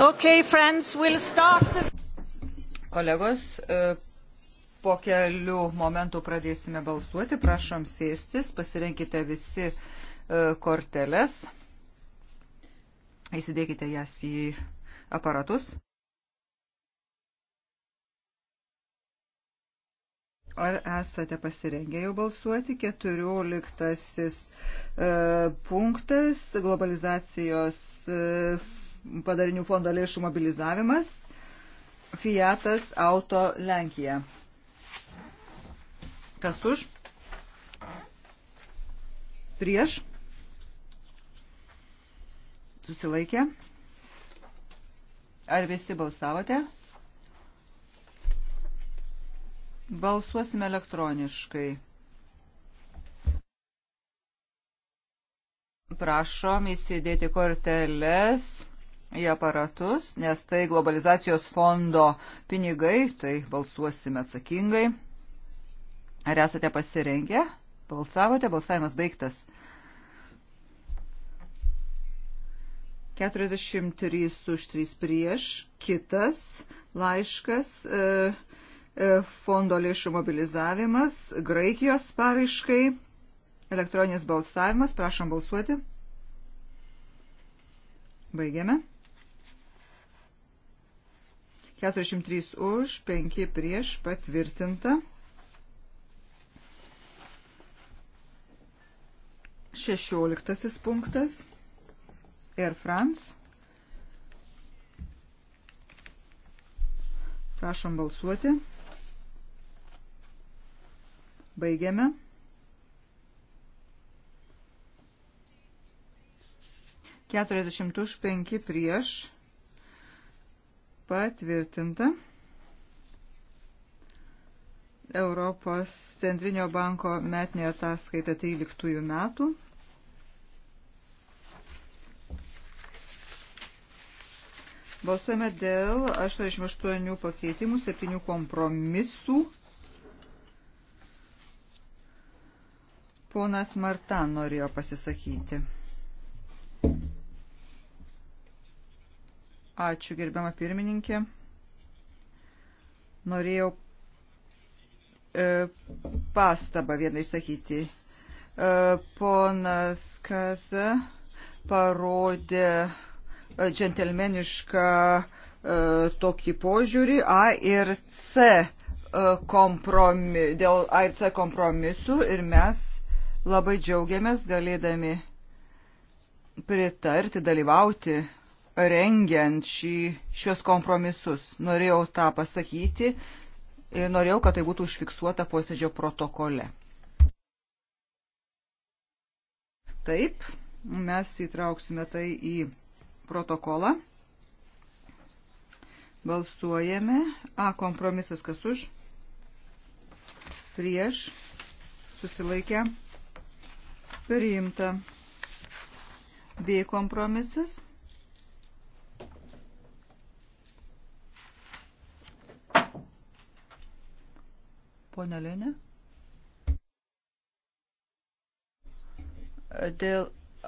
Okay, friends, we'll start the... Kolegos, e, po kelių momentų pradėsime balsuoti. Prašom sėstis, pasirenkite visi e, korteles. Įsidėkite jas į aparatus. Ar esate pasirengę jau balsuoti? 14 e, punktas globalizacijos padarinių fondo lėšų mobilizavimas, Fiatas Auto Lenkija. Kas už? Prieš? Susilaikė? Ar visi balsavote? Balsuosime elektroniškai. Prašom įsidėti korteles į aparatus, nes tai globalizacijos fondo pinigai, tai balsuosime atsakingai. Ar esate pasirengę? Balsavote, balsavimas baigtas. 43 už 3 prieš, kitas laiškas, e, e, fondo lėšų mobilizavimas, Graikijos paraiškai, elektroninis balsavimas, prašom balsuoti. Baigiame. 43 už, 5 prieš patvirtinta. 16 punktas. Air France. Prašom balsuoti. Baigiame. Keturiasdešimt už penki prieš patvirtinta. Europos Centrinio banko metinė ataskaita 13 metų. Balsuojame dėl 88 pakeitimų, 7 kompromisų. Ponas Martan norėjo pasisakyti. Ačiū, gerbiama pirmininkė. Norėjau e, pastabą vieną išsakyti. E, ponas Kaza parodė e, džentelmenišką e, tokį požiūrį A ir C e, kompromi, dėl A ir C kompromisų ir mes labai džiaugiamės galėdami pritarti, dalyvauti rengiant šį, šios kompromisus. Norėjau tą pasakyti ir norėjau, kad tai būtų užfiksuota posėdžio protokole. Taip, mes įtrauksime tai į protokolą. Balsuojame. A kompromisas kas už? Prieš. Susilaikę. Priimta. B kompromisas. Pone Lenė. Dėl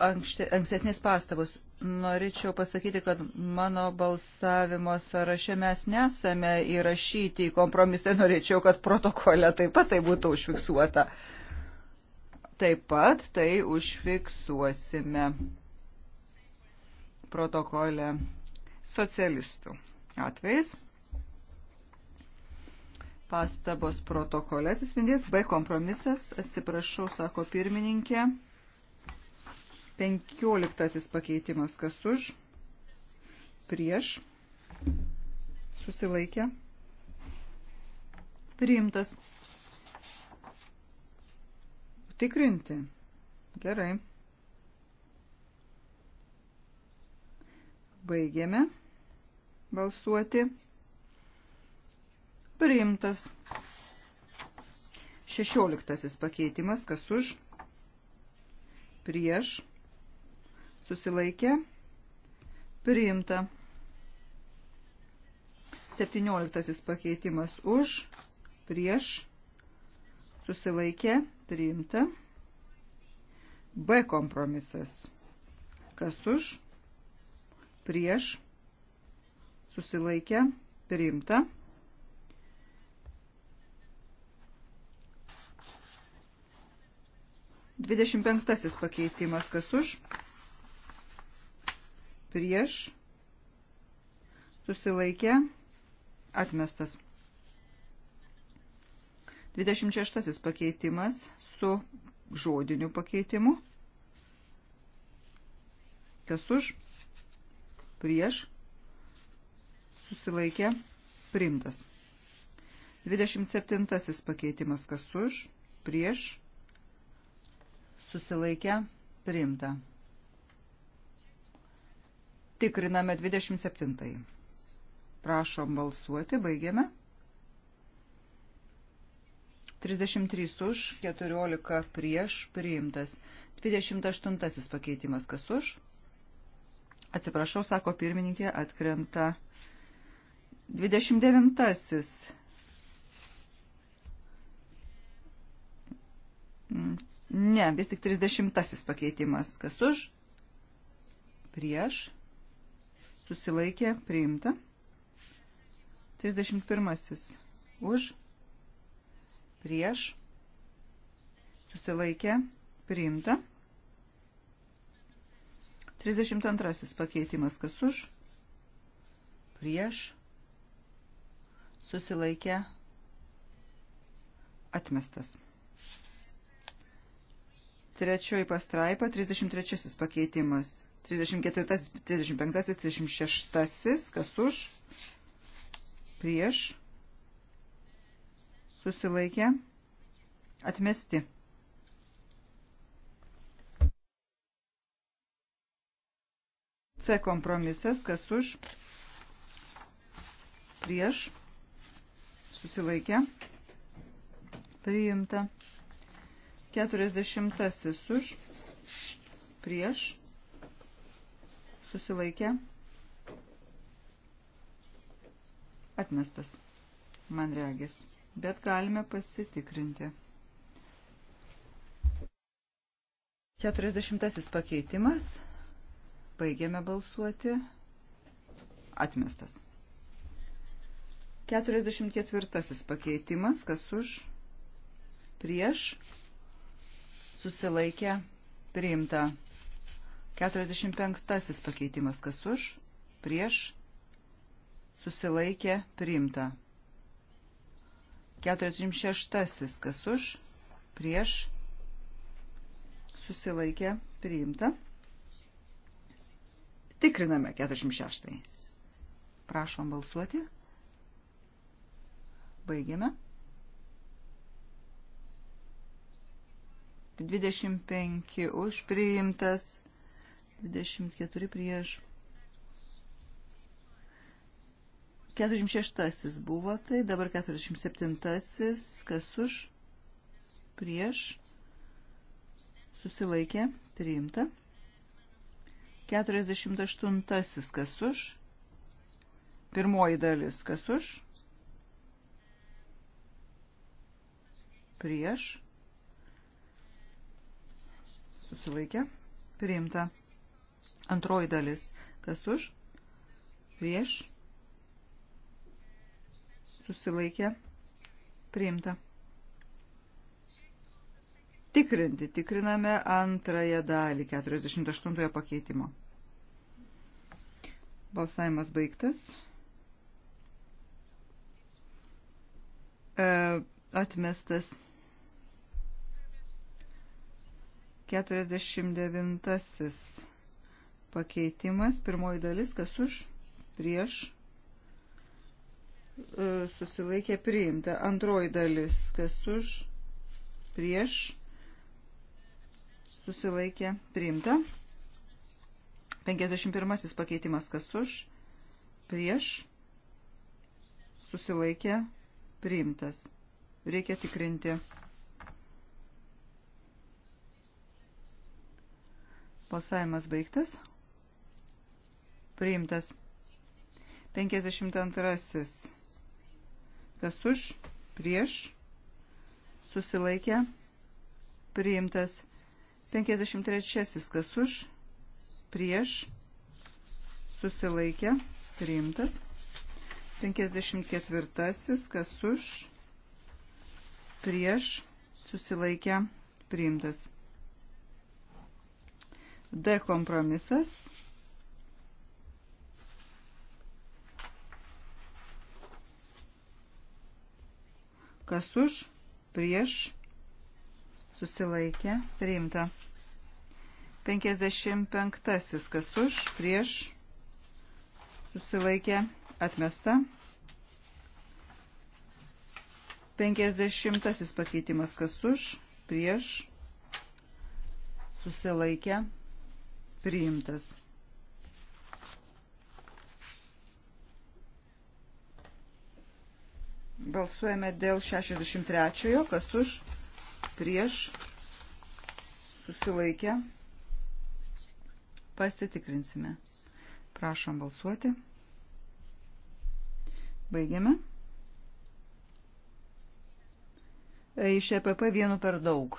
ankstesnės pastabos. Norėčiau pasakyti, kad mano balsavimo sąraše mes nesame įrašyti į kompromisą. Norėčiau, kad protokole taip pat tai būtų užfiksuota. Taip pat tai užfiksuosime protokole socialistų atvejais pastabos protokole atsispindės B kompromisas, atsiprašau, sako pirmininkė. 15 pakeitimas kas už, prieš, susilaikė, priimtas. Tikrinti. Gerai. Baigėme balsuoti. Priimtas. Šešioliktasis pakeitimas, kas už, prieš, susilaikė, priimta. Septynioliktasis pakeitimas už, prieš, susilaikė, priimta. B kompromisas. Kas už, prieš, susilaikė, priimta. 25 pakeitimas kas už, prieš, susilaikė, atmestas. 26 pakeitimas su žodiniu pakeitimu. Kas už, prieš, susilaikė, primtas. 27 pakeitimas kas už, prieš, susilaikę, priimta. Tikriname 27. Prašom balsuoti, baigiame. 33 už, 14 prieš, priimtas. 28 pakeitimas kas už? Atsiprašau, sako pirmininkė, atkrenta. 29. Ne, vis tik 30 pakeitimas. Kas už? Prieš. Susilaikė. Priimta. 31. Už. Prieš. Susilaikė. Priimta. 32. Pakeitimas. Kas už? Prieš. Susilaikė. Atmestas. Trečioji pastraipa, 33 pakeitimas. 34, 35, 36, kas už, prieš, susilaikė, atmesti. C kompromisas, kas už, prieš, susilaikė, priimta. Keturiasdešimtasis už, prieš, susilaikė, atmestas, man regis, bet galime pasitikrinti. Keturiasdešimtasis pakeitimas, baigiame balsuoti, atmestas. 44 pakeitimas, kas už, prieš, susilaikė priimta. 45 pakeitimas kas už, prieš, susilaikė priimta. 46 kas už, prieš, susilaikė priimta. Tikriname 46. Prašom balsuoti. Baigiame. 25 už priimtas, 24 prieš. 46 buvo tai, dabar 47, kas už, prieš, susilaikė, priimta. 48, kas už, pirmoji dalis, kas už, prieš, susilaikė, priimta. Antroji dalis, kas už, prieš, susilaikė, priimta. Tikrinti, tikriname antrąją dalį 48 pakeitimo. Balsavimas baigtas. E, atmestas. 49 pakeitimas, pirmoji dalis, kas už, prieš, e, susilaikė priimta. Antroji dalis, kas už, prieš, susilaikė priimta. 51 pakeitimas, kas už, prieš, susilaikė priimtas. Reikia tikrinti. Balsavimas baigtas. Priimtas. 52. Kas už, prieš, susilaikė. Priimtas. 53. Kas už, prieš, susilaikė. Priimtas. 54. Kas už, prieš, susilaikė. Priimtas. D kompromisas. Kas už, prieš, susilaikė, priimta. 55. Kas už, prieš, susilaikė, atmesta. 50. Pakeitimas kas už, prieš, susilaikė, atmesta priimtas. Balsuojame dėl 63-ojo, kas už, prieš, susilaikę. Pasitikrinsime. Prašom balsuoti. Baigiame. Iš EPP vienu per daug.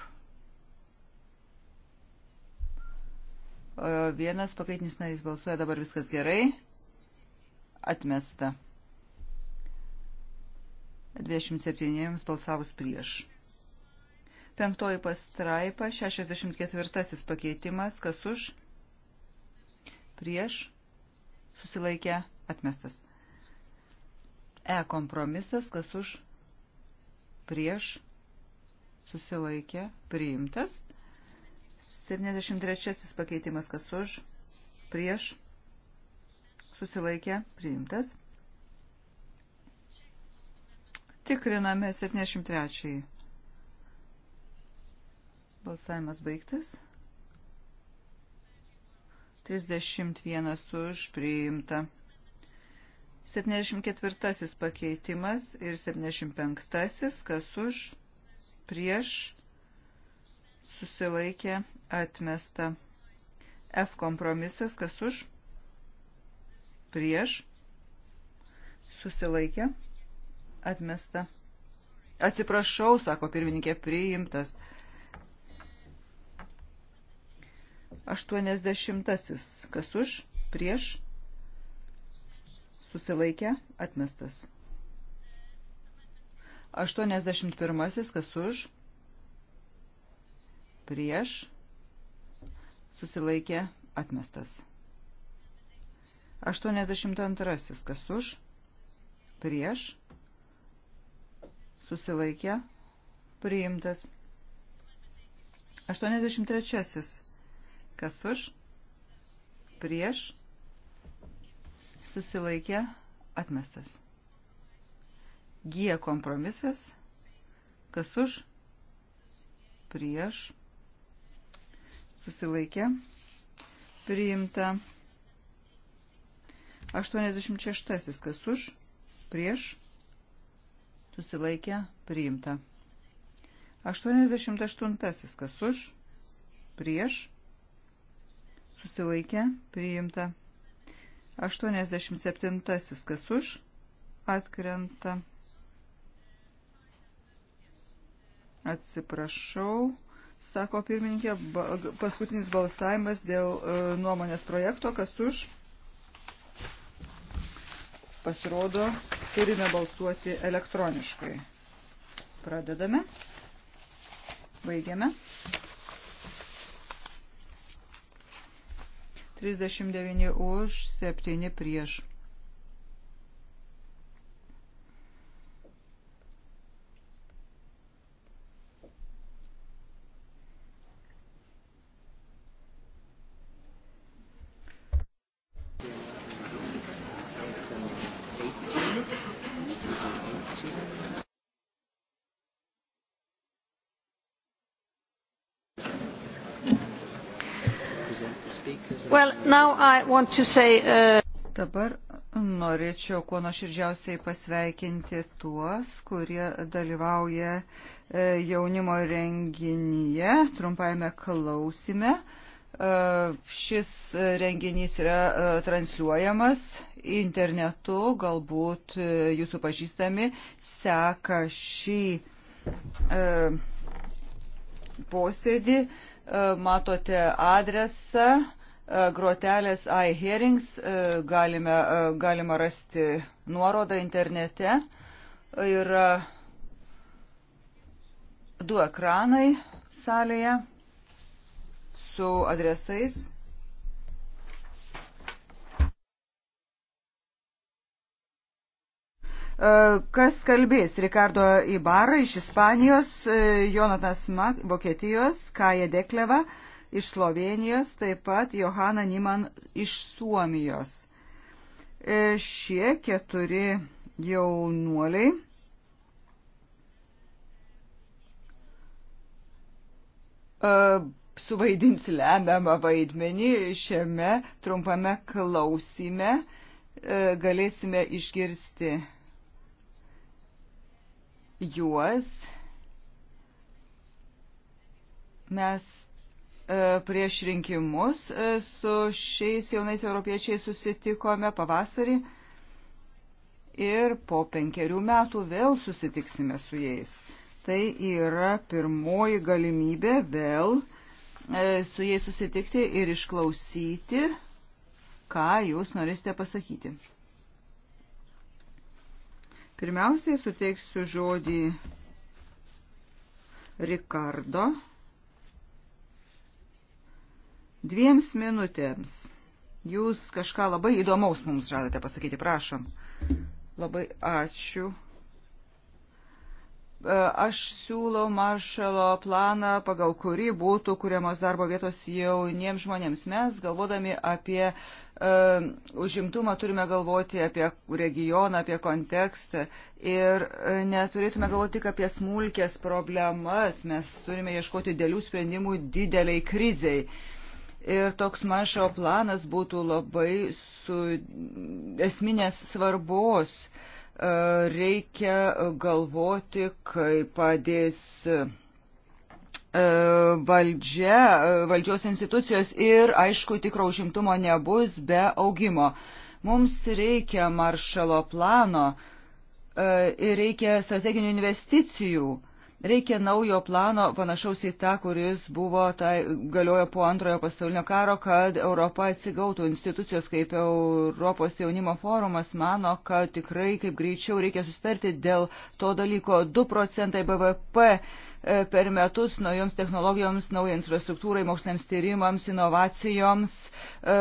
Vienas pakaitinis narys balsuoja, dabar viskas gerai. Atmesta. 27 balsavus prieš. Penktoji pastraipa, 64 pakeitimas, kas už, prieš, susilaikė, atmestas. E kompromisas, kas už, prieš, susilaikė, priimtas. 73 pakeitimas kas už, prieš, susilaikė, priimtas. Tikriname 73. Balsavimas baigtas. 31 už priimta. 74 pakeitimas ir 75 kas už, prieš, susilaikė, atmesta. F kompromisas, kas už, prieš, susilaikė, atmesta. Atsiprašau, sako pirmininkė, priimtas. 80. Kas už, prieš, susilaikė, atmestas. 81. Kas už, prieš, susilaikė atmestas. 82. Kas už, prieš, susilaikė priimtas. 83. Kas už, prieš, susilaikė atmestas. G kompromisas, kas už, prieš, susilaikė susilaikė, priimta 86 kas už, prieš, susilaikė, priimta 88 kas už, prieš, susilaikė, priimta 87 kas už, atkrenta. Atsiprašau sako pirmininkė, paskutinis balsavimas dėl e, nuomonės projekto, kas už pasirodo, turime balsuoti elektroniškai. Pradedame. Baigiame. 39 už, 7 prieš. say, uh... Dabar norėčiau kuo nuoširdžiausiai pasveikinti tuos, kurie dalyvauja e, jaunimo renginyje, trumpajame klausime. E, šis renginys yra e, transliuojamas internetu, galbūt jūsų pažįstami seka šį posėdį, matote adresą E, grotelės iHearings, e, galime, e, galima rasti nuorodą internete. Yra du ekranai salėje su adresais. Kas kalbės? Ricardo Ibarra iš Ispanijos, Jonatas Mak, Vokietijos, Kaja Dekleva, iš Slovenijos, taip pat Johana Niman iš Suomijos. E, šie keturi jaunuoliai e, suvaidins lemiamą vaidmenį šiame trumpame klausime. E, galėsime išgirsti juos. Mes E, prieš rinkimus e, su šiais jaunais europiečiais susitikome pavasarį ir po penkerių metų vėl susitiksime su jais. Tai yra pirmoji galimybė vėl e, su jais susitikti ir išklausyti, ką jūs norėsite pasakyti. Pirmiausiai suteiksiu žodį Rikardo Dviems minutėms. Jūs kažką labai įdomaus mums žadate pasakyti, prašom. Labai ačiū. E, aš siūlau maršalo planą, pagal kurį būtų kuriamos darbo vietos jauniems žmonėms. Mes, galvodami apie e, užimtumą, turime galvoti apie regioną, apie kontekstą ir e, neturėtume galvoti tik apie smulkės problemas. Mes turime ieškoti dėlių sprendimų dideliai kriziai. E, Ir toks mašo planas būtų labai su esminės svarbos. E, reikia galvoti, kaip padės e, valdžia, e, valdžios institucijos ir, aišku, tikro užimtumo nebus be augimo. Mums reikia maršalo plano ir reikia strateginių investicijų Reikia naujo plano, panašaus į tą, kuris buvo, tai galiojo po antrojo pasaulinio karo, kad Europa atsigautų. Institucijos kaip Europos jaunimo forumas mano, kad tikrai kaip greičiau reikia sustarti dėl to dalyko 2 procentai BVP E, per metus naujoms technologijoms, naujai infrastruktūrai, moksliniams tyrimams, inovacijoms, e,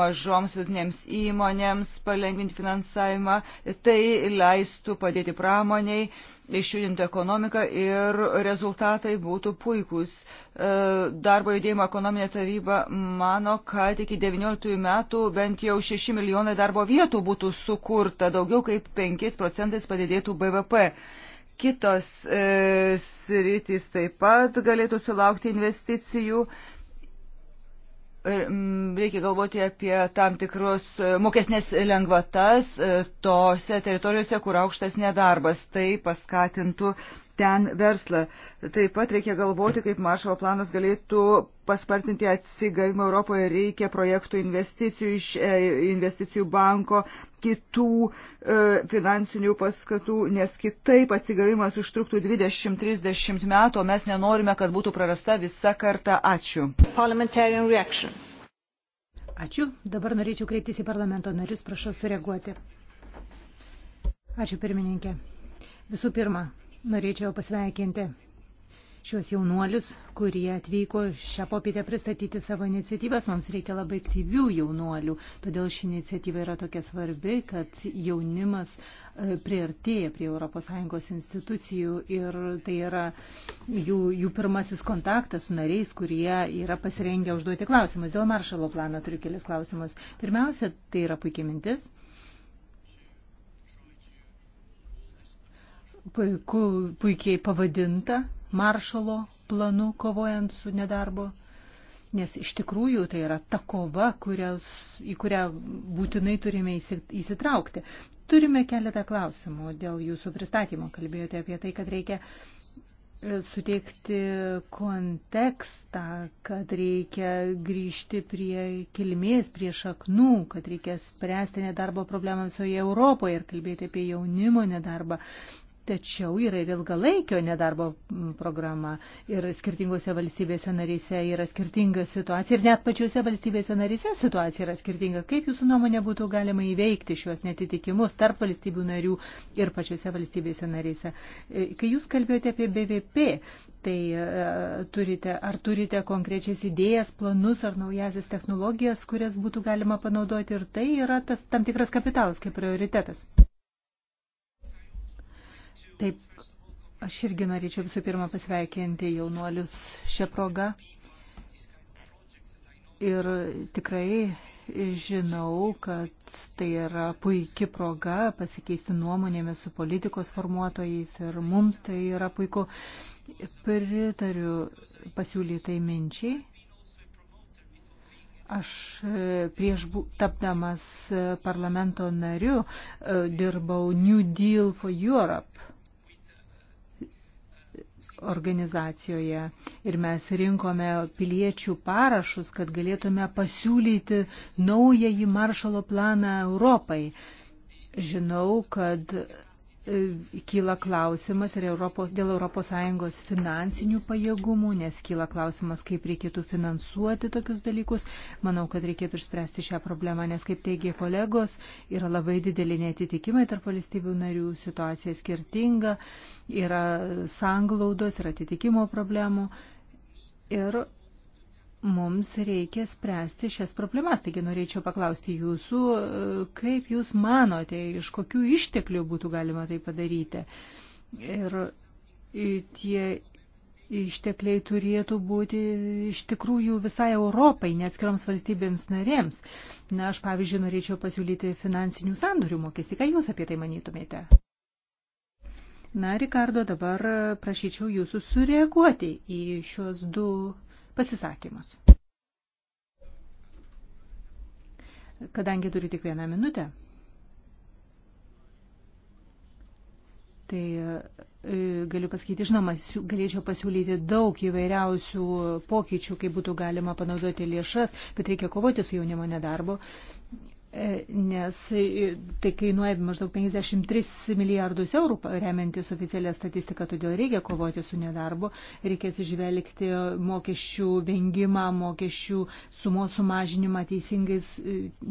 mažoms vidinėms įmonėms palengvinti finansavimą. Tai leistų padėti pramoniai, išjudinti ekonomiką ir rezultatai būtų puikūs. E, darbo judėjimo ekonominė taryba mano, kad iki 19 metų bent jau 6 milijonai darbo vietų būtų sukurta, daugiau kaip 5 procentais padidėtų BVP kitos e, sritys taip pat galėtų sulaukti investicijų. Reikia galvoti apie tam tikrus e, mokesnės lengvatas e, tose teritorijose, kur aukštas nedarbas. Tai paskatintų e, ten verslą. Taip pat reikia galvoti, kaip maršalo planas galėtų paspartinti atsigavimą Europoje. Reikia projektų investicijų iš e, investicijų banko, kitų e, finansinių paskatų, nes kitaip atsigavimas užtruktų 20-30 metų, o mes nenorime, kad būtų prarasta visa karta. Ačiū. Ačiū. Dabar norėčiau kreiptis į parlamento narius. Prašau sureaguoti. Ačiū pirmininkė. Visų pirma, Norėčiau pasveikinti šios jaunuolius, kurie atvyko šią popietę pristatyti savo iniciatyvas. Mums reikia labai aktyvių jaunuolių, todėl ši iniciatyva yra tokia svarbi, kad jaunimas e, priartėja prie ES institucijų ir tai yra jų, jų pirmasis kontaktas su nariais, kurie yra pasirengę užduoti klausimus. Dėl maršalo plano turiu kelis klausimus. Pirmiausia, tai yra puikia mintis puiku, puikiai pavadinta maršalo planu kovojant su nedarbo. Nes iš tikrųjų tai yra ta kova, kurios, į kurią būtinai turime įsitraukti. Turime keletą klausimų dėl jūsų pristatymo. Kalbėjote apie tai, kad reikia e, suteikti kontekstą, kad reikia grįžti prie kilmės, prie šaknų, kad reikia spręsti nedarbo problemą visoje Europoje ir kalbėti apie jaunimo nedarbą. Tačiau yra ir ilgalaikio nedarbo programa ir skirtingose valstybėse narėse yra skirtinga situacija ir net pačiose valstybėse narėse situacija yra skirtinga. Kaip jūsų nuomonė būtų galima įveikti šios netitikimus tarp valstybių narių ir pačiose valstybėse narėse? E, kai jūs kalbėjote apie BVP, tai e, turite, ar turite konkrečias idėjas, planus ar naujasis technologijas, kurias būtų galima panaudoti ir tai yra tas tam tikras kapitalas kaip prioritetas. Taip, aš irgi norėčiau visų pirma pasveikinti jaunuolius šią progą. Ir tikrai žinau, kad tai yra puikia proga pasikeisti nuomonėmis su politikos formuotojais ir mums tai yra puiku. Pritariu pasiūlytai minčiai. Aš e, prieš tapdamas e, parlamento nariu e, dirbau New Deal for Europe organizacijoje ir mes rinkome piliečių parašus, kad galėtume pasiūlyti naująjį maršalo planą Europai. Žinau, kad E, kyla klausimas ir Europos, dėl ES finansinių pajėgumų, nes kyla klausimas, kaip reikėtų finansuoti tokius dalykus. Manau, kad reikėtų išspręsti šią problemą, nes, kaip teigia kolegos, yra labai dideli netitikimai tarp valstybių narių, situacija skirtinga, yra sanglaudos ir atitikimo problemų. Ir mums reikia spręsti šias problemas. Taigi norėčiau paklausti jūsų, e, kaip jūs manote, iš kokių išteklių būtų galima tai padaryti. Ir e, tie ištekliai turėtų būti iš tikrųjų visai Europai, neatskiroms valstybėms narėms. Na, aš pavyzdžiui norėčiau pasiūlyti finansinių sandorių mokestį. Ką jūs apie tai manytumėte? Na, Rikardo, dabar prašyčiau jūsų sureaguoti į šios du pasisakymus. Kadangi turiu tik vieną minutę, tai e, galiu pasakyti, žinoma, galėčiau pasiūlyti daug įvairiausių pokyčių, kaip būtų galima panaudoti lėšas, bet reikia kovoti su jaunimo nedarbo. E, nes e, tai kainuoja maždaug 53 milijardus eurų remiantis oficialią statistiką, todėl reikia kovoti su nedarbu, reikia atsižvelgti mokesčių vengimą, mokesčių sumos sumažinimą e,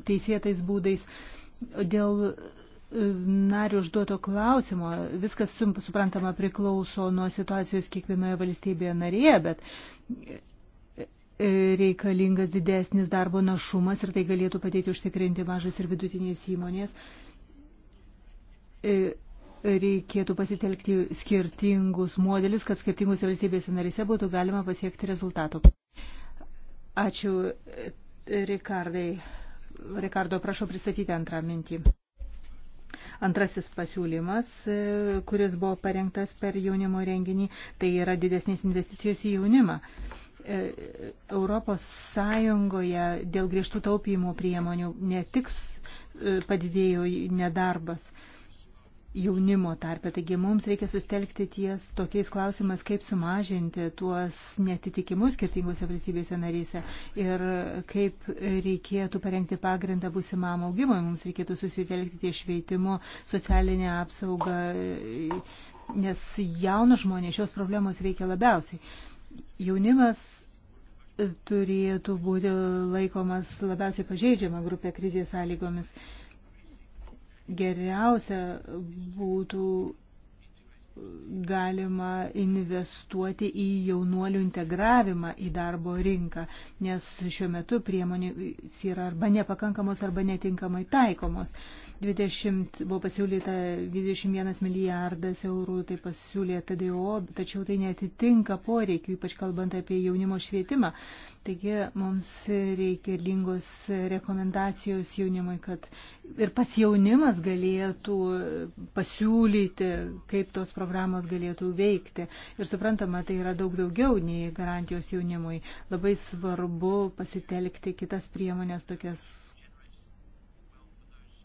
teisėtais būdais. Dėl narių užduoto klausimo, viskas suprantama priklauso nuo situacijos kiekvienoje valstybėje narėje, bet E, reikalingas didesnis darbo našumas ir tai galėtų padėti užtikrinti mažas ir vidutinės įmonės. E, reikėtų pasitelkti skirtingus modelis, kad skirtingus valstybėse narise būtų galima pasiekti rezultatų. Ačiū, Rikardai. Rikardo, prašau pristatyti antrą mintį. Antrasis pasiūlymas, e, kuris buvo parengtas per jaunimo renginį, tai yra didesnės investicijos į jaunimą. E, Europos Sąjungoje dėl griežtų taupymo priemonių ne tik e, padidėjo nedarbas jaunimo tarpe, taigi mums reikia sustelkti ties tokiais klausimas, kaip sumažinti tuos netitikimus skirtingose valstybėse naryse ir kaip reikėtų parengti pagrindą būsimam augimui. Mums reikėtų susitelkti ties švietimu, socialinę apsaugą, e, nes jaunus žmonės šios problemos veikia labiausiai. Jaunimas turėtų būti laikomas labiausiai pažeidžiama grupė krizės sąlygomis. Geriausia būtų galima investuoti į jaunuolių integravimą į darbo rinką, nes šiuo metu priemonės yra arba nepakankamos, arba netinkamai taikomos. 20, buvo pasiūlyta 21 milijardas eurų, tai pasiūlė TDO, tačiau tai netitinka poreikiu, ypač kalbant apie jaunimo švietimą. Taigi mums reikalingos rekomendacijos jaunimui, kad ir pats jaunimas galėtų pasiūlyti, kaip tos problemos programos galėtų veikti. Ir suprantama, tai yra daug daugiau nei garantijos jaunimui. Labai svarbu pasitelkti kitas priemonės, tokias,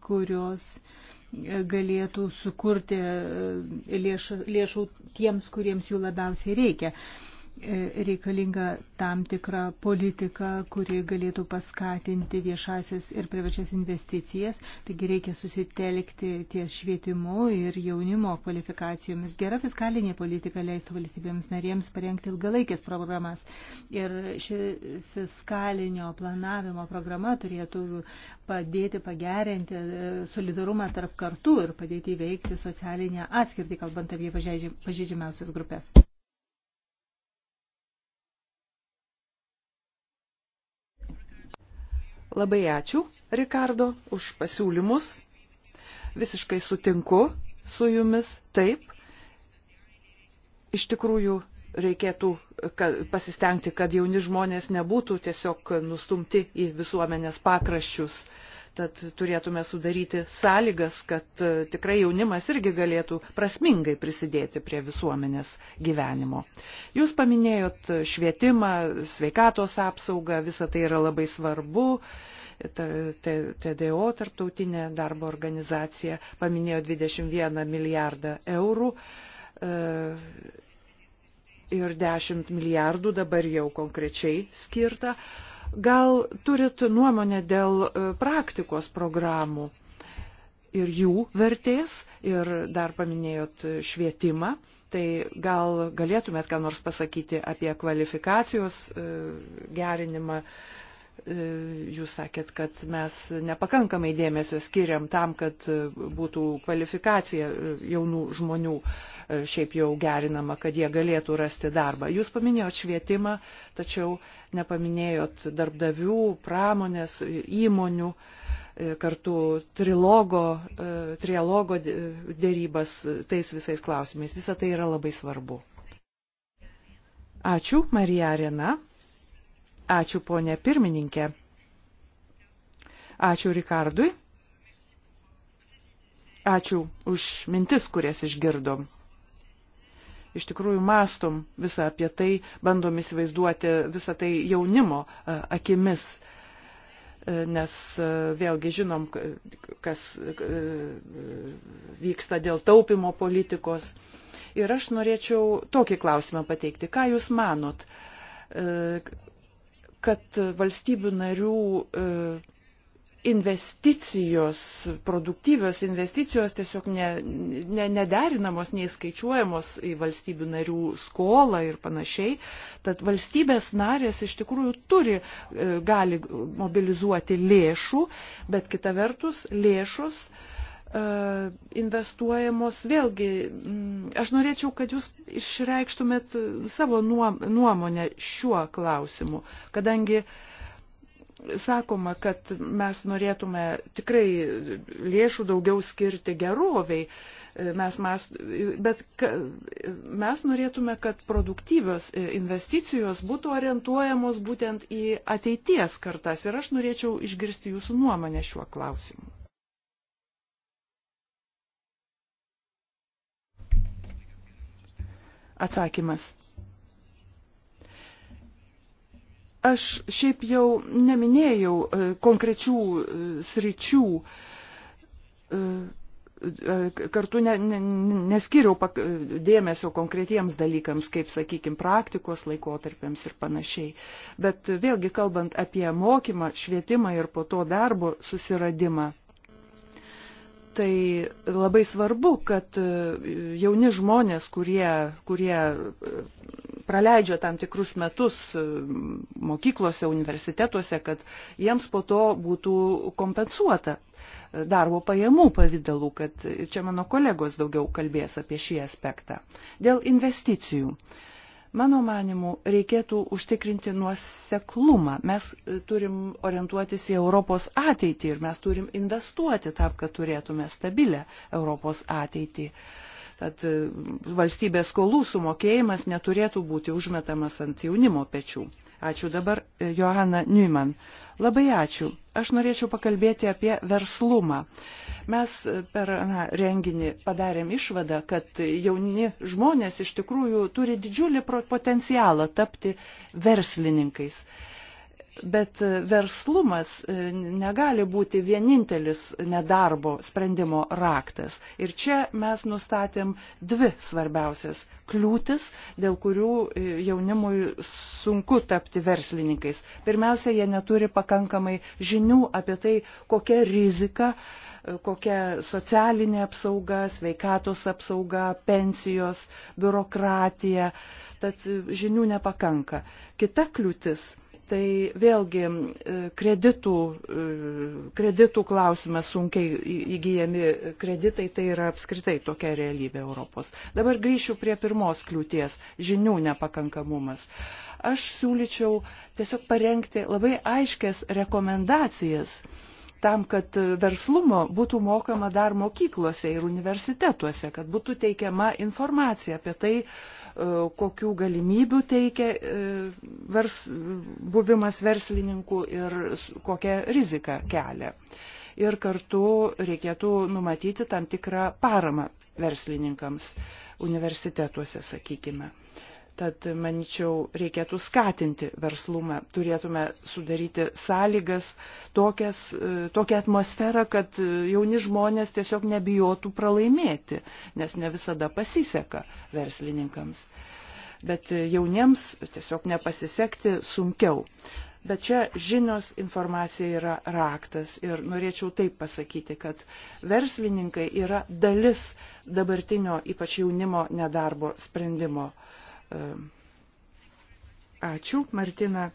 kurios e, galėtų sukurti e, lėšų, lėšų tiems, kuriems jų labiausiai reikia reikalinga tam tikra politika, kuri galėtų paskatinti viešasias ir privačias investicijas. Taigi reikia susitelkti ties švietimu ir jaunimo kvalifikacijomis. Gera fiskalinė politika leistų valstybėms narėms parengti ilgalaikės programas. Ir ši fiskalinio planavimo programa turėtų padėti pagerinti e, solidarumą tarp kartų ir padėti įveikti socialinę atskirtį, kalbant apie pažeidžiamiausias grupės. Labai ačiū, Rikardo, už pasiūlymus. Visiškai sutinku su jumis. Taip, iš tikrųjų reikėtų pasistengti, kad jauni žmonės nebūtų tiesiog nustumti į visuomenės pakraščius. Uh, Tad turėtume sudaryti sąlygas, kad e, tikrai jaunimas irgi galėtų prasmingai prisidėti prie visuomenės gyvenimo. Jūs paminėjot švietimą, sveikatos apsaugą, visa tai yra labai svarbu. TDO tarptautinė darbo organizacija paminėjo 21 milijardą eurų e, ir 10 milijardų dabar jau konkrečiai skirta. Gal turit nuomonę dėl e, praktikos programų ir jų vertės ir dar paminėjot švietimą, tai gal galėtumėt ką nors pasakyti apie kvalifikacijos e, gerinimą E, jūs sakėt, kad mes nepakankamai dėmesio skiriam tam, kad būtų kvalifikacija jaunų žmonių e, šiaip jau gerinama, kad jie galėtų rasti darbą. Jūs paminėjot švietimą, tačiau nepaminėjot darbdavių, pramonės, įmonių, e, kartu trilogo, trilogo dėrybas tais visais klausimais. Visa tai yra labai svarbu. Ačiū, Marija Arena. Ačiū, ponė pirmininkė. Ačiū Rikardui. Ačiū už mintis, kurias išgirdom. Iš tikrųjų, mastom visą apie tai, bandom įsivaizduoti visą tai jaunimo e, akimis e, nes e, vėlgi žinom, kas vyksta dėl taupimo politikos. Ir aš norėčiau tokį klausimą pateikti. Ką Jūs manot, kad valstybių narių e, investicijos, produktyvios investicijos tiesiog ne, ne, nederinamos, neįskaičiuojamos į valstybių narių skolą ir panašiai. Tad valstybės narės iš tikrųjų turi, e, gali mobilizuoti lėšų, bet kita vertus lėšus uh, E, investuojamos vėlgi. Aš norėčiau, kad jūs išreikštumėt e, savo nuomonę šiuo klausimu, kadangi sakoma, kad mes norėtume tikrai lėšų daugiau skirti geroviai, e, mes, mes, bet mes norėtume, kad produktyvios investicijos būtų orientuojamos būtent į ateities kartas ir aš norėčiau išgirsti jūsų nuomonę šiuo klausimu. atsakymas. Aš šiaip jau neminėjau e, konkrečių e, sričių, e, kartu ne, ne, neskiriau pak, dėmesio konkretiems dalykams, kaip, sakykime, praktikos laikotarpiams ir panašiai. Bet vėlgi kalbant apie mokymą, švietimą ir po to darbo susiradimą Tai labai svarbu, kad e, jauni žmonės, kurie, kurie e, praleidžia tam tikrus metus e, mokyklose, universitetuose, kad jiems po to būtų kompensuota darbo pajamų pavydalu, kad čia mano kolegos daugiau kalbės apie šį aspektą. Dėl investicijų. Uh, Mano manimu, reikėtų užtikrinti nuoseklumą. Mes e, turim orientuotis į Europos ateitį ir mes turim investuoti tam, kad turėtume stabilę Europos ateitį. Uh, Tad e, valstybės skolų sumokėjimas neturėtų būti užmetamas ant jaunimo pečių. Ačiū dabar e, Johana Newman. Labai ačiū. Aš norėčiau pakalbėti apie verslumą. Mes e, per na, renginį padarėm išvadą, kad jauni žmonės iš tikrųjų turi didžiulį potencialą tapti verslininkais. Bet e, verslumas e, negali būti vienintelis nedarbo sprendimo raktas. Ir čia mes nustatėm dvi svarbiausias kliūtis, dėl kurių e, jaunimui sunku tapti verslininkais. Pirmiausia, jie neturi pakankamai žinių apie tai, kokia rizika, kokia socialinė apsauga, sveikatos apsauga, pensijos, biurokratija. Tad žinių nepakanka. Kita kliūtis Tai vėlgi e, kreditų, e, kreditų klausimas, sunkiai įgyjami kreditai, tai yra apskritai tokia realybė Europos. Dabar grįšiu prie pirmos kliūties - žinių nepakankamumas. Aš siūlyčiau tiesiog parengti labai aiškės rekomendacijas tam, kad verslumo būtų mokama dar mokyklose ir universitetuose, kad būtų teikiama informacija apie tai, e, kokių galimybių teikia e, vers, buvimas verslininkų ir kokią riziką kelia. Ir kartu reikėtų numatyti tam tikrą paramą verslininkams universitetuose, sakykime. Uh, Tad, manyčiau, reikėtų skatinti verslumą, turėtume sudaryti sąlygas, tokias, e, tokią atmosferą, kad e, jauni žmonės tiesiog nebijotų pralaimėti, nes ne visada pasiseka verslininkams. Bet e, jauniems tiesiog nepasisekti sunkiau. Bet čia žinios informacija yra raktas ir norėčiau taip pasakyti, kad verslininkai yra dalis dabartinio ypač jaunimo nedarbo sprendimo. Uh, Ehm, ačiū, Martina.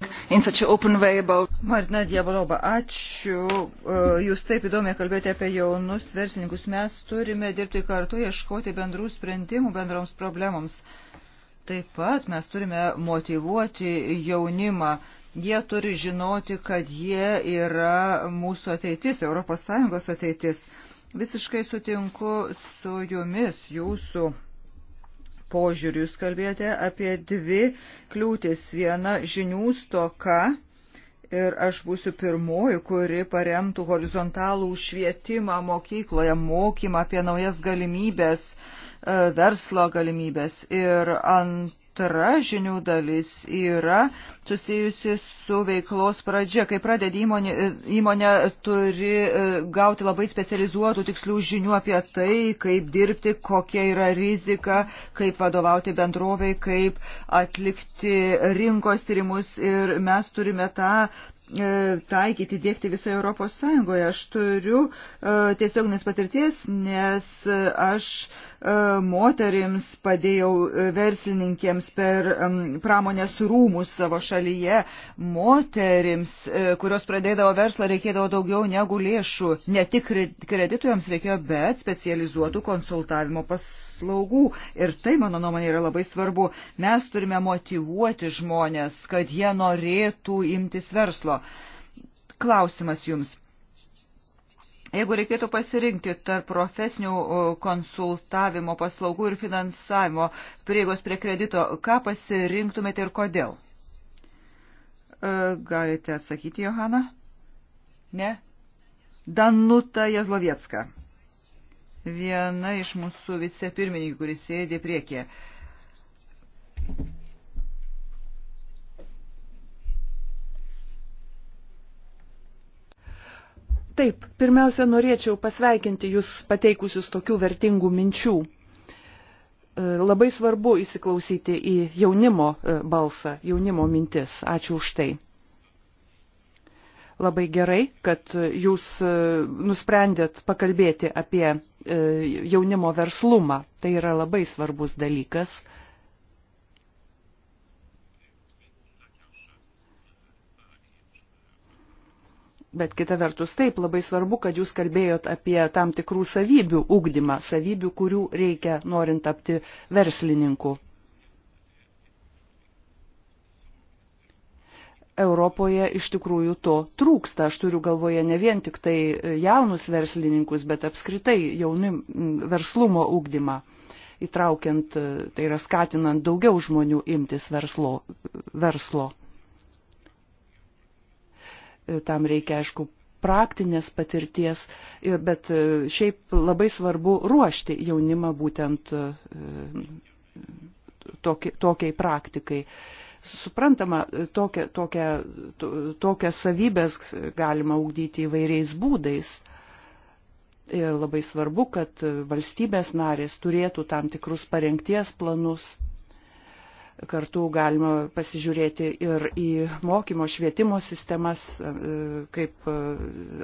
About... Martina Diabolova, ačiū. E, jūs taip įdomiai kalbėjote apie jaunus verslininkus. Mes turime dirbti kartu, ieškoti bendrų sprendimų bendroms problemams. Taip pat mes turime motivuoti jaunimą. Jie turi žinoti, kad jie yra mūsų ateitis, ES ateitis. Visiškai sutinku su jumis, jūsų požiūrių. Jūs kalbėjote apie dvi kliūtis. Viena žinių stoka ir aš būsiu pirmoji, kuri paremtų horizontalų švietimą mokykloje, mokymą apie naujas galimybės, e, verslo galimybės. Ir ant antra žinių dalis yra susijusi su veiklos pradžia. Kai pradedi įmonė, įmonė turi e, gauti labai specializuotų tikslių žinių apie tai, kaip dirbti, kokia yra rizika, kaip vadovauti bendroviai, kaip atlikti rinkos tyrimus ir mes turime tą E, taikyti, dėkti visoje Europos Sąjungoje. Aš turiu e, tiesioginės patirties, nes e, aš moterims padėjau verslininkėms per pramonės rūmus savo šalyje. Moterims, kurios pradėdavo verslą, reikėdavo daugiau negu lėšų. Ne tik kreditoriams reikėjo, bet specializuotų konsultavimo paslaugų. Ir tai, mano nuomonė, yra labai svarbu. Mes turime motivuoti žmonės, kad jie norėtų imtis verslo. Klausimas jums. Jeigu reikėtų pasirinkti tarp profesinių konsultavimo paslaugų ir finansavimo prieigos prie kredito, ką pasirinktumėte ir kodėl? E, galite atsakyti, Johana? Ne? Danuta Jazlovietska. Viena iš mūsų vicepirmininkų, kuris sėdė priekyje. Taip, pirmiausia, norėčiau pasveikinti Jūs pateikusius tokių vertingų minčių. E, labai svarbu įsiklausyti į jaunimo e, balsą, jaunimo mintis. Ačiū už tai labai gerai, kad jūs e, nusprendėt pakalbėti apie jaunimo verslumą. Tai yra labai svarbus dalykas. Bet kita vertus, taip, labai svarbu, kad jūs kalbėjot apie tam tikrų savybių ugdymą, savybių, kurių reikia norint tapti verslininku. Europoje iš tikrųjų to trūksta. Aš turiu galvoje ne vien tik tai jaunus verslininkus, bet apskritai jauni verslumo ugdymą, įtraukiant, tai yra skatinant daugiau žmonių imtis verslo. verslo tam reikia, aišku, praktinės patirties, bet e, šiaip labai svarbu ruošti jaunimą būtent e, tokiai, tokiai praktikai. Suprantama, tokia, tokia, to, tokias savybės galima ugdyti įvairiais būdais. Ir labai svarbu, kad valstybės narės turėtų tam tikrus parengties planus, Kartu galima pasižiūrėti ir į mokymo švietimo sistemas, e, kaip e,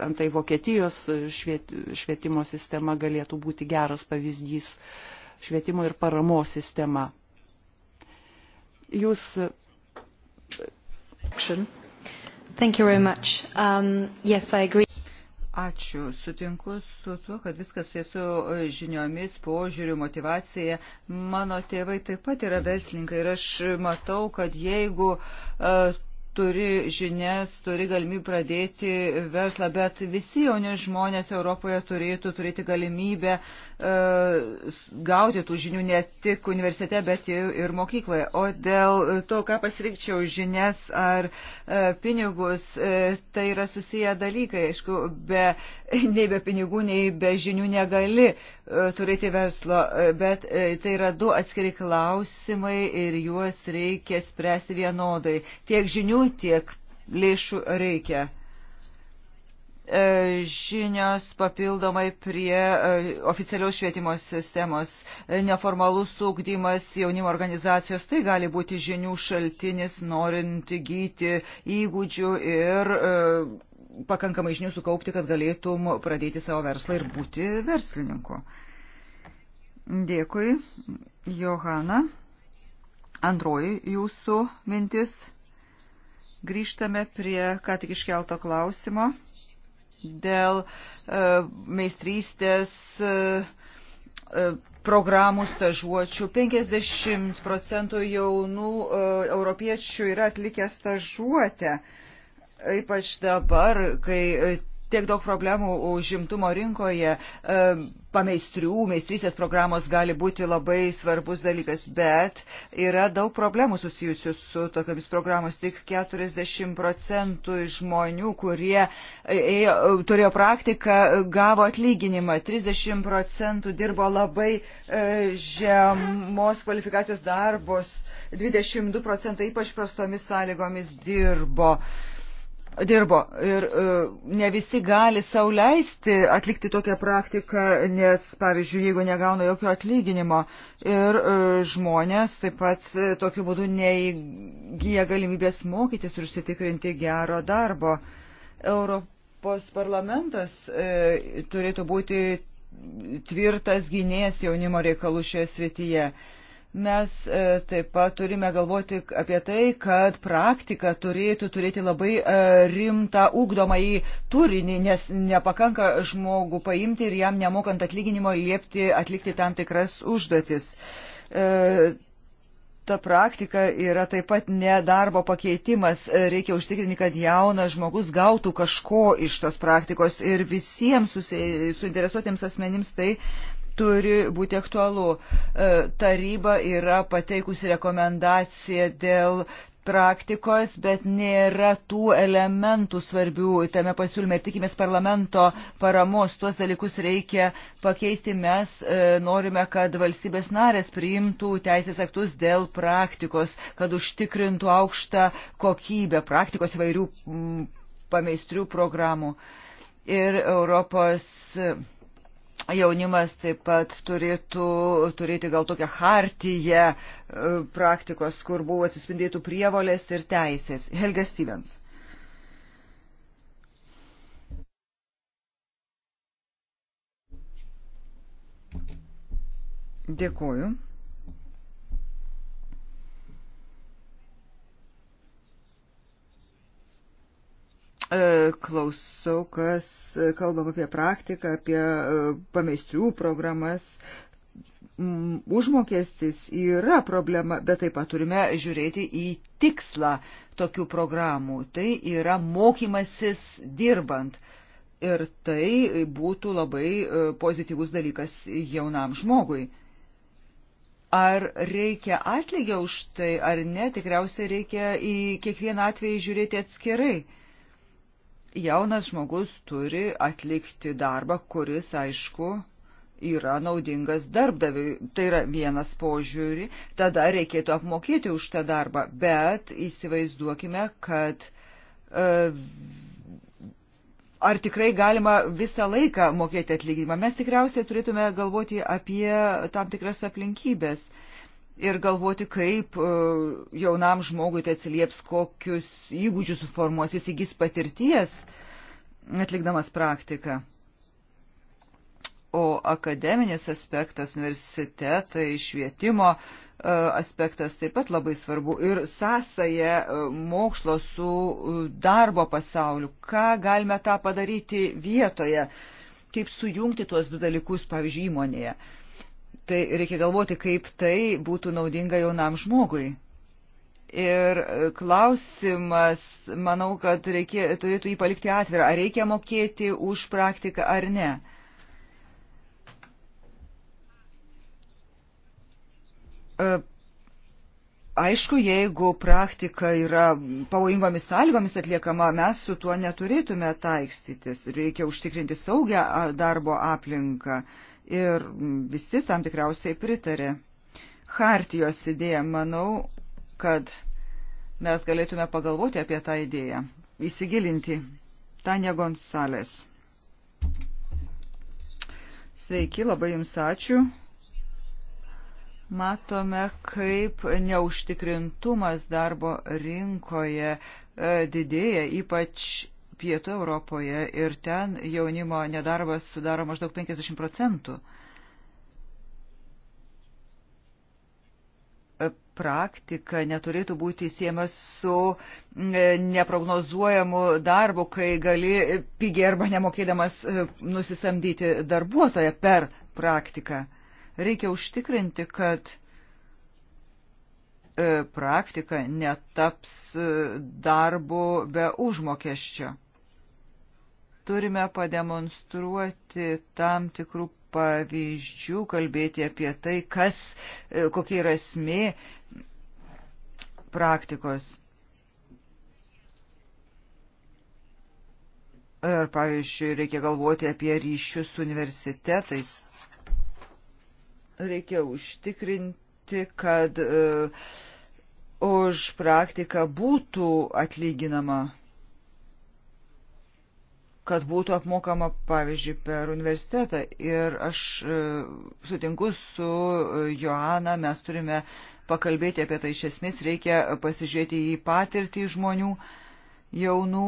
antai Vokietijos švietimo sistema galėtų būti geras pavyzdys, švietimo ir paramos sistema. Jūs. E, Thank you very much. Um, yes, I agree. Ačiū. Sutinku su tuo, kad viskas su e, žiniomis, požiūriu, motivacija. Mano tėvai taip pat yra verslininkai ir aš matau, kad jeigu uh, turi žinias, turi galimybę pradėti verslą, bet visi jauni žmonės Europoje turėtų turėti galimybę e, gauti tų žinių ne tik universitete, bet ir mokykloje. O dėl to, ką pasirinkčiau, žinias ar e, pinigus, e, tai yra susiję dalykai. Aišku, be, nei be pinigų, nei be žinių negali e, turėti verslo, e, bet e, tai yra du atskiri klausimai ir juos reikia spręsti vienodai. Tiek žinių tiek lėšų reikia. E, žinios papildomai prie e, oficialios švietimo sistemos, e, neformalus ūkdymas jaunimo organizacijos, tai gali būti žinių šaltinis, norint įgyti įgūdžių ir pakankamai žinių sukaupti, kad galėtum pradėti savo verslą ir būti verslininku. Dėkui, Johana. Antroji jūsų mintis. Grįžtame prie ką tik iškelto klausimo dėl e, meistrystės e, e programų stažuočių. 50 procentų jaunų e, europiečių yra atlikę stažuotę, ypač dabar, kai e, tiek daug problemų užimtumo rinkoje, e, pameistrių, meistrysės programos gali būti labai svarbus dalykas, bet yra daug problemų susijusių su tokiamis programos. Tik 40 procentų žmonių, kurie ėjo, e, e, turėjo praktiką, gavo atlyginimą. 30 procentų dirbo labai žemos kvalifikacijos darbus. 22 procentai ypač prastomis sąlygomis dirbo. Uh, dirbo. Ir e, ne visi gali sauliaisti atlikti tokią praktiką, nes, pavyzdžiui, jeigu negauna jokio atlyginimo. Ir e, žmonės taip pat e, tokiu būdu neįgyja galimybės mokytis ir užsitikrinti gero darbo. Europos parlamentas turėtų būti tvirtas gynėjas jaunimo reikalų šioje srityje. Mes e, taip pat turime galvoti apie tai, kad praktika turėtų turėti labai e, rimtą ūkdomą į turinį, nes nepakanka žmogų paimti ir jam nemokant atlyginimo liepti atlikti tam tikras užduotis e, ta praktika yra taip pat ne darbo pakeitimas. Reikia užtikrinti, kad jaunas žmogus gautų kažko iš tos praktikos ir visiems suinteresuotiems asmenims tai turi būti aktualu. E, taryba yra pateikusi rekomendaciją dėl praktikos, bet nėra tų elementų svarbių tame pasiūlyme ir tikimės parlamento paramos. Tuos dalykus reikia pakeisti. Mes e, norime, kad valstybės narės priimtų teisės aktus dėl praktikos, kad užtikrintų aukštą kokybę praktikos įvairių m, pameistrių programų. Ir Europos. E, jaunimas taip pat turėtų turėti gal tokią hartiją e, praktikos, kur buvo atsispindėtų prievolės ir teisės. Helga Stevens. Dėkuoju. E, klausau, kas e, kalbam apie praktiką, apie e, pameistrių programas. Mm, užmokestis yra problema, bet taip pat turime žiūrėti į tikslą tokių programų. Tai yra mokymasis dirbant. Ir tai būtų labai pozityvus dalykas jaunam žmogui. Ar reikia atlygio už tai, ar ne, tikriausiai reikia į kiekvieną atvejį žiūrėti atskirai jaunas žmogus turi atlikti darbą, kuris, aišku, yra naudingas darbdaviui. Tai yra vienas požiūrį, tada reikėtų apmokėti už tą darbą, bet įsivaizduokime, kad e, ar tikrai galima visą laiką mokėti atlyginimą. Mes tikriausiai turėtume galvoti apie tam tikras aplinkybės ir galvoti, kaip e, jaunam žmogui tai atsilieps, kokius įgūdžius suformuos, jis įgys patirties, atlikdamas praktiką. O akademinis aspektas, universitetai, švietimo e, aspektas taip pat labai svarbu ir sąsaja e, mokslo su darbo pasauliu. Ką galime tą padaryti vietoje, kaip sujungti tuos du dalykus, pavyzdžiui, įmonėje. Uh, tai reikia galvoti, kaip tai būtų naudinga jaunam žmogui. Ir klausimas, manau, kad reikia, turėtų jį palikti atvirą, ar reikia mokėti už praktiką ar ne. E, aišku, jeigu praktika yra pavojingomis sąlygomis atliekama, mes su tuo neturėtume taikstytis. Reikia užtikrinti saugią darbo aplinką ir visi tam tikriausiai pritarė. Hartijos idėja, manau, kad mes galėtume pagalvoti apie tą idėją, įsigilinti. Tanja Gonsalės. Sveiki, labai Jums ačiū. Matome, kaip neužtikrintumas darbo rinkoje e, didėja, ypač pietų Europoje ir ten jaunimo nedarbas sudaro maždaug 50 procentų. praktika neturėtų būti siema su e, neprognozuojamu darbu, kai gali pigiai arba nemokėdamas e, nusisamdyti darbuotoją per praktiką. Reikia užtikrinti, kad e, praktika netaps darbu be užmokesčio. Turime pademonstruoti tam tikrų pavyzdžių, kalbėti apie tai, kas, e, kokia yra esmė praktikos. Ir, pavyzdžiui, reikia galvoti apie ryšius su universitetais. Reikia užtikrinti, kad uh, už praktiką būtų atlyginama kad būtų apmokama, pavyzdžiui, per universitetą. Ir aš e, sutinku su e, Joana, mes turime pakalbėti apie tai iš esmės, reikia pasižiūrėti į patirtį žmonių jaunų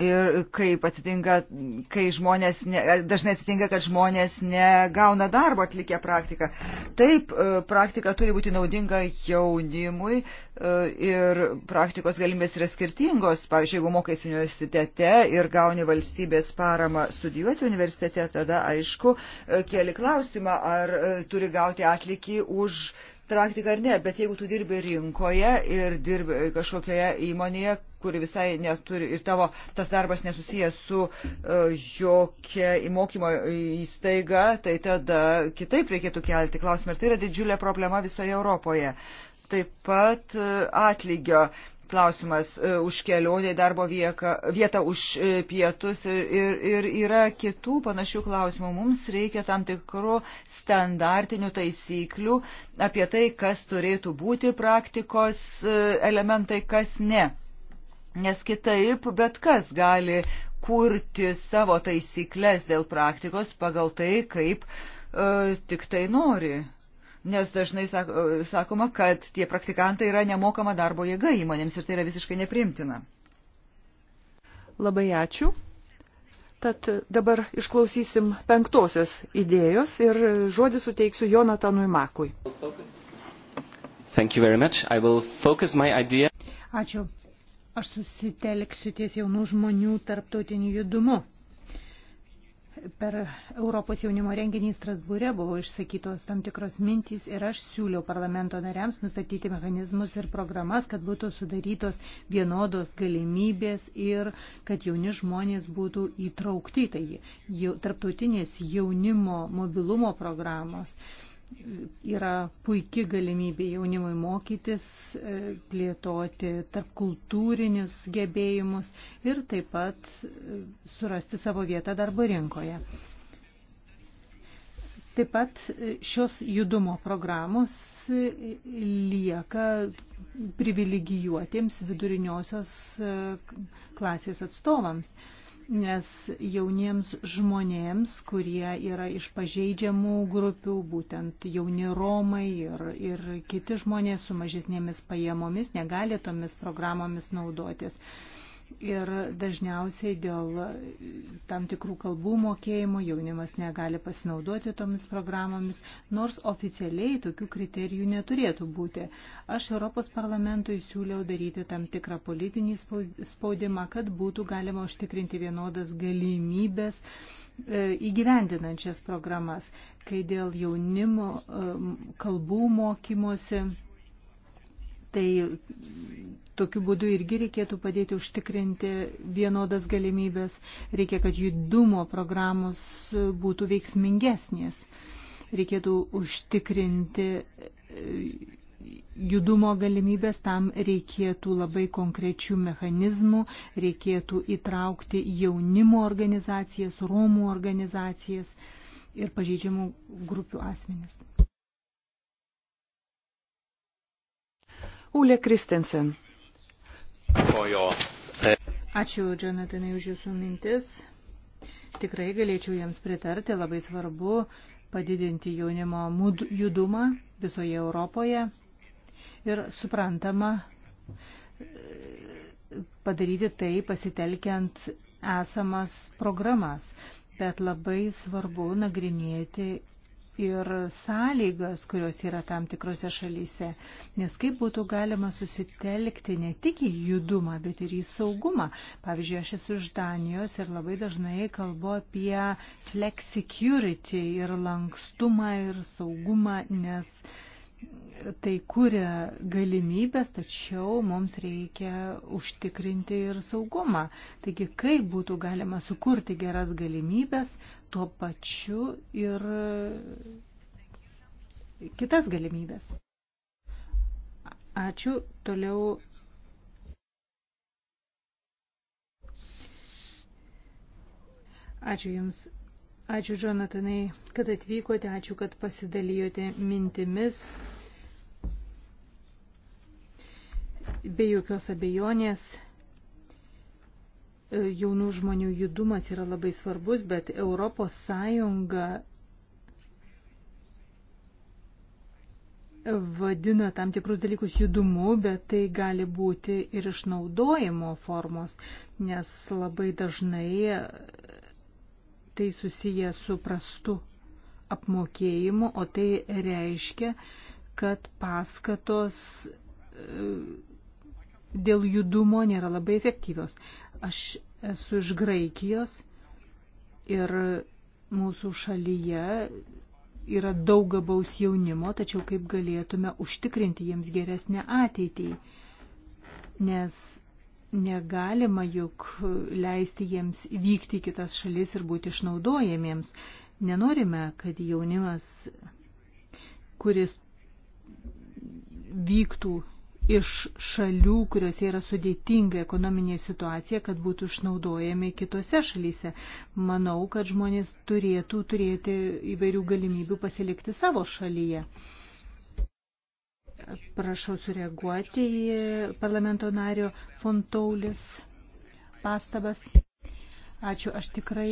Ir kaip atsitinka, kai žmonės, ne, dažnai atsitinka, kad žmonės negauna darbo atlikę praktiką. Taip, e, praktika turi būti naudinga jaunimui e, ir praktikos galimybės yra skirtingos. Pavyzdžiui, jeigu mokaiesi universitete ir gauni valstybės paramą studijuoti universitete, tada aišku, e, keli klausimą, ar turi gauti atlikį už praktika ar ne, bet jeigu tu dirbi rinkoje ir dirbi kažkokioje įmonėje, kuri visai neturi ir tavo tas darbas nesusijęs su uh, jokia įmokymo įstaiga, tai tada kitaip reikėtų kelti klausimą. Ir tai yra didžiulė problema visoje Europoje. Taip pat uh, atlygio klausimas e, už kelionę į darbo vietą, vietą už e, pietus ir, ir, ir yra kitų panašių klausimų. Mums reikia tam tikrų standartinių taisyklių apie tai, kas turėtų būti praktikos e, elementai, kas ne. Nes kitaip bet kas gali kurti savo taisyklės dėl praktikos pagal tai, kaip e, tik tai nori nes dažnai e, sakoma, kad tie praktikantai yra nemokama darbo jėga įmonėms ir tai yra visiškai neprimtina. Labai ačiū. Tad dabar išklausysim penktosios idėjos ir žodį suteiksiu Jonatanui Makui. Ačiū. Aš susitelksiu ties jaunų žmonių tarptautiniu judumu per Europos jaunimo renginį Strasbūre buvo išsakytos tam tikros mintys ir aš siūliau parlamento nariams nustatyti mechanizmus ir programas, kad būtų sudarytos vienodos galimybės ir kad jauni žmonės būtų įtraukti tai tarptautinės jaunimo mobilumo programos yra puikia galimybė jaunimui mokytis, e, plėtoti tarp kultūrinius gebėjimus ir taip pat e, surasti savo vietą darbo rinkoje. Taip pat e, šios judumo programos lieka privilegijuotiems viduriniosios klasės atstovams nes jauniems žmonėms, kurie yra iš pažeidžiamų grupių, būtent jauni Romai ir, ir kiti žmonės su mažesnėmis pajamomis negali tomis programomis naudotis ir dažniausiai dėl tam tikrų kalbų mokėjimų jaunimas negali pasinaudoti tomis programomis, nors oficialiai tokių kriterijų neturėtų būti. Aš Europos parlamentui siūliau daryti tam tikrą politinį spaudimą, kad būtų galima užtikrinti vienodas galimybės e, įgyvendinančias programas, kai dėl jaunimo e, kalbų mokymosi Tai tokiu būdu irgi reikėtų padėti užtikrinti vienodas galimybės. Reikia, kad judumo programos būtų veiksmingesnės. Reikėtų užtikrinti e, judumo galimybės, tam reikėtų labai konkrečių mechanizmų, reikėtų įtraukti jaunimo organizacijas, romų organizacijas ir pažeidžiamų grupių asmenis. Ulė Kristensen. Ačiū, Jonatanai, už jūsų mintis. Tikrai galėčiau jiems pritarti, labai svarbu padidinti jaunimo judumą visoje Europoje ir suprantama padaryti tai pasitelkiant esamas programas. Bet labai svarbu nagrinėti ir sąlygas, kurios yra tam tikrose šalyse, nes kaip būtų galima susitelkti ne tik į judumą, bet ir į saugumą. Pavyzdžiui, aš esu iš Danijos ir labai dažnai kalbu apie flexicurity ir lankstumą ir saugumą, nes tai kuria galimybės, tačiau mums reikia užtikrinti ir saugumą. Taigi, kaip būtų galima sukurti geras galimybės, tuo pačiu ir kitas galimybės. Ačiū. Toliau. Ačiū Jums. Ačiū, Jonatanai, kad atvykote, ačiū, kad pasidalijote mintimis. Be jokios abejonės jaunų žmonių judumas yra labai svarbus, bet Europos Sąjunga vadina tam tikrus dalykus judumu, bet tai gali būti ir išnaudojimo formos, nes labai dažnai tai susiję su prastu apmokėjimu, o tai reiškia, kad paskatos dėl judumo nėra labai efektyvios. Aš esu iš Graikijos ir mūsų šalyje yra daug gabaus jaunimo, tačiau kaip galėtume užtikrinti jiems geresnę ateitį, nes negalima juk leisti jiems vykti į kitas šalis ir būti išnaudojamiems. Nenorime, kad jaunimas, kuris vyktų iš šalių, kuriuose yra sudėtinga ekonominė situacija, kad būtų išnaudojami kitose šalyse. Manau, kad žmonės turėtų turėti įvairių galimybių pasilikti savo šalyje. Prašau sureaguoti į parlamento nario Fontaulis pastabas. Ačiū, aš tikrai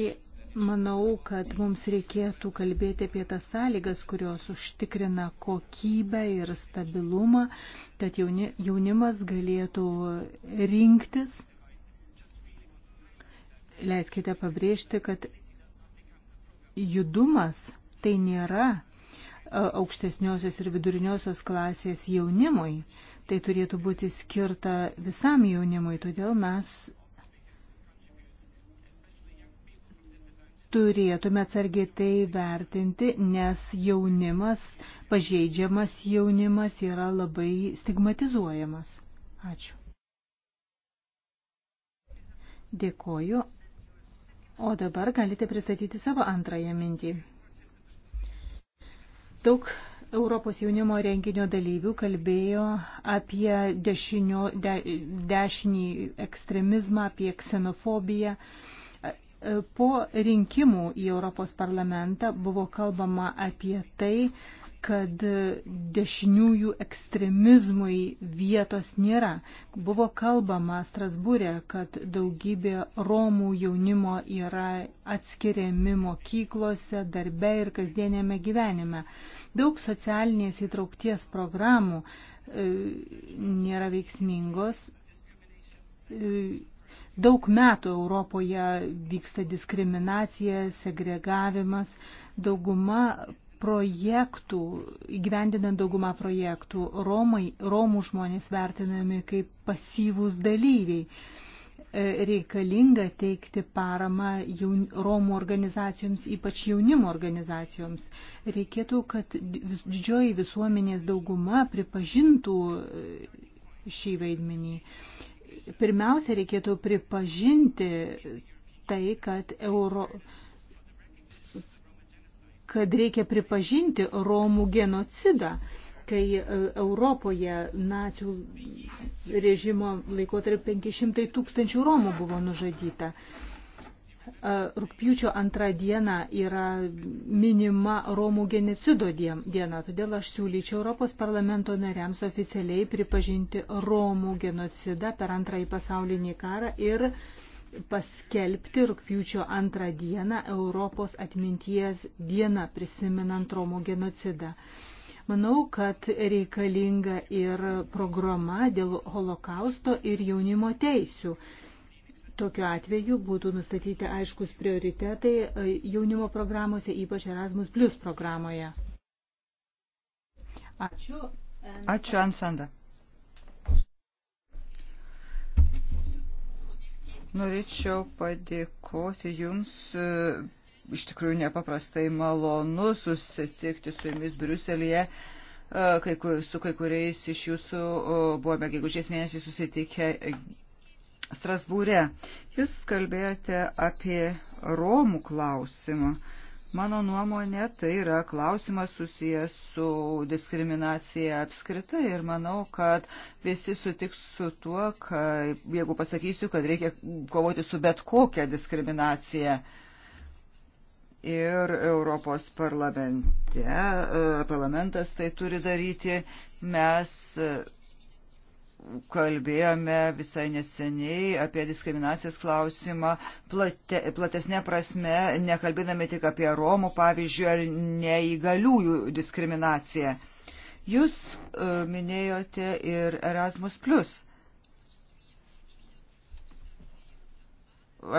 Manau, kad mums reikėtų kalbėti apie tas sąlygas, kurios užtikrina kokybę ir stabilumą, kad jauni, jaunimas galėtų rinktis. Leiskite pabrėžti, kad judumas tai nėra e, aukštesniosios ir viduriniosios klasės jaunimui. Tai turėtų būti skirta visam jaunimui, todėl mes turėtume atsargiai tai vertinti, nes jaunimas, pažeidžiamas jaunimas yra labai stigmatizuojamas. Ačiū. Dėkoju. O dabar galite pristatyti savo antrąją mintį. Daug Europos jaunimo renginio dalyvių kalbėjo apie dešinio, de, dešinį ekstremizmą, apie ksenofobiją. Uh, Po rinkimų į Europos parlamentą buvo kalbama apie tai, kad dešiniųjų ekstremizmui vietos nėra. Buvo kalbama Strasbūrė, kad daugybė Romų jaunimo yra atskiriami mokyklose, darbe ir kasdienėme gyvenime. Daug socialinės įtraukties programų e, nėra veiksmingos. E, Daug metų Europoje vyksta diskriminacija, segregavimas. Dauguma projektų, įgyvendinant daugumą projektų, Romai, Romų žmonės vertinami kaip pasyvūs dalyviai. E, reikalinga teikti paramą jaun, Romų organizacijoms, ypač jaunimo organizacijoms. Reikėtų, kad didžioji visuomenės dauguma pripažintų e, šį vaidmenį pirmiausia reikėtų pripažinti tai, kad euro kad reikia pripažinti Romų genocidą, kai e, Europoje nacių režimo laikotarp 500 tūkstančių Romų buvo nužudyta. E, rūpjūčio antrą dieną yra minima Romų genocido diena, todėl aš siūlyčiau Europos parlamento nariams oficialiai pripažinti Romų genocidą per antrąjį pasaulinį karą ir paskelbti rūpjūčio antrą dieną Europos atminties dieną prisiminant Romų genocidą. Manau, kad reikalinga ir programa dėl holokausto ir jaunimo teisių Tokiu atveju būtų nustatyti aiškus prioritetai e, jaunimo programuose, ypač Erasmus Plus programoje. Ačiū. Ačiū, Ansanda. Norėčiau padėkoti Jums. E, iš tikrųjų nepaprastai malonu susitikti su Jumis Briuselėje e, kai, su kai kuriais iš jūsų buvome gegužės mėnesį susitikę Strasbūre. Jūs kalbėjote apie Romų klausimą. Mano nuomonė, tai yra klausimas susijęs su diskriminacija apskritai ir manau, kad visi sutiks su tuo, kad, jeigu pasakysiu, kad reikia kovoti su bet kokia diskriminacija. Ir Europos parlamente, e, parlamentas tai turi daryti, mes e, kalbėjome visai neseniai apie diskriminacijos klausimą plate, platesnė prasme, nekalbėdami tik apie Romų, pavyzdžiui, ar neįgaliųjų diskriminaciją. Jūs uh, minėjote ir Erasmus.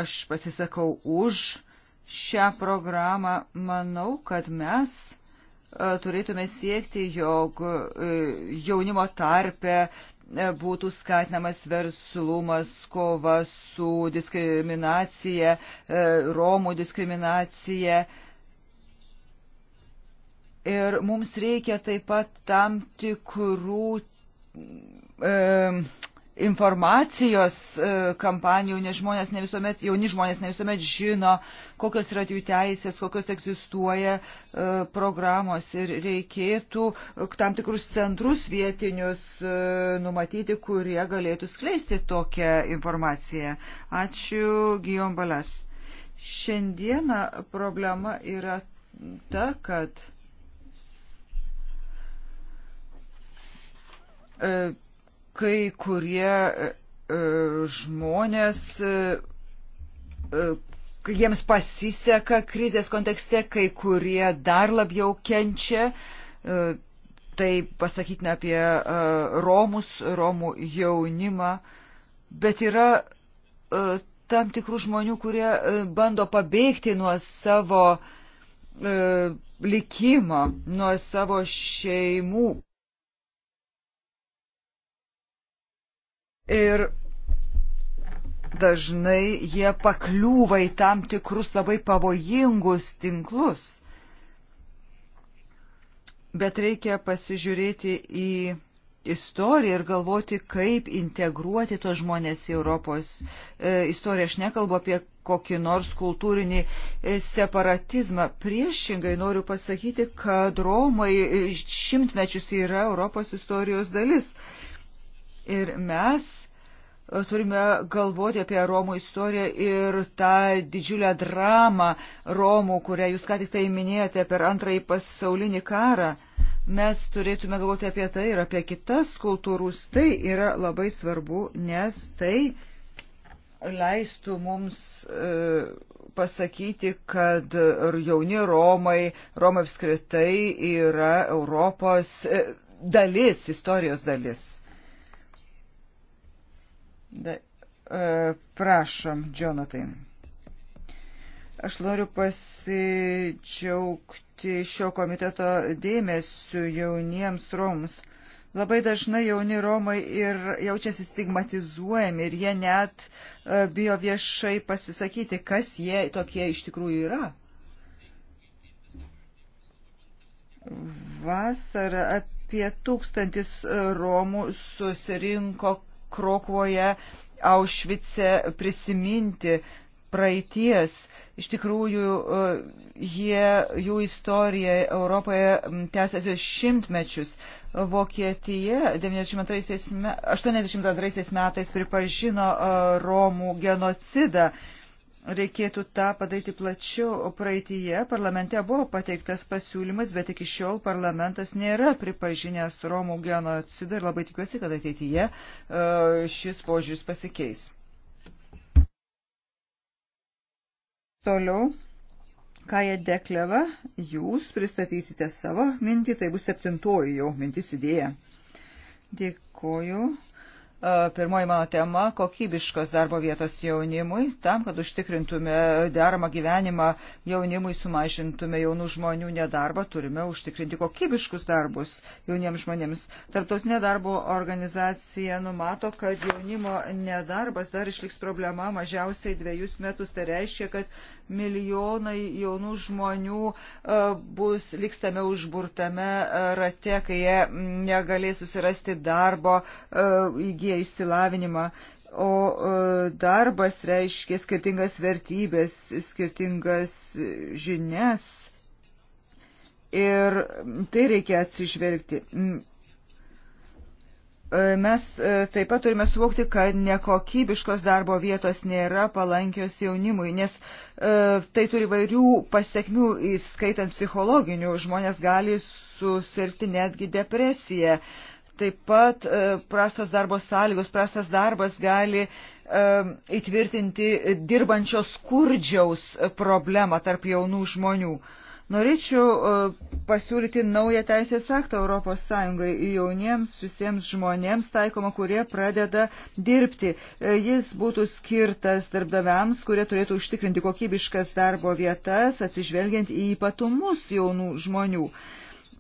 Aš pasisakau už šią programą. Manau, kad mes E, turėtume siekti, jog e, jaunimo tarpe e, būtų skatinamas verslumas, kova su diskriminacija, Romų diskriminacija. Ir mums reikia taip pat tam tikrų e, informacijos e, kampanijų, nes žmonės ne visuomet, jauni žmonės ne visuomet žino, kokios yra jų teisės, kokios egzistuoja e, programos ir reikėtų e, tam tikrus centrus vietinius numatyti, kurie galėtų skleisti tokią informaciją. Ačiū, Gijom Balas. Šiandieną problema yra ta, kad kai kurie e, e, žmonės, e, jiems pasiseka krizės kontekste, kai kurie dar labiau kenčia. Tai pasakytina apie Romus, Romų jaunimą, bet yra tam tikrų žmonių, kurie bando pabėgti nuo savo likimo, nuo savo šeimų. Ir dažnai jie pakliūva į tam tikrus labai pavojingus tinklus. Bet reikia pasižiūrėti į istoriją ir galvoti, kaip integruoti tos žmonės į Europos e, istoriją. Aš nekalbu apie kokį nors kultūrinį e, separatizmą. Priešingai noriu pasakyti, kad Romai šimtmečius yra Europos istorijos dalis. Ir mes turime galvoti apie Romų istoriją ir tą didžiulę dramą Romų, kurią jūs ką tik tai minėjote per antrąjį pasaulinį karą. Mes turėtume galvoti apie tai ir apie kitas kultūrus. Tai yra labai svarbu, nes tai leistų mums e, pasakyti, kad jauni Romai, Romai apskritai yra Europos e, dalis, istorijos dalis. Da, e, prašom, Jonathan. Aš noriu pasidžiaugti šio komiteto dėmesiu jauniems Roms. Labai dažnai jauni Romai ir jaučiasi stigmatizuojami ir jie net e, bijo viešai pasisakyti, kas jie tokie iš tikrųjų yra. Vasarą apie tūkstantis Romų susirinko Krokvoje, Aušvice prisiminti praeities. Iš tikrųjų, e, jie, jų istorija Europoje tęsiasi šimtmečius. Vokietija 1982 metais pripažino e, Romų genocidą reikėtų tą padaryti plačiau. Praeitie parlamente buvo pateiktas pasiūlymas, bet iki šiol parlamentas nėra pripažinęs Romų genocidą ir labai tikiuosi, kad ateityje e, šis požiūris pasikeis. Toliau. Kaja Dekleva, jūs pristatysite savo mintį, tai bus septintoji jau mintis idėja. Dėkoju. Pirmoji mano tema - kokybiškos darbo vietos jaunimui, tam, kad užtikrintume deramą gyvenimą jaunimui, sumažintume jaunų žmonių nedarbą, turime užtikrinti kokybiškus darbus jauniems žmonėms. Tarptautinė darbo organizacija numato, kad jaunimo nedarbas dar išliks problema mažiausiai dviejus metus. Tai reiškia, kad milijonai jaunų žmonių bus likstame užburtame rate, kai jie negalės susirasti darbo įgyti religiją, išsilavinimą, o e, darbas reiškia skirtingas vertybės, skirtingas e, žinias. Ir tai reikia atsižvelgti. E, mes taip pat turime suvokti, kad nekokybiškos darbo vietos nėra palankios jaunimui, nes tai turi vairių pasiekmių, įskaitant psichologinių, žmonės gali susirti netgi depresiją. E, Taip pat e, prastas darbo sąlygos, prastas darbas gali e, įtvirtinti dirbančios skurdžiaus problemą tarp jaunų žmonių. Norėčiau e, pasiūlyti naują teisės aktą Europos Sąjungai jauniems visiems žmonėms taikoma, kurie pradeda dirbti. Jis būtų skirtas darbdaviams, kurie turėtų užtikrinti kokybiškas darbo vietas, atsižvelgiant į ypatumus jaunų žmonių.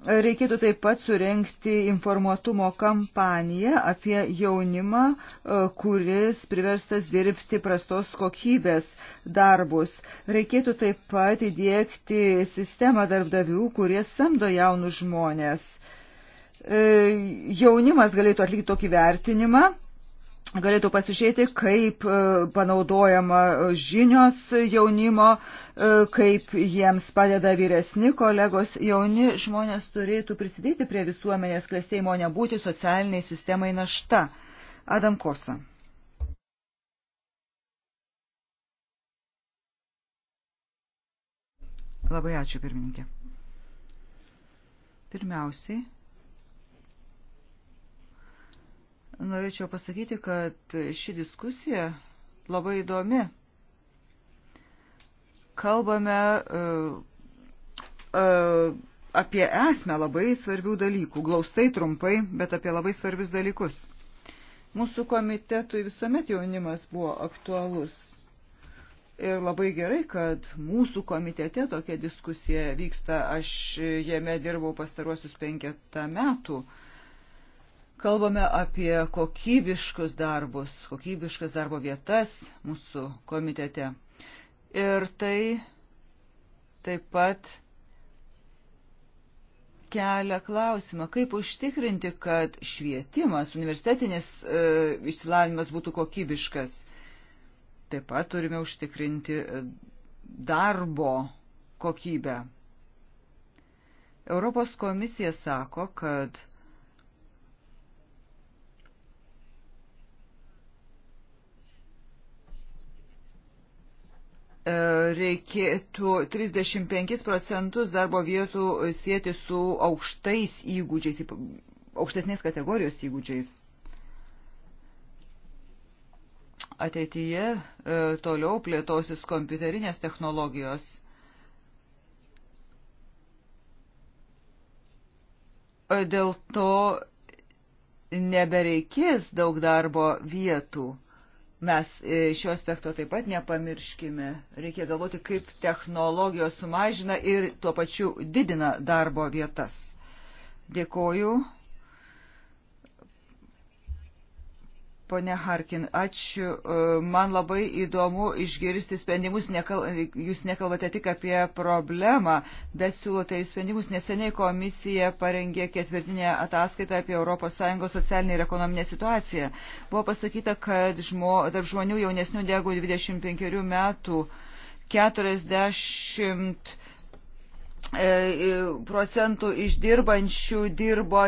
Reikėtų taip pat surenkti informuotumo kampaniją apie jaunimą, e, kuris priverstas dirbti prastos kokybės darbus. Reikėtų taip pat įdėkti sistemą darbdavių, kurie samdo jaunus žmonės. E, jaunimas galėtų atlikti tokį vertinimą galėtų pasižiūrėti, kaip e, panaudojama e, žinios jaunimo, e, kaip jiems padeda vyresni kolegos. Jauni žmonės turėtų prisidėti prie visuomenės klėstėjimo, nebūti socialiniai sistemai našta. Adam Kosa. Labai ačiū, pirmininkė. Pirmiausiai, Norėčiau pasakyti, kad ši diskusija labai įdomi. Kalbame uh, uh, apie esmę labai svarbių dalykų, glaustai trumpai, bet apie labai svarbius dalykus. Mūsų komitetui visuomet jaunimas buvo aktualus. Ir labai gerai, kad mūsų komitete tokia diskusija vyksta. Aš jame dirbau pastaruosius penketą metų. Uh, Kalbame apie kokybiškus darbus, kokybiškas darbo vietas mūsų komitete. Ir tai taip pat kelia klausimą, kaip užtikrinti, kad švietimas, universitetinis e, išsilavinimas būtų kokybiškas. Taip pat turime užtikrinti e, darbo kokybę. Europos komisija sako, kad E, reikėtų 35 procentus darbo vietų sieti su aukštais įgūdžiais, aukštesnės kategorijos įgūdžiais. Ateityje e, toliau plėtosis kompiuterinės technologijos. E, dėl to nebereikės daug darbo vietų Mes e, šio aspekto taip pat nepamirškime. Reikia galvoti, kaip technologijos sumažina ir tuo pačiu didina darbo vietas. Dėkoju. Pone Harkin, ačiū. E, man labai įdomu išgirsti sprendimus. Nekal, jūs nekalbate tik apie problemą, bet siūlote į sprendimus. Neseniai komisija parengė ketvirtinę ataskaitą apie ES socialinę ir ekonominę situaciją. Buvo pasakyta, kad žmo, tarp žmonių jaunesnių negu 25 metų 40 E, procentų išdirbančių dirbo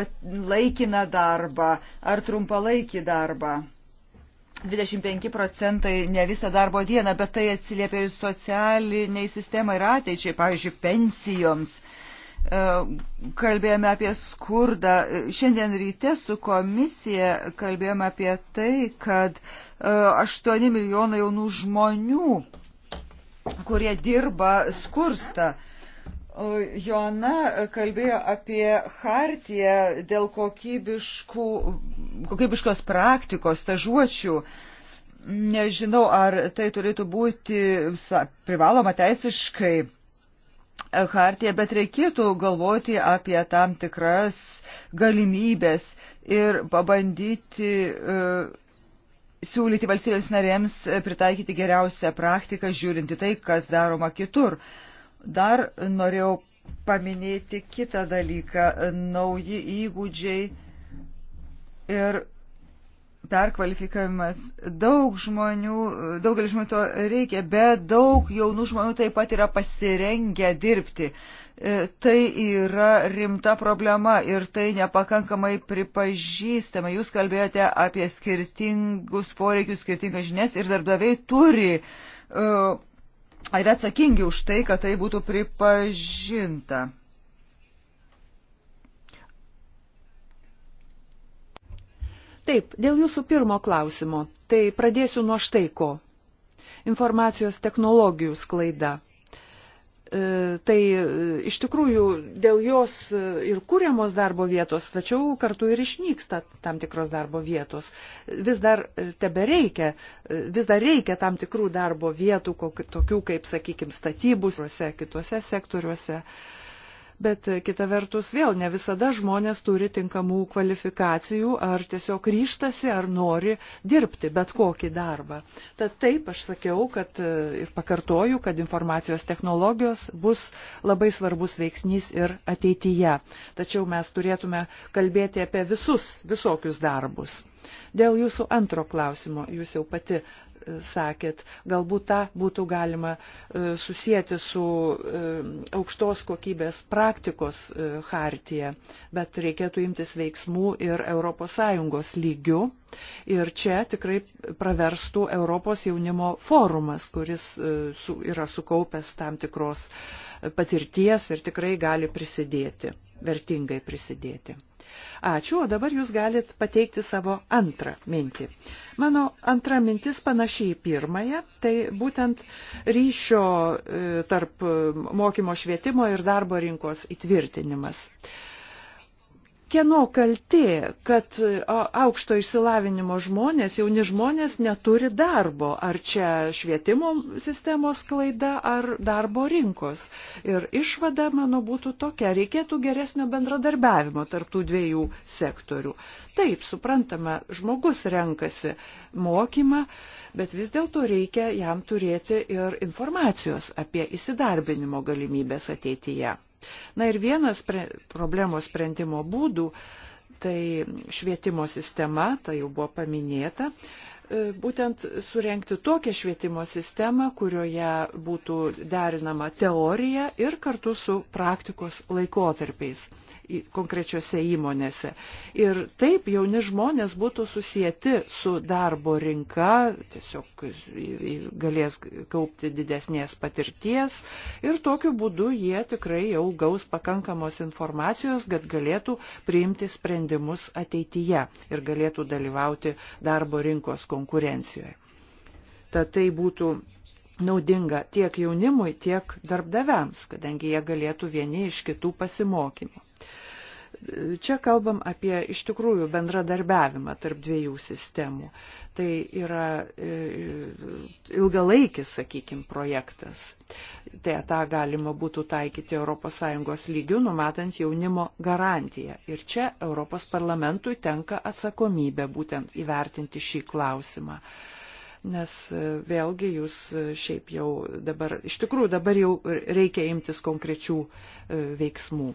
laikiną darbą ar trumpalaikį darbą. 25 procentai ne visą darbo dieną, bet tai atsiliepia ir socialiniai sistemai ir ateičiai, pavyzdžiui, pensijoms. E, kalbėjome apie skurdą. Šiandien ryte su komisija kalbėjome apie tai, kad 8 e, milijonai jaunų žmonių, kurie dirba skursta. Jona kalbėjo apie hartiją dėl kokybiškos praktikos, stažuočių. Nežinau, ar tai turėtų būti privaloma teisiškai hartija, bet reikėtų galvoti apie tam tikras galimybės ir pabandyti e, siūlyti valstybės narėms pritaikyti geriausią praktiką, žiūrinti tai, kas daroma kitur. Uh, Dar norėjau paminėti kitą dalyką - nauji įgūdžiai ir perkvalifikavimas. Daug žmonių, daugelis žmonių to reikia, bet daug jaunų žmonių taip pat yra pasirengę dirbti. E, tai yra rimta problema ir tai nepakankamai pripažįstama. Jūs kalbėjote apie skirtingus poreikius, skirtingas žinias ir darbdaviai turi uh, yra atsakingi už tai, kad tai būtų pripažinta. Taip, dėl jūsų pirmo klausimo, tai pradėsiu nuo štai ko. Informacijos technologijų sklaida. E, tai e, iš tikrųjų dėl jos e, ir kūriamos darbo vietos, tačiau kartu ir išnyksta tam tikros darbo vietos. Vis dar tebe reikia, vis dar reikia tam tikrų darbo vietų, tokių kaip, sakykime, statybų, kitose sektoriuose bet kita vertus vėl ne visada žmonės turi tinkamų kvalifikacijų ar tiesiog ryštasi ar nori dirbti bet kokį darbą. Tad taip aš sakiau, kad e, ir pakartoju, kad informacijos technologijos bus labai svarbus veiksnys ir ateityje. Tačiau mes turėtume kalbėti apie visus, visokius darbus. Dėl jūsų antro klausimo, jūs jau pati sakėt, galbūt tą būtų galima e, susijęti su e, aukštos kokybės praktikos e, hartija, bet reikėtų imtis veiksmų ir ES lygių. Ir čia tikrai praverstų Europos jaunimo forumas, kuris yra sukaupęs tam tikros patirties ir tikrai gali prisidėti, vertingai prisidėti. Ačiū, o dabar jūs galit pateikti savo antrą mintį. Mano antra mintis panašiai į pirmąją, tai būtent ryšio e, tarp mokymo švietimo ir darbo rinkos įtvirtinimas. Uh, kieno kaltė, kad aukšto išsilavinimo žmonės, jauni žmonės neturi darbo? Ar čia švietimo sistemos klaida, ar darbo rinkos? Ir išvada, mano, būtų tokia, reikėtų geresnio bendradarbiavimo tarptų dviejų sektorių. Taip, suprantama, žmogus renkasi mokymą, bet vis dėlto reikia jam turėti ir informacijos apie įsidarbinimo galimybės ateityje. Na ir vienas pre, problemos sprendimo būdų, tai švietimo sistema, tai jau buvo paminėta, E, būtent surenkti tokią švietimo sistemą, kurioje būtų derinama teorija ir kartu su praktikos laikotarpiais konkrečiose įmonėse. Ir taip jauni žmonės būtų susijęti su darbo rinka, tiesiog galės kaupti didesnės patirties ir tokiu būdu jie tikrai jau gaus pakankamos informacijos, kad galėtų priimti sprendimus ateityje ir galėtų dalyvauti darbo rinkos konkursuose konkurencijoje. Tad tai būtų naudinga tiek jaunimui, tiek darbdaviams, kadangi jie galėtų vieni iš kitų pasimokymų čia kalbam apie iš tikrųjų bendradarbiavimą tarp dviejų sistemų. Tai yra e, ilgalaikis, sakykime, projektas. Tai tą galima būtų taikyti ES lygių, numatant jaunimo garantiją. Ir čia Europos parlamentui tenka atsakomybė būtent įvertinti šį klausimą nes e, vėlgi jūs e, šiaip jau dabar, iš tikrųjų dabar jau reikia imtis konkrečių veiksmų.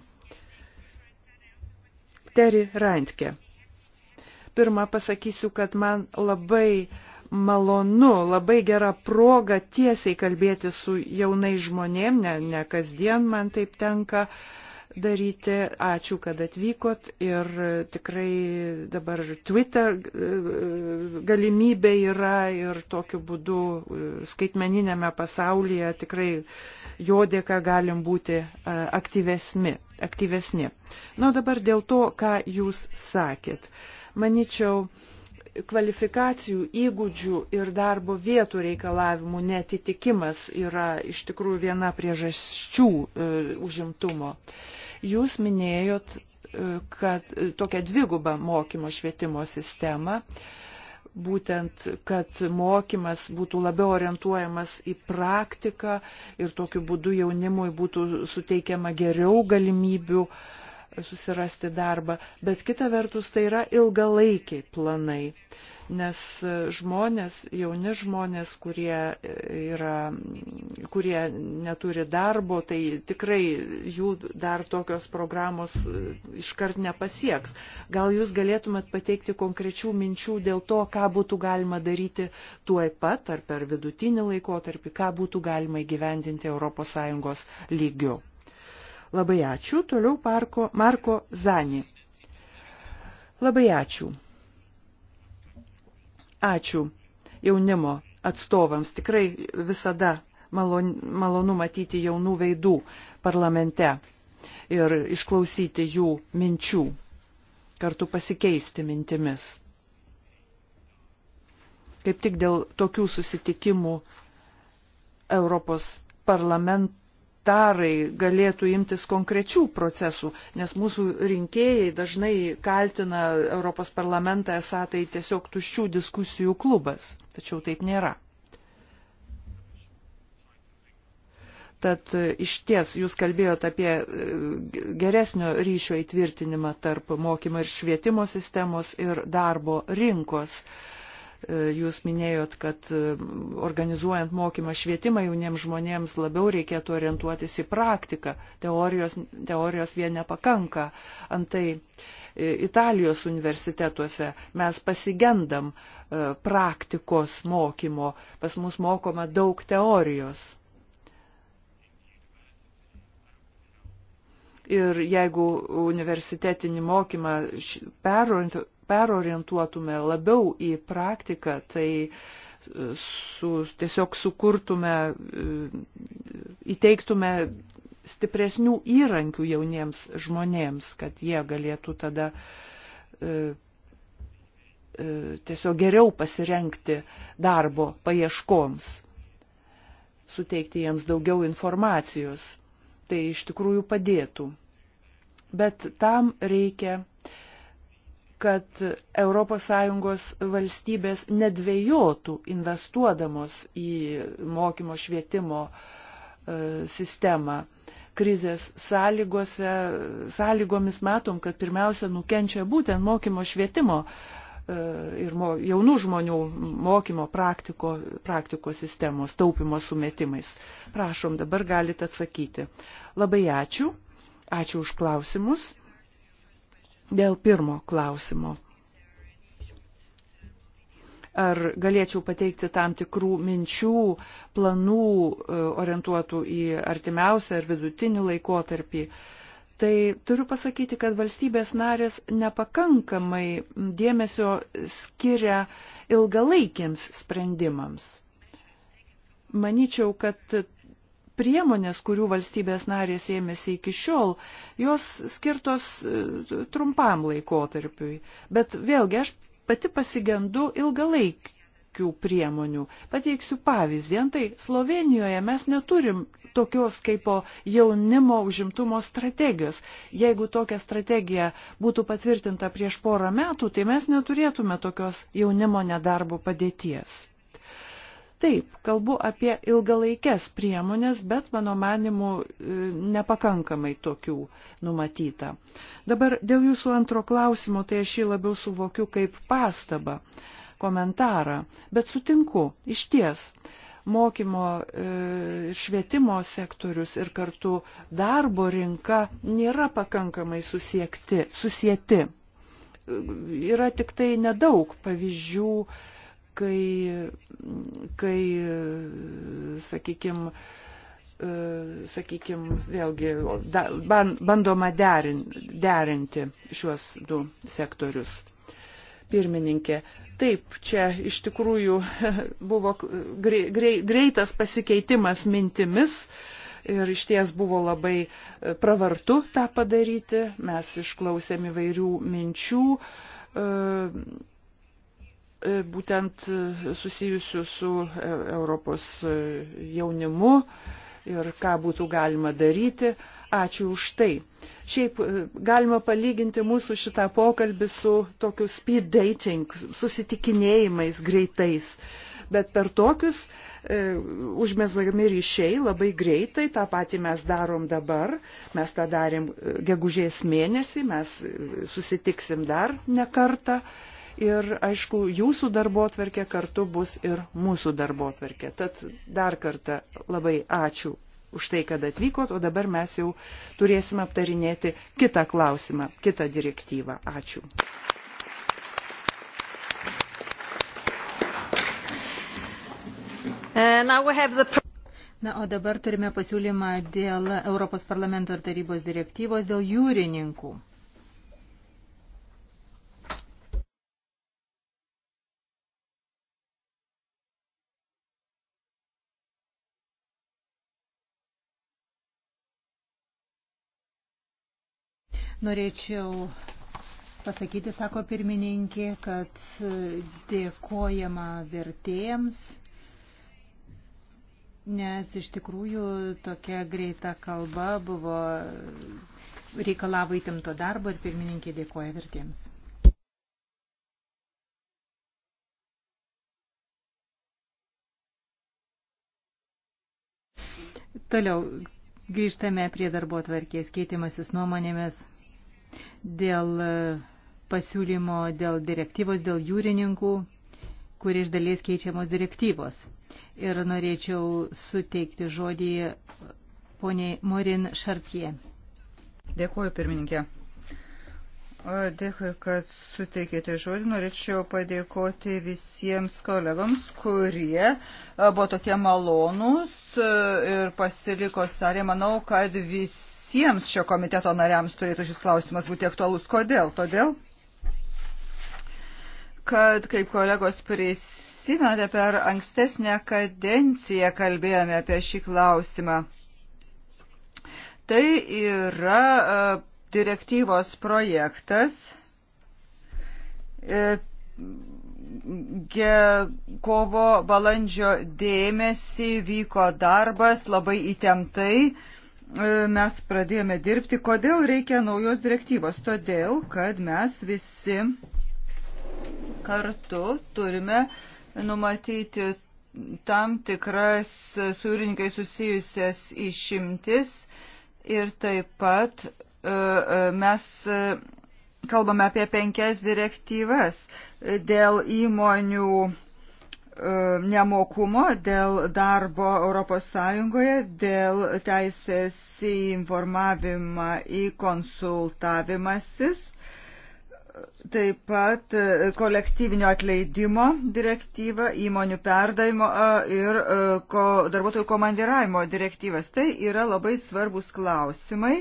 Teri Rantke. Pirmą pasakysiu, kad man labai malonu, labai gera proga tiesiai kalbėti su jaunai žmonėm, ne, ne kasdien man taip tenka. Uh, daryti. Ačiū, kad atvykot ir tikrai dabar Twitter e, galimybė yra ir tokiu būdu e, skaitmeninėme pasaulyje tikrai jo dėka galim būti e, aktyvesni. aktyvesni. Na, nu, dabar dėl to, ką jūs sakėt. Maničiau, kvalifikacijų, įgūdžių ir darbo vietų reikalavimų netitikimas yra iš tikrųjų viena priežasčių e, užimtumo. E, Jūs minėjot, e, kad e, tokia dvigubą mokymo švietimo sistema, būtent, kad mokymas būtų labiau orientuojamas į praktiką ir tokiu būdu jaunimui būtų suteikiama geriau galimybių susirasti darbą, bet kita vertus tai yra ilgalaikiai planai. Uh, nes žmonės, jauni žmonės, kurie, yra, kurie neturi darbo, tai tikrai jų dar tokios programos iškart nepasieks. Gal jūs galėtumėt pateikti konkrečių minčių dėl to, ką būtų galima daryti tuoj pat ar per vidutinį laikotarpį, ką būtų galima įgyvendinti ES lygiu. Labai ačiū. Toliau parko Marko Zani. Labai ačiū. Ačiū jaunimo atstovams. Tikrai visada malon, malonu matyti jaunų veidų parlamente ir išklausyti jų minčių, kartu pasikeisti mintimis. Kaip tik dėl tokių susitikimų Europos parlament, parlamentarai galėtų imtis konkrečių procesų, nes mūsų rinkėjai dažnai kaltina Europos parlamentą esą tai tiesiog tuščių diskusijų klubas, tačiau taip nėra. Tad e, iš ties jūs kalbėjote apie e, geresnio ryšio įtvirtinimą tarp mokymo ir švietimo sistemos ir darbo rinkos. Uh, Jūs minėjot, kad e, organizuojant mokymą švietimą jauniems žmonėms labiau reikėtų orientuotis į praktiką. Teorijos, teorijos vien nepakanka. Antai e, Italijos universitetuose mes pasigendam e, praktikos mokymo. Pas mus mokoma daug teorijos. Ir jeigu universitetinį mokymą perorientuoti perorientuotume labiau į praktiką, tai su, tiesiog sukurtume, e, įteiktume stipresnių įrankių jauniems žmonėms, kad jie galėtų tada e, e, tiesiog geriau pasirenkti darbo paieškoms, suteikti jiems daugiau informacijos. Tai iš tikrųjų padėtų. Bet tam reikia kad ES valstybės nedvėjotų investuodamos į mokymo švietimo e, sistemą. Krizės sąlygose, sąlygomis matom, kad pirmiausia nukenčia būtent mokymo švietimo e, ir mo, jaunų žmonių mokymo praktiko, praktiko sistemos taupimo sumetimais. Prašom, dabar galite atsakyti. Labai ačiū. Ačiū už klausimus. Dėl pirmo klausimo. Ar galėčiau pateikti tam tikrų minčių, planų e, orientuotų į artimiausią ar vidutinį laikotarpį? Tai turiu pasakyti, kad valstybės narės nepakankamai dėmesio skiria ilgalaikiams sprendimams. Maničiau, kad priemonės, kurių valstybės narės ėmėsi iki šiol, jos skirtos e, trumpam laikotarpiui. Bet vėlgi aš pati pasigendu ilgalaikį tokių priemonių. Pateiksiu pavyzdį. Antai Slovenijoje mes neturim tokios kaip jaunimo užimtumo strategijos. Jeigu tokia strategija būtų patvirtinta prieš porą metų, tai mes neturėtume tokios jaunimo nedarbo padėties. Taip, kalbu apie ilgalaikės priemonės, bet mano manimu e, nepakankamai tokių numatyta. Dabar dėl jūsų antro klausimo, tai aš jį labiau suvokiu kaip pastabą, komentarą, bet sutinku, iš ties mokymo e, švietimo sektorius ir kartu darbo rinka nėra pakankamai susiekti, susieti. E, yra tik tai nedaug pavyzdžių kai, kai sakykime, sakykime, vėlgi da, ban, bandoma derin, derinti šiuos du sektorius. Pirmininkė, taip, čia iš tikrųjų buvo grei, grei, greitas pasikeitimas mintimis ir iš ties buvo labai e, pravartu tą padaryti. Mes išklausėm įvairių minčių. E, E, būtent e, susijusių su e, Europos jaunimu ir ką būtų galima daryti. Ačiū už tai. Šiaip galima palyginti mūsų šitą pokalbį su tokiu speed dating, susitikinėjimais greitais. Bet per tokius e, užmesgami ryšiai labai greitai, tą patį mes darom dabar, mes tą darėm gegužės mėnesį, mes susitiksim dar ne kartą. E, ir, aišku, jūsų darbo atverkė kartu bus ir mūsų darbo atverkė. Tad dar kartą labai ačiū už tai, kad atvykot, o dabar mes jau turėsime aptarinėti kitą klausimą, kitą direktyvą. Ačiū. Uh, the... Na, o dabar turime pasiūlymą dėl Europos parlamento ir tarybos direktyvos dėl jūrininkų. Norėčiau pasakyti, sako pirmininkė, kad dėkojama vertėjams, nes iš tikrųjų tokia greita kalba buvo reikalavo įtimto darbo ir pirmininkė dėkoja vertėjams. Toliau grįžtame prie darbo tvarkės keitimasis nuomonėmis dėl e, pasiūlymo dėl direktyvos, dėl jūrininkų, kur iš dalies keičiamos direktyvos. Ir norėčiau suteikti žodį poniai Morin Šartie. Dėkuoju, pirmininkė. Dėkui, kad suteikėte žodį. Norėčiau padėkoti visiems kolegams, kurie e, buvo tokie malonūs e, ir pasiliko salė. Manau, kad visi visiems šio komiteto nariams turėtų šis klausimas būti aktualus. Kodėl? Todėl, kad kaip kolegos prisimenate per ankstesnę kadenciją kalbėjome apie šį klausimą. Tai yra e, direktyvos projektas e, kovo balandžio dėmesį vyko darbas labai įtemptai. E, mes pradėjome dirbti. Kodėl reikia naujos direktyvos? Todėl, kad mes visi kartu turime numatyti tam tikras su jūrininkai susijusias išimtis ir taip pat e, e, mes kalbame apie penkias direktyvas dėl įmonių E, nemokumo dėl darbo ES, dėl teisės į informavimą, į konsultavimasis, taip pat e, kolektyvinio atleidimo direktyva, įmonių perdavimo e, ir darbuotojų komandiravimo direktyvas. Tai yra labai svarbus klausimai.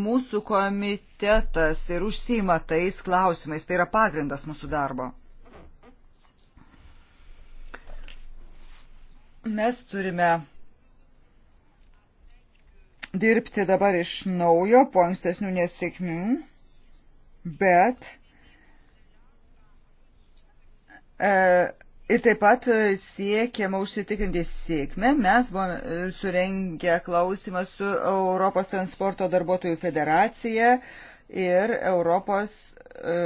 Mūsų komitetas ir užsima tais klausimais. Tai yra pagrindas mūsų darbo. Mes turime dirbti dabar iš naujo po ankstesnių nesėkmių, bet e, ir taip pat siekiama užsitikrinti sėkmę. Mes buvome e, surengę klausimą su Europos transporto darbuotojų federacija ir Europos e,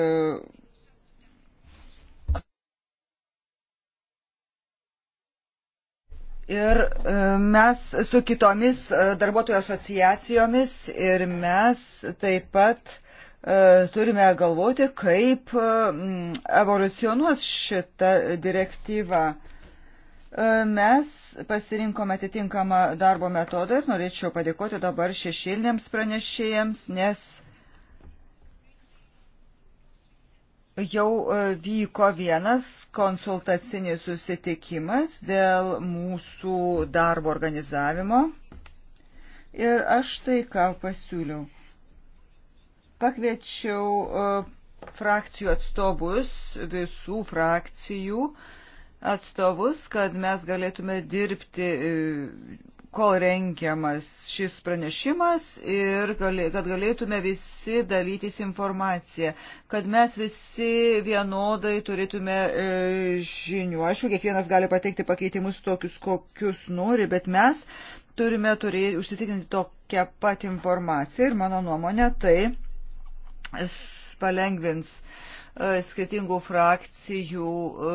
Ir e, mes su kitomis e, darbuotojų asociacijomis ir mes taip pat e, turime galvoti, kaip evoliucionuos šitą direktyvą mes pasirinkome atitinkamą darbo metodą ir norėčiau padėkoti dabar šešėlinėms pranešėjams, nes jau e, vyko vienas konsultacinis susitikimas dėl mūsų darbo organizavimo. Ir aš tai ką pasiūliau. Pakviečiau e, frakcijų atstovus, visų frakcijų atstovus, kad mes galėtume dirbti e, kol rengiamas šis pranešimas ir kad galėtume visi dalytis informaciją, kad mes visi vienodai turėtume e, žinių. Aišku, kiekvienas gali pateikti pakeitimus tokius, kokius nori, bet mes turime turėti, užsitikrinti tokią pat informaciją ir mano nuomonė tai palengvins uh, E, skirtingų frakcijų e,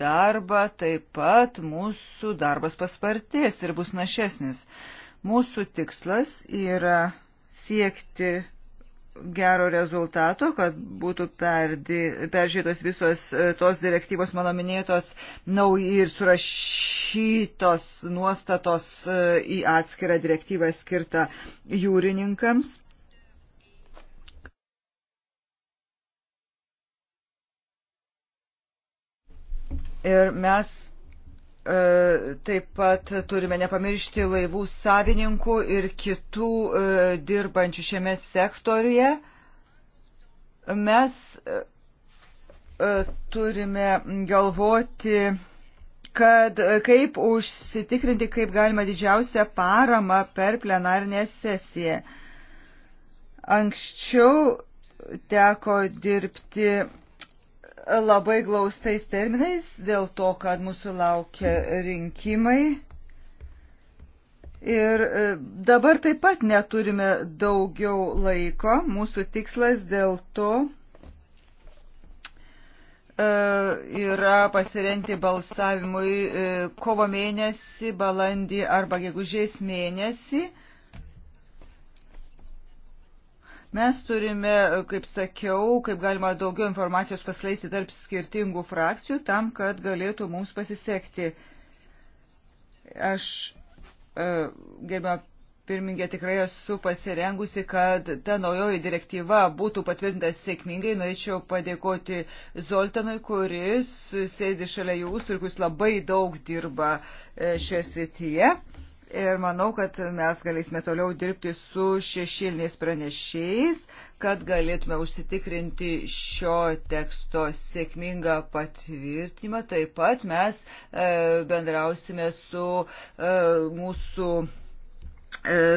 darbą, taip pat mūsų darbas paspartės ir bus našesnis. Mūsų tikslas yra siekti gero rezultato, kad būtų peržiūrėtos visos e, tos direktyvos mano minėtos nauji ir surašytos nuostatos į atskirą direktyvą skirtą jūrininkams. Ir mes e, taip pat turime nepamiršti laivų savininkų ir kitų e, dirbančių šiame sektoriuje. Mes e, turime galvoti, kad kaip užsitikrinti, kaip galima didžiausią paramą per plenarinę sesiją. Anksčiau teko dirbti labai glaustais terminais dėl to, kad mūsų laukia rinkimai. Ir e, dabar taip pat neturime daugiau laiko. Mūsų tikslas dėl to e, yra pasirenti balsavimui e, kovo mėnesį, balandį arba gegužės mėnesį. Mes turime, kaip sakiau, kaip galima daugiau informacijos paskleisti tarp skirtingų frakcijų tam, kad galėtų mums pasisekti. Aš, e, gerbėjau, pirmingė tikrai esu pasirengusi, kad ta naujoji direktyva būtų patvirtinta sėkmingai. Norėčiau padėkoti Zoltanui, kuris sėdi šalia jūsų ir kuris labai daug dirba e, šioje srityje ir manau, kad mes galėsime toliau dirbti su šešiliniais pranešėjais, kad galėtume užsitikrinti šio teksto sėkmingą patvirtinimą. Taip pat mes e, bendrausime su e, mūsų e,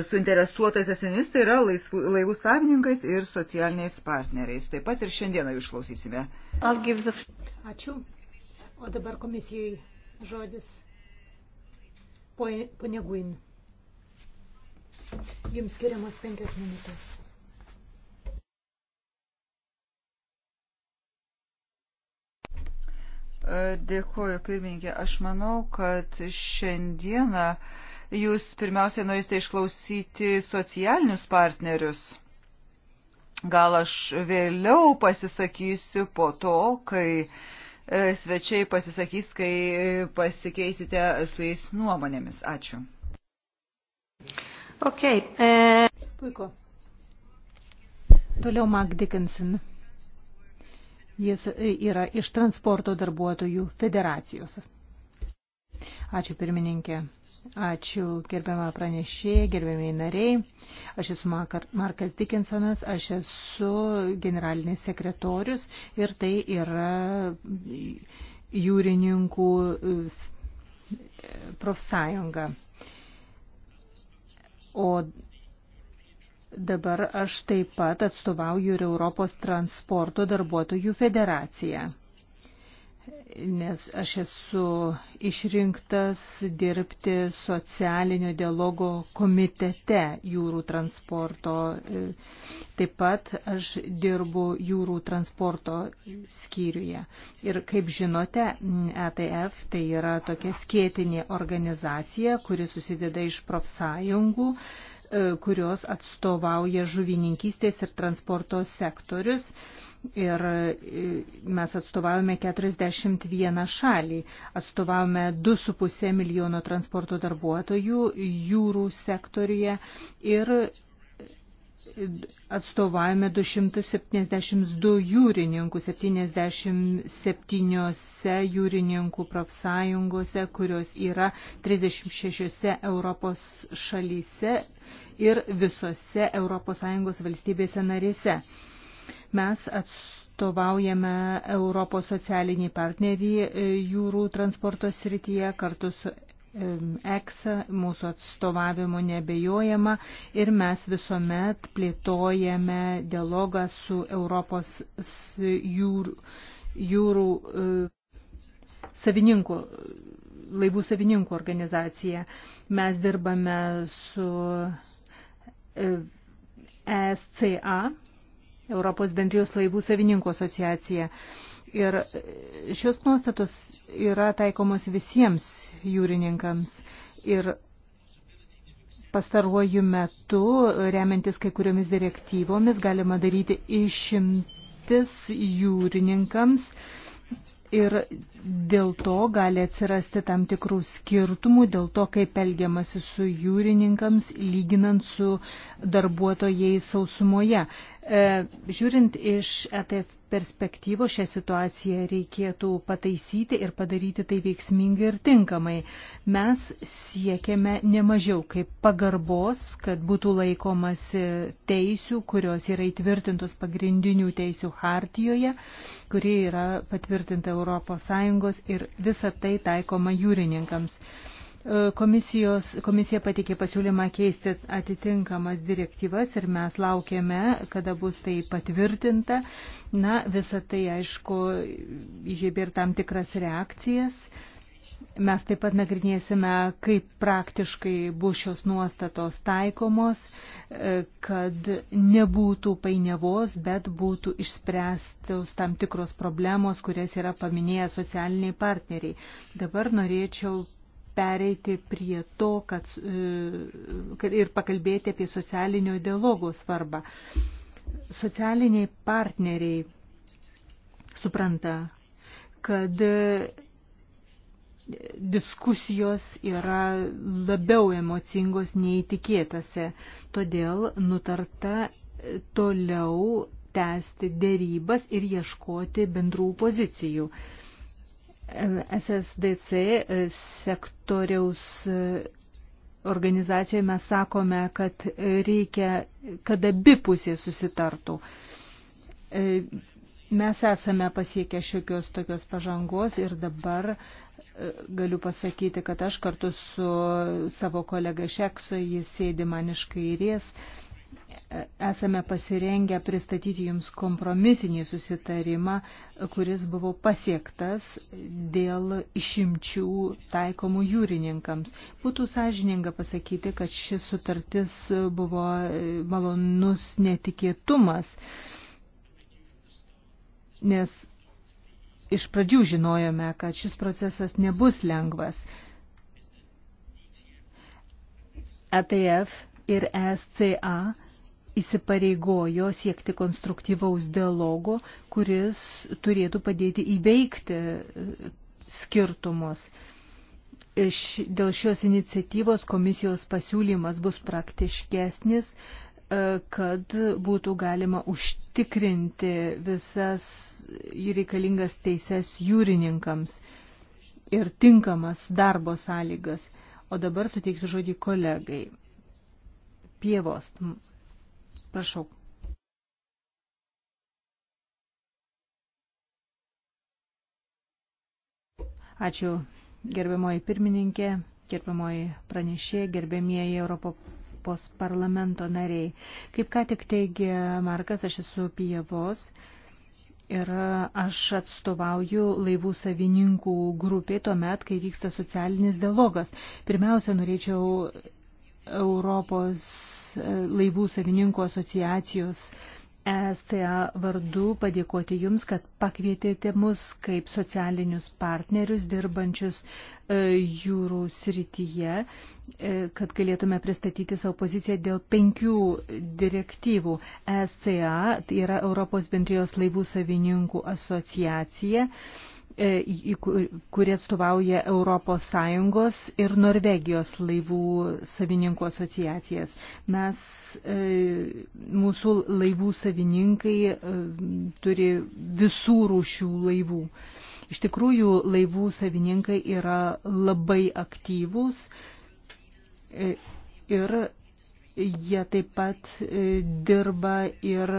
suinteresuotais asmenimis, tai yra laisvų, laivų savininkais ir socialiniais partneriais. Taip pat ir šiandieną jų išklausysime. The... Ačiū. O dabar komisijai žodis. Pone Guin, jums skiriamas penkias minutės. E, dėkuoju, pirmininkė. Aš manau, kad šiandieną jūs pirmiausiai norite išklausyti socialinius partnerius. Gal aš vėliau pasisakysiu po to, kai uh, E, svečiai pasisakys, kai pasikeisite su jais nuomonėmis. Ačiū. Okay, e... Puiku. Toliau Mark Dickinson. Jis yra iš transporto darbuotojų federacijos. Ačiū pirmininkė. Ačiū gerbiamą pranešėją, gerbiamiai nariai. Aš esu Markas Dickinsonas, aš esu generalinis sekretorius ir tai yra jūrininkų e, profsąjunga. O dabar aš taip pat atstovauju ir Europos transporto darbuotojų federaciją nes aš esu išrinktas dirbti socialinio dialogo komitete jūrų transporto. Taip pat aš dirbu jūrų transporto skyriuje. Ir kaip žinote, ETF tai yra tokia skėtinė organizacija, kuri susideda iš profsąjungų kurios atstovauja žuvininkystės ir transporto sektorius ir e, mes atstovavome 41 šalį, atstovavome 2,5 milijono transporto darbuotojų jūrų sektoriuje ir e, atstovavome 272 jūrininkų 77 jūrininkų profsąjungose, kurios yra 36 Europos šalyse ir visose ES valstybėse narėse. Mes atstovaujame Europos socialinį partnerį e, jūrų transporto srityje kartu su EXA, mūsų atstovavimo nebejojama ir mes visuomet plėtojame dialogą su Europos jūrų, jūrų e, savininkų, laivų savininkų organizacija. Mes dirbame su ESCA e Europos bendrijos laivų savininkų asociacija. Ir šios nuostatos yra taikomos visiems jūrininkams. Ir pastaruoju metu, remiantis kai kuriomis direktyvomis, galima daryti išimtis jūrininkams ir dėl to gali atsirasti tam tikrų skirtumų, dėl to, kaip elgiamasi su jūrininkams, lyginant su darbuotojais sausumoje. E, žiūrint iš ETF perspektyvo, šią situaciją reikėtų pataisyti ir padaryti tai veiksmingai ir tinkamai. Mes siekiame nemažiau kaip pagarbos, kad būtų laikomasi teisių, kurios yra įtvirtintos pagrindinių teisių hartijoje, kuri yra patvirtinta ES ir visa tai taikoma jūrininkams. E, komisijos, komisija patikė pasiūlymą keisti atitinkamas direktyvas ir mes laukiame, kada bus tai patvirtinta. Na, visa tai, aišku, įžiebė ir tam tikras reakcijas. Uh, Mes taip pat nagrinėsime, kaip praktiškai bus šios nuostatos taikomos, e, kad nebūtų painiavos, bet būtų išspręstos tam tikros problemos, kurias yra paminėję socialiniai partneriai. Dabar norėčiau pereiti prie to, kad, e, kad ir pakalbėti apie socialinio dialogo svarbą. Socialiniai partneriai supranta, kad diskusijos yra labiau emocingos nei tikėtasi. Todėl nutarta e, toliau tęsti dėrybas ir ieškoti bendrų pozicijų. SSDC e, sektoriaus e, organizacijoje mes sakome, kad reikia, kad abi pusės susitartų Mes esame pasiekę šiokios tokios pažangos ir dabar e, galiu pasakyti, kad aš kartu su savo kolega Šekso, jis sėdi man iš kairės, e, esame pasirengę pristatyti Jums kompromisinį susitarimą, kuris buvo pasiektas dėl išimčių taikomų jūrininkams. Būtų sąžininga pasakyti, kad šis sutartis buvo e, malonus netikėtumas nes iš pradžių žinojome, kad šis procesas nebus lengvas. ATF e ir ESCA įsipareigojo siekti konstruktyvaus dialogo, kuris turėtų padėti įveikti e, skirtumus. Iš, dėl šios iniciatyvos komisijos pasiūlymas bus praktiškesnis, uh, E, kad būtų galima užtikrinti visas reikalingas teises jūrininkams ir tinkamas darbo sąlygas. O dabar suteiksiu žodį kolegai. Pievos, prašau. Ačiū gerbiamoji pirmininkė, gerbiamoji pranešė, gerbėmieji Europo Europos parlamento nariai. Kaip ką tik teigė Markas, aš esu Pievos. Ir aš atstovauju laivų savininkų grupiai tuo met, kai vyksta socialinis dialogas. Pirmiausia, norėčiau Europos laivų savininkų asociacijos uh, ESTA vardu padėkoti Jums, kad pakvietėte mus kaip socialinius partnerius dirbančius e, jūrų srityje, e, kad galėtume pristatyti savo poziciją dėl penkių direktyvų. ESCA tai yra Europos bendrijos laivų savininkų asociacija. E, kurie atstovauja ES ir Norvegijos laivų savininkų asociacijas. Mes, e, mūsų laivų savininkai e, turi visų rūšių laivų. Iš tikrųjų, laivų savininkai yra labai aktyvūs ir jie taip pat dirba ir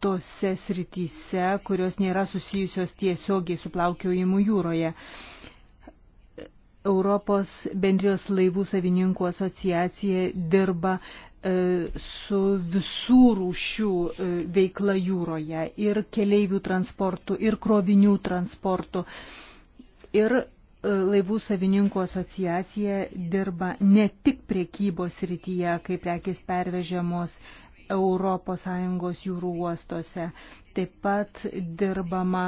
tose srityse, kurios nėra susijusios tiesiogiai su plaukiojimu jūroje. Europos bendrijos laivų savininkų asociacija dirba e, su visų rūšių e, veikla jūroje ir keleivių transportų, ir krovinių transportų. Ir e, laivų savininkų asociacija dirba ne tik priekybos rytyje, kai prekės pervežiamos ES jūrų uostuose. Taip pat dirbama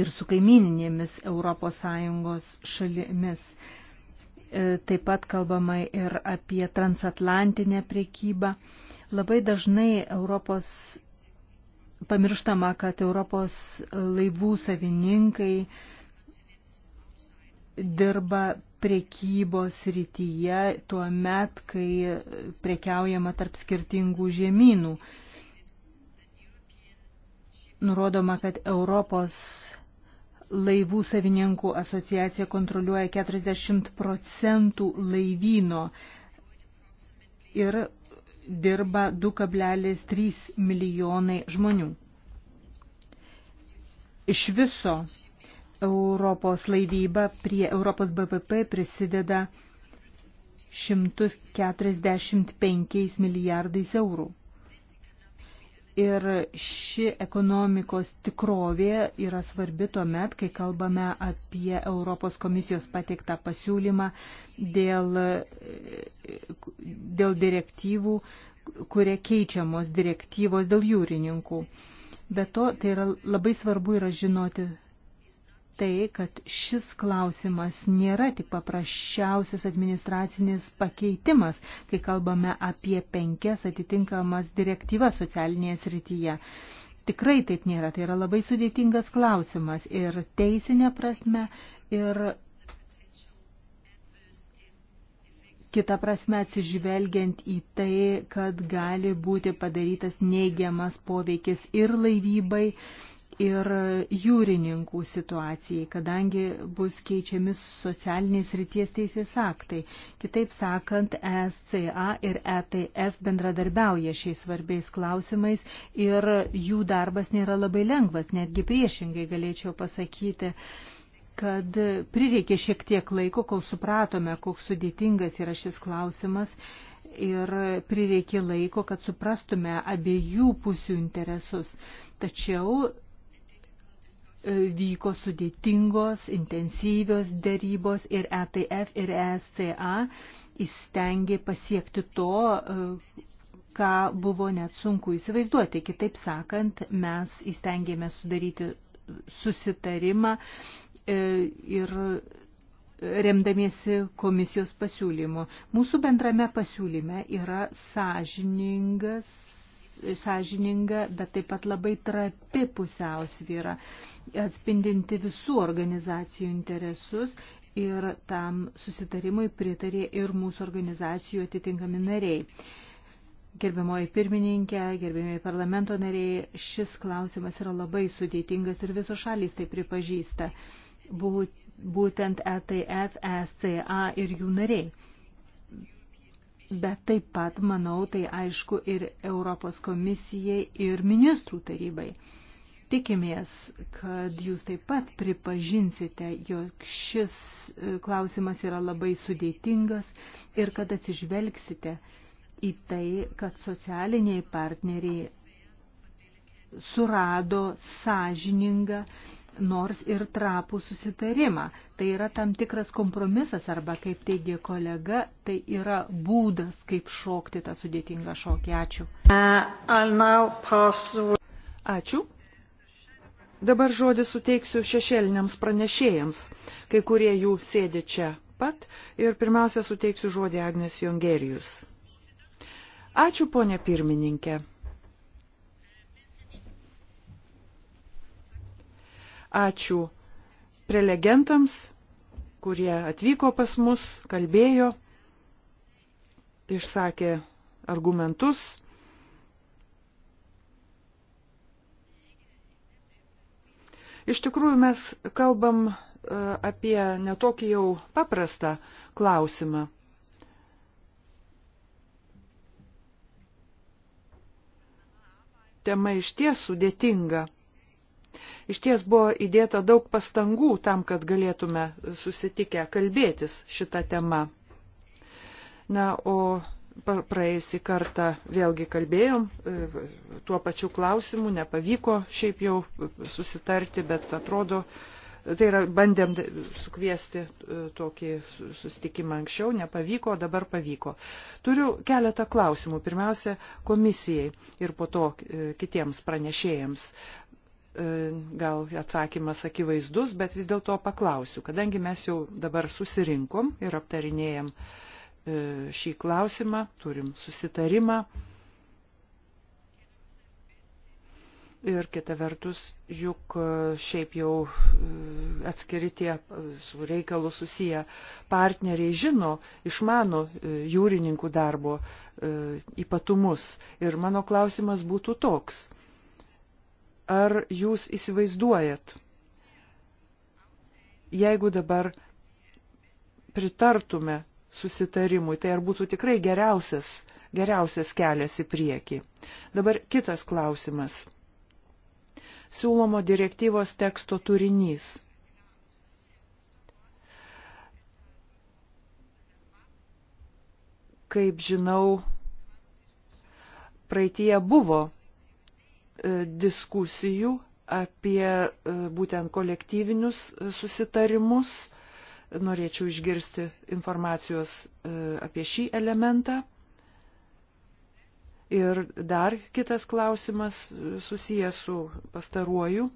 ir su kaimininėmis ES šalimis. E, taip pat kalbama ir apie transatlantinę priekybą. Labai dažnai Europos pamirštama, kad Europos laivų savininkai dirba prekybos rytyje tuo met, kai prekiaujama tarp skirtingų žemynų. Nurodoma, kad Europos laivų savininkų asociacija kontroliuoja 40 procentų laivyno ir dirba 2,3 milijonai žmonių. Iš viso Europos laivyba prie Europos BVP prisideda 145 milijardais eurų. Ir ši ekonomikos tikrovė yra svarbi tuo met, kai kalbame apie Europos komisijos pateiktą pasiūlymą dėl, dėl direktyvų, kurie keičiamos direktyvos dėl jūrininkų. Be to, tai yra labai svarbu yra žinoti tai, kad šis klausimas nėra tik paprasčiausias administracinis pakeitimas, kai kalbame apie penkias atitinkamas direktyvas socialinėje srityje. Tikrai taip nėra, tai yra labai sudėtingas klausimas ir teisinė prasme, ir kita prasme atsižvelgiant į tai, kad gali būti padarytas neigiamas poveikis ir laivybai, ir jūrininkų situacijai, kadangi bus keičiami socialinės ryties teisės aktai. Kitaip sakant, ESCA ir ETF bendradarbiauja šiais svarbiais klausimais ir jų darbas nėra labai lengvas, netgi priešingai galėčiau pasakyti kad prireikė šiek tiek laiko, kol supratome, koks sudėtingas yra šis klausimas ir prireikė laiko, kad suprastume abiejų pusių interesus. Tačiau vyko sudėtingos, intensyvios dėrybos ir ETF ir ESCA įstengė pasiekti to, ką buvo net sunku įsivaizduoti. Kitaip sakant, mes įstengėme sudaryti susitarimą e, ir remdamiesi komisijos pasiūlymu. Mūsų bendrame pasiūlyme yra sąžiningas sąžininga, bet taip pat labai trapi pusiausvyra atspindinti visų organizacijų interesus ir tam susitarimui pritarė ir mūsų organizacijų atitinkami nariai. Gerbiamoji pirmininkė, gerbiamieji parlamento nariai, šis klausimas yra labai sudėtingas ir visos šalys tai pripažįsta, būtent ETF, e SCA ir jų nariai. Bet taip pat, manau, tai aišku ir Europos komisijai ir ministrų tarybai tikimės, kad jūs taip pat pripažinsite, jog šis e, klausimas yra labai sudėtingas ir kad atsižvelgsite į tai, kad socialiniai partneriai surado sąžiningą nors ir trapų susitarimą. Tai yra tam tikras kompromisas arba, kaip teigia kolega, tai yra būdas, kaip šokti tą sudėtingą šokį. Ačiū. Uh, Ačiū. Dabar žodį suteiksiu šešėliniams pranešėjams, kai kurie jų sėdi čia pat ir pirmiausia suteiksiu žodį Agnes Jongerijus. Ačiū, ponė pirmininkė. Ačiū prelegentams, kurie atvyko pas mus, kalbėjo, išsakė argumentus Iš tikrųjų, mes kalbam e, apie netokį jau paprastą klausimą. Tema iš ties sudėtinga. Iš ties buvo įdėta daug pastangų tam, kad galėtume susitikę kalbėtis šitą temą. Na, o praėjusį kartą vėlgi kalbėjom e, tuo pačiu klausimu, nepavyko šiaip jau susitarti, bet atrodo, tai yra, bandėm sukviesti e, tokį susitikimą anksčiau, nepavyko, dabar pavyko. Turiu keletą klausimų, pirmiausia, komisijai ir po to e, kitiems pranešėjams. Gal atsakymas akivaizdus, bet vis dėlto paklausiu, kadangi mes jau dabar susirinkom ir aptarinėjom uh, E, šį klausimą, turim susitarimą. Ir kita vertus, juk e, šiaip jau e, atskiri tie su reikalu susiję partneriai žino, išmano jūrininkų darbo ypatumus. Ir mano klausimas būtų toks. Ar jūs įsivaizduojat, jeigu dabar pritartume susitarimui. Tai ar būtų tikrai geriausias, geriausias kelias į priekį. Dabar kitas klausimas. Siūlomo direktyvos teksto turinys. Kaip žinau, praeitie buvo e, diskusijų apie e, būtent kolektyvinius e, susitarimus norėčiau išgirsti informacijos e, apie šį elementą. Ir dar kitas klausimas e, susijęs su pastaruoju.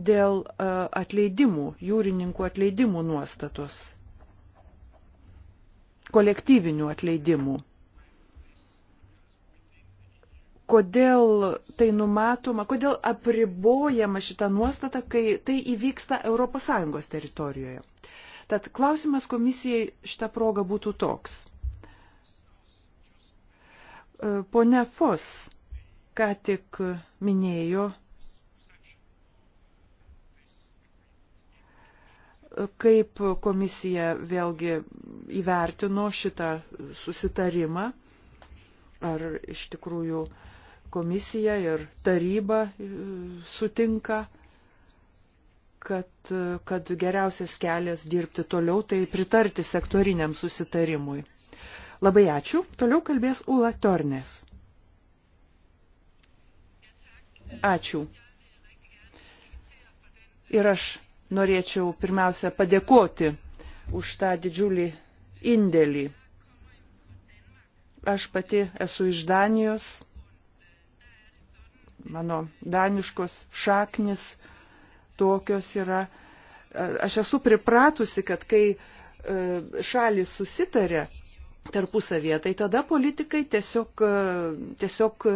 Dėl e, atleidimų, jūrininkų atleidimų nuostatos, kolektyvinių atleidimų kodėl tai numatoma, kodėl apribojama šita nuostata, kai tai įvyksta ES teritorijoje. Tad klausimas komisijai šitą progą būtų toks. E, pone Fos ką tik minėjo, kaip komisija vėlgi įvertino šitą susitarimą, ar iš tikrųjų uh, komisija ir taryba e, sutinka, kad, e, kad geriausias kelias dirbti toliau tai pritarti sektoriniam susitarimui. Labai ačiū. Toliau kalbės Ula Tornės. Ačiū. Ir aš norėčiau pirmiausia padėkoti už tą didžiulį indėlį. Aš pati esu iš Danijos mano daniškos šaknis tokios yra. Aš esu pripratusi, kad kai e, šalis susitarė tarpusavėje, tai tada politikai tiesiog, e, tiesiog e,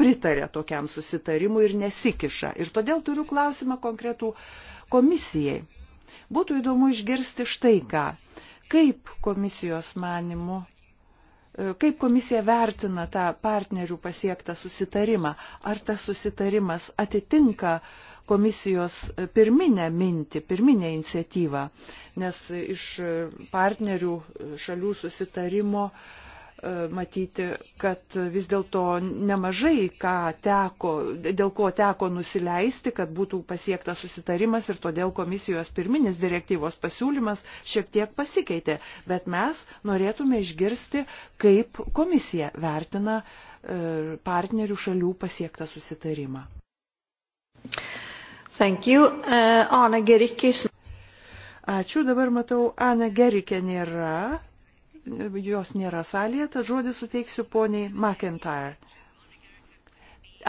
pritarė tokiam susitarimui ir nesikiša. Ir todėl turiu klausimą konkretų komisijai. Būtų įdomu išgirsti štai ką. Kaip komisijos manimu Kaip komisija vertina tą partnerių pasiektą susitarimą? Ar tas susitarimas atitinka komisijos pirminę mintį, pirminę iniciatyvą? Nes iš partnerių šalių susitarimo uh, E, matyti, kad vis dėlto nemažai ką teko, dėl ko teko nusileisti, kad būtų pasiektas susitarimas ir todėl komisijos pirminis direktyvos pasiūlymas šiek tiek pasikeitė. Bet mes norėtume išgirsti, kaip komisija vertina e, partnerių šalių pasiektą susitarimą. Thank you. Uh, e, Ana Gerikis. Ačiū, dabar matau, Ana Gerikė nėra jos nėra salėje, tad žodį suteiksiu poniai McIntyre.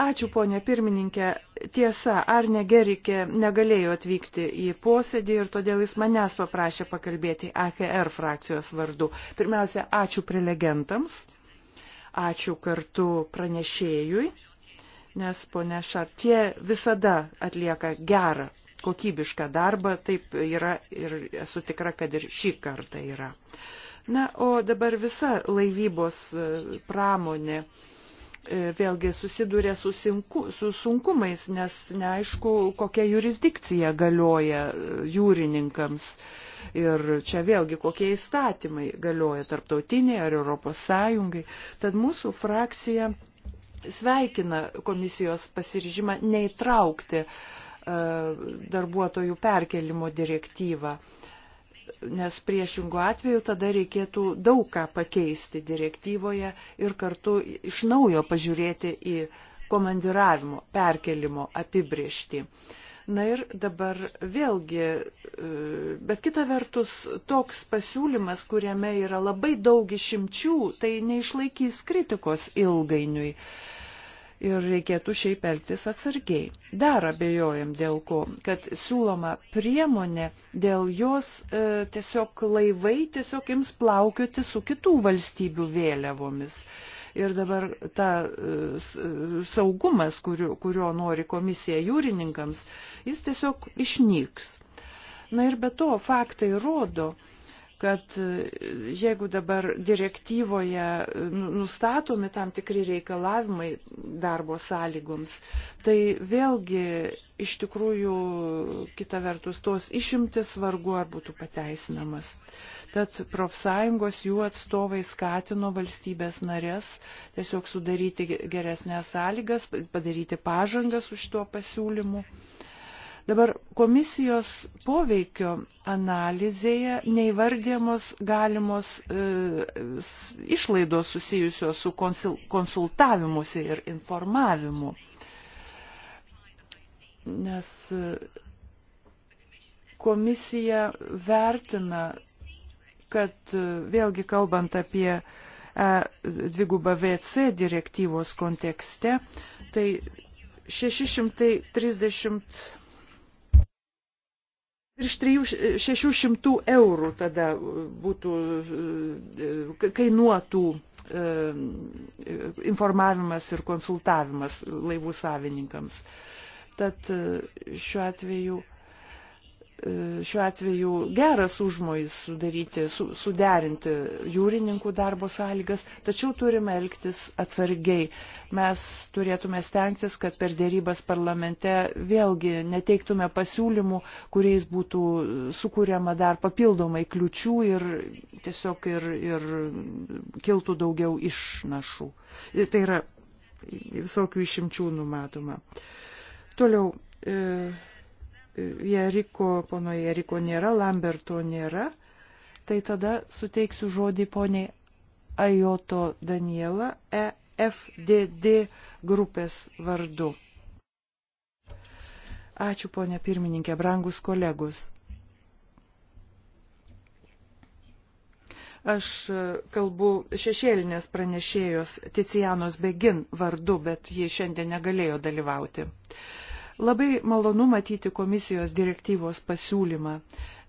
Ačiū, ponė pirmininkė. Tiesa, Arne Gerikė negalėjo atvykti į posėdį ir todėl jis manęs paprašė pakalbėti AKR frakcijos vardu. Pirmiausia, ačiū prelegentams, ačiū kartu pranešėjui, nes ponė Šartie visada atlieka gerą, kokybišką darbą, taip yra ir esu tikra, kad ir šį kartą yra. Uh, Na, o dabar visa laivybos e, pramonė e, vėlgi susiduria su, sinku, su sunkumais, nes neaišku, kokia jurisdikcija galioja e, jūrininkams. Ir čia vėlgi kokie įstatymai galioja tarptautiniai ar Europos Sąjungai. Tad mūsų frakcija sveikina komisijos pasiryžimą neįtraukti darbuotojų perkelimo direktyvą nes priešingų atveju tada reikėtų daug ką pakeisti direktyvoje ir kartu iš naujo pažiūrėti į komandiravimo, perkelimo apibriešti. Na ir dabar vėlgi, e, bet kita vertus, toks pasiūlymas, kuriame yra labai daug išimčių, tai neišlaikys kritikos ilgainiui ir reikėtų šiaip elgtis atsargiai. Dar abejojam dėl ko, kad siūloma priemonė, dėl jos e, tiesiog laivai tiesiog ims plaukioti su kitų valstybių vėliavomis. Ir dabar ta e, e saugumas, kurio, kurio nori komisija jūrininkams, jis tiesiog išnyks. Na ir be to, faktai rodo, e, kad e, jeigu dabar direktyvoje e, nu, nustatomi tam tikri reikalavimai darbo sąlygoms, tai vėlgi iš tikrųjų kita vertus tos išimtis vargu ar būtų pateisinamas. Tad profsąjungos jų atstovai skatino valstybės narės tiesiog sudaryti geresnės sąlygas, padaryti pažangą su šituo pasiūlymu. Uh, Dabar komisijos poveikio analizėje neįvardėmos galimos e, išlaidos susijusios su konsul, konsultavimuose ir informavimu. Nes e, komisija vertina, kad e, vėlgi kalbant apie e, dvigubą VC direktyvos kontekste, tai 630 Virš 600 eurų tada uh, būtų uh, kainuotų uh, informavimas ir konsultavimas laivų savininkams. Tad šiuo atveju E, šiuo atveju geras užmojis sudaryti, su, suderinti jūrininkų darbo sąlygas, tačiau turime elgtis atsargiai. Mes turėtume stengtis, kad per dėrybas parlamente vėlgi neteiktume pasiūlymų, kuriais būtų sukūriama dar papildomai kliučių ir tiesiog ir, ir kiltų daugiau išnašų. Tai yra visokių išimčių numatoma. Toliau. E, Jeriko, pono Jeriko nėra, Lamberto nėra, tai tada suteiksiu žodį poniai Ajoto Daniela EFDD grupės vardu. Ačiū, ponė pirmininkė, brangus kolegus. Aš kalbu šešėlinės pranešėjos Ticijanos Begin vardu, bet ji šiandien negalėjo dalyvauti. Labai malonu matyti komisijos direktyvos pasiūlymą,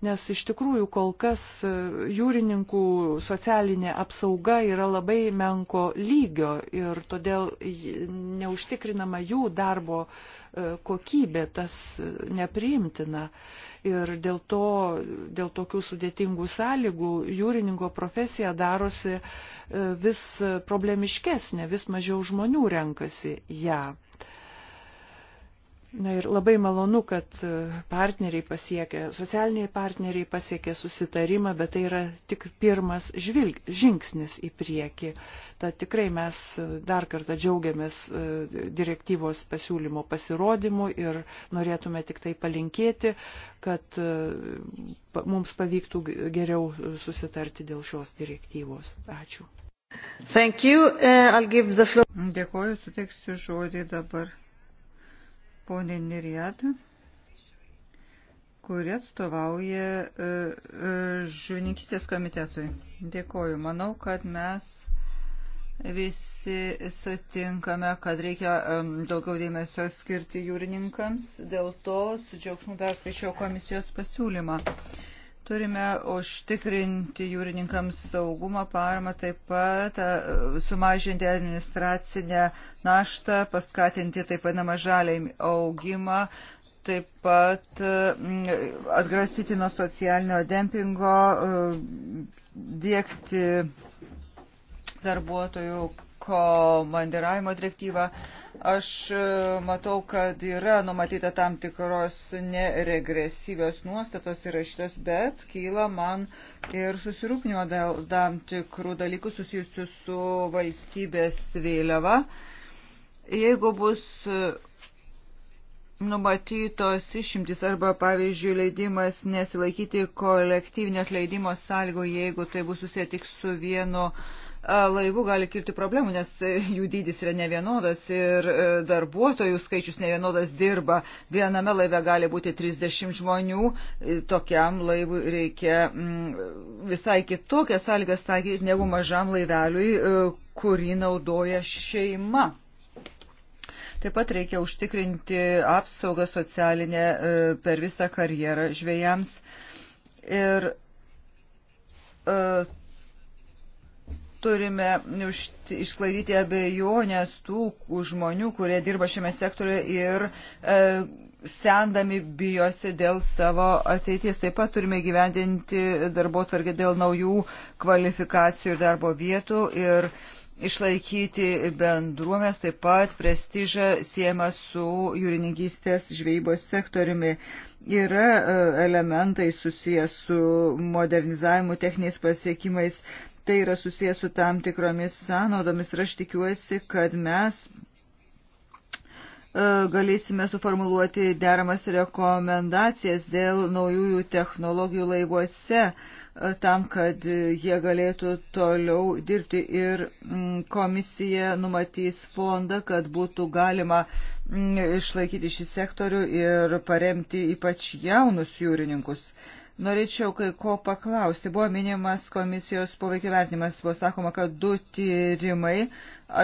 nes iš tikrųjų kol kas e, jūrininkų socialinė apsauga yra labai menko lygio ir todėl neužtikrinama jų darbo e, kokybė, tas e, nepriimtina. Ir dėl, to, dėl tokių sudėtingų sąlygų jūrininko profesija darosi vis problemiškesnė, vis mažiau žmonių renkasi ją. Ja. Na ir labai malonu, kad partneriai pasiekė, socialiniai partneriai pasiekė susitarimą, bet tai yra tik pirmas žvilg, žingsnis į priekį. Tad tikrai mes dar kartą džiaugiamės e, direktyvos pasiūlymo pasirodymu ir norėtume tik tai palinkėti, kad e, mums pavyktų geriau susitarti dėl šios direktyvos. Ačiū. Uh, Dėkuoju, suteiksiu žodį dabar ponė Niriata, kuri atstovauja e, e, žuvininkistės komitetui. Dėkoju. Manau, kad mes visi sutinkame, kad reikia e, daugiau dėmesio skirti jūrininkams, dėl to su džiaugsmu perskaičiau komisijos pasiūlymą. Turime užtikrinti jūrininkams saugumą, paramą, taip pat e, sumažinti administracinę naštą, paskatinti taip vadinamą žaliai augimą, taip pat e, atgrasyti nuo socialinio dempingo, e, dėkti darbuotojų komandiravimo direktyvą. Aš e, matau, kad yra numatyta tam tikros neregresyvios nuostatos įrašytos, bet kyla man ir susirūpinimo dėl tam tikrų dalykų susijusių su valstybės vėliava. Jeigu bus e, numatytos išimtis arba, pavyzdžiui, leidimas nesilaikyti kolektyvinio atleidimo sąlygų, jeigu tai bus susiję tik su vienu uh, laivų gali kilti problemų, nes e, jų dydis yra nevienodas ir e, darbuotojų skaičius nevienodas dirba. Viename laive gali būti 30 žmonių, e, tokiam laivui reikia mm, visai kitokias sąlygas taikyti negu mažam laiveliui, kurį naudoja šeima. Taip pat reikia užtikrinti apsaugą socialinę per visą karjerą žvėjams. Ir turime išsklaidyti abejonės tų žmonių, kurie dirba šiame sektoriuje ir e, sendami bijosi dėl savo ateities. Taip pat turime gyvendinti darbo tvarkę dėl naujų kvalifikacijų ir darbo vietų ir išlaikyti bendruomės, taip pat prestižą siemą su jūrininkystės žvejybos sektoriumi yra e, elementai susijęs su modernizavimu, techniniais pasiekimais, tai yra susijęs su tam tikromis sąnaudomis ir aš tikiuosi, kad mes e, galėsime suformuluoti deramas rekomendacijas dėl naujųjų technologijų laivuose e, tam, kad jie galėtų toliau dirbti ir komisija numatys fondą, kad būtų galima išlaikyti šį sektorių ir paremti ypač jaunus jūrininkus. Norėčiau kai ko paklausti. Buvo minimas komisijos poveikio vertinimas. Buvo sakoma, kad du tyrimai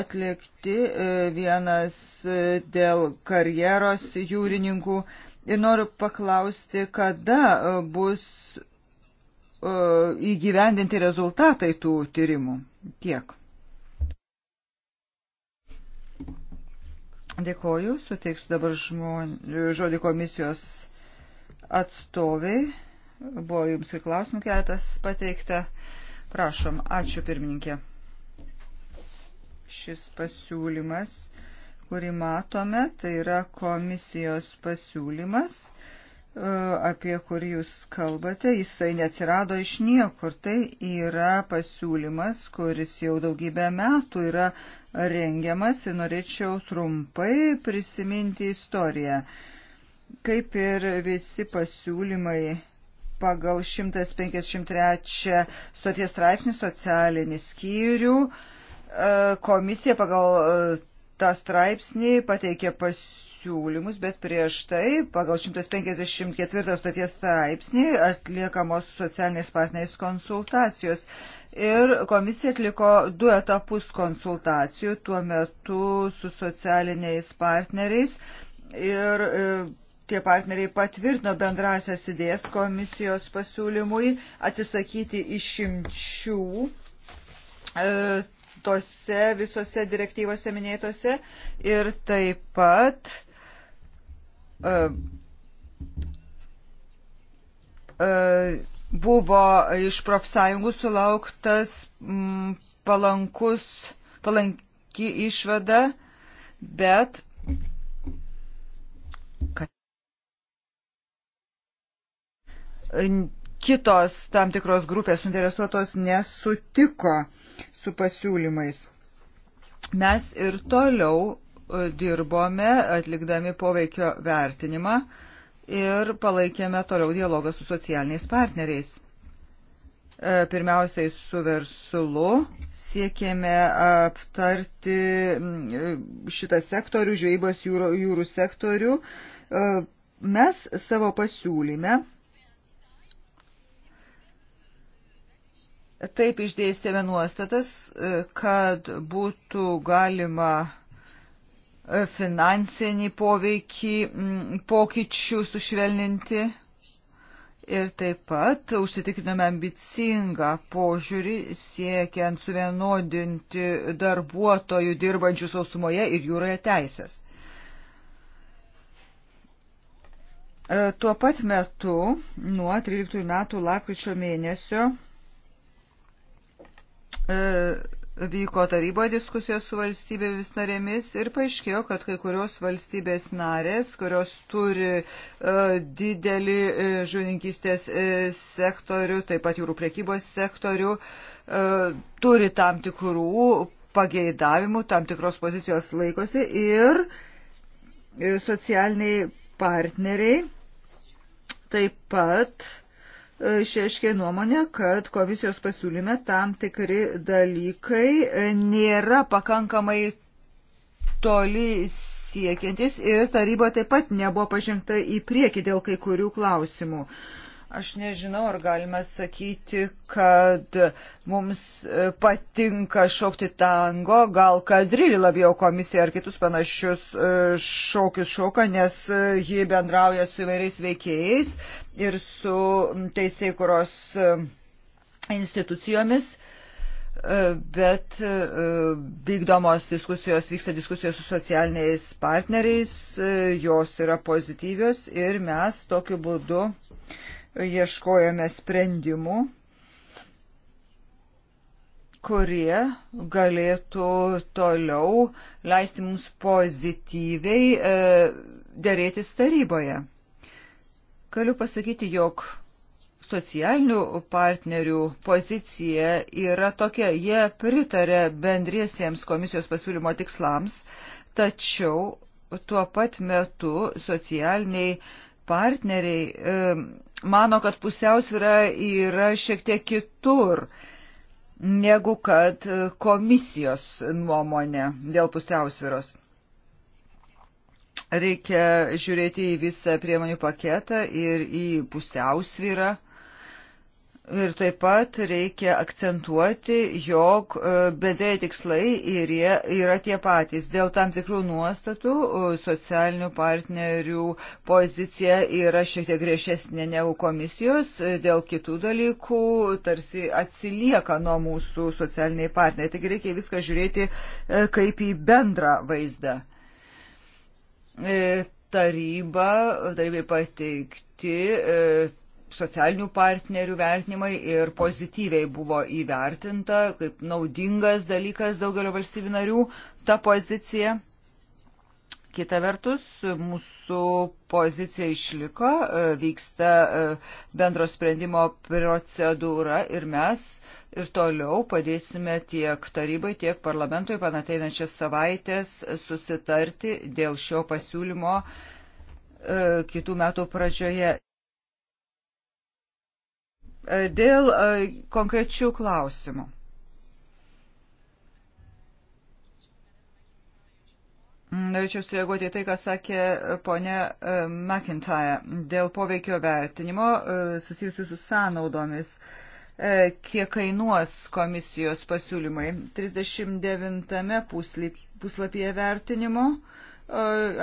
atlikti, e, vienas e, dėl karjeros jūrininkų. Ir noriu paklausti, kada e, bus įgyvendinti rezultatai tų tyrimų. Tiek. Dėkoju, suteiksiu dabar žmon... žodį komisijos atstoviai. Buvo jums ir klausimų keletas pateikta. Prašom, ačiū pirmininkė. Šis pasiūlymas, kurį matome, tai yra komisijos pasiūlymas, e, apie kurį jūs kalbate. Jisai neatsirado iš niekur. Tai yra pasiūlymas, kuris jau daugybę metų yra rengiamas ir norėčiau trumpai prisiminti istoriją. Kaip ir visi pasiūlymai pagal 153 stoties straipsnį socialinį skyrių. E, komisija pagal e, tą straipsnį pateikė pasiūlymus, bet prieš tai pagal 154 stoties straipsnį atliekamos socialinės partneriais konsultacijos. Ir komisija atliko du etapus konsultacijų tuo metu su socialiniais partneriais ir e, tie partneriai patvirtino bendrasias idėjas komisijos pasiūlymui atsisakyti išimčių e, tose visose direktyvose minėtose ir taip pat e, e, buvo iš profsąjungų sulauktas m, palankus, palanki išvada, bet kitos tam tikros grupės suinteresuotos nesutiko su pasiūlymais. Mes ir toliau e, dirbome atlikdami poveikio vertinimą ir palaikėme toliau dialogą su socialiniais partneriais. E, pirmiausiai su verslu siekėme aptarti e, šitą sektorių, žvejybos jūrų, jūrų sektorių. Mes savo pasiūlyme Taip išdėstėme nuostatas, e, kad būtų galima e, finansinį poveikį pokyčių sušvelninti ir taip pat užsitikrinome ambicingą požiūrį siekiant suvienodinti darbuotojų dirbančių sausumoje ir jūroje teisės. E, tuo pat metu nuo 13 metų lakryčio mėnesio E, vyko taryboje diskusijos su valstybėmis narėmis ir paaiškėjo, kad kai kurios valstybės narės, kurios turi e, didelį e, žuvininkystės sektorių, taip pat jūrų priekybos sektorių, turi tam tikrų pageidavimų, tam tikros pozicijos laikosi ir socialiniai partneriai taip pat išaiškė nuomonę, kad komisijos pasiūlyme tam tikri dalykai nėra pakankamai toli siekiantis ir taryba taip pat nebuvo pažengta į priekį dėl kai kurių klausimų. Uh, Aš nežinau, ar galima sakyti, kad mums e, patinka šokti tango, gal kadrilį labiau komisija ar kitus panašius e, šokius šoka, nes e, ji bendrauja su įvairiais veikėjais ir su teisėkuros institucijomis bet vykdomos diskusijos vyksta diskusijos su socialiniais partneriais, jos yra pozityvios ir mes tokiu būdu ieškojame sprendimų, kurie galėtų toliau leisti mums pozityviai e, dėrėtis taryboje. Galiu pasakyti, jog socialinių partnerių pozicija yra tokia, jie pritarė bendriesiems komisijos pasiūlymo tikslams, tačiau tuo pat metu socialiniai partneriai e, mano, kad pusiausvyra yra šiek tiek kitur negu kad komisijos nuomonė dėl pusiausviros. Reikia žiūrėti į visą priemonių paketą ir į pusiausvyrą Ir taip pat reikia akcentuoti, jog e, bendrėjai tikslai yra tie patys. Dėl tam tikrų nuostatų e, socialinių partnerių pozicija yra šiek tiek griežesnė negu komisijos, e, dėl kitų dalykų tarsi atsilieka nuo mūsų socialiniai partneriai. Taigi reikia viską žiūrėti kaip į bendrą vaizdą. Taryba, tarybai pateikti socialinių partnerių vertinimai ir pozityviai buvo įvertinta, kaip naudingas dalykas daugelio valstybių narių ta pozicija. Kita vertus, mūsų pozicija išliko, e, vyksta e, bendro sprendimo procedūra ir mes ir toliau padėsime tiek tarybai, tiek parlamentui panateinančias savaitės susitarti dėl šio pasiūlymo e, kitų metų pradžioje. E, dėl e, konkrečių klausimų. Norėčiau sureaguoti į tai, ką sakė ponė e, McIntyre dėl poveikio vertinimo susijusių su sąnaudomis. Kiek kainuos komisijos pasiūlymai? 39 puslapyje vertinimo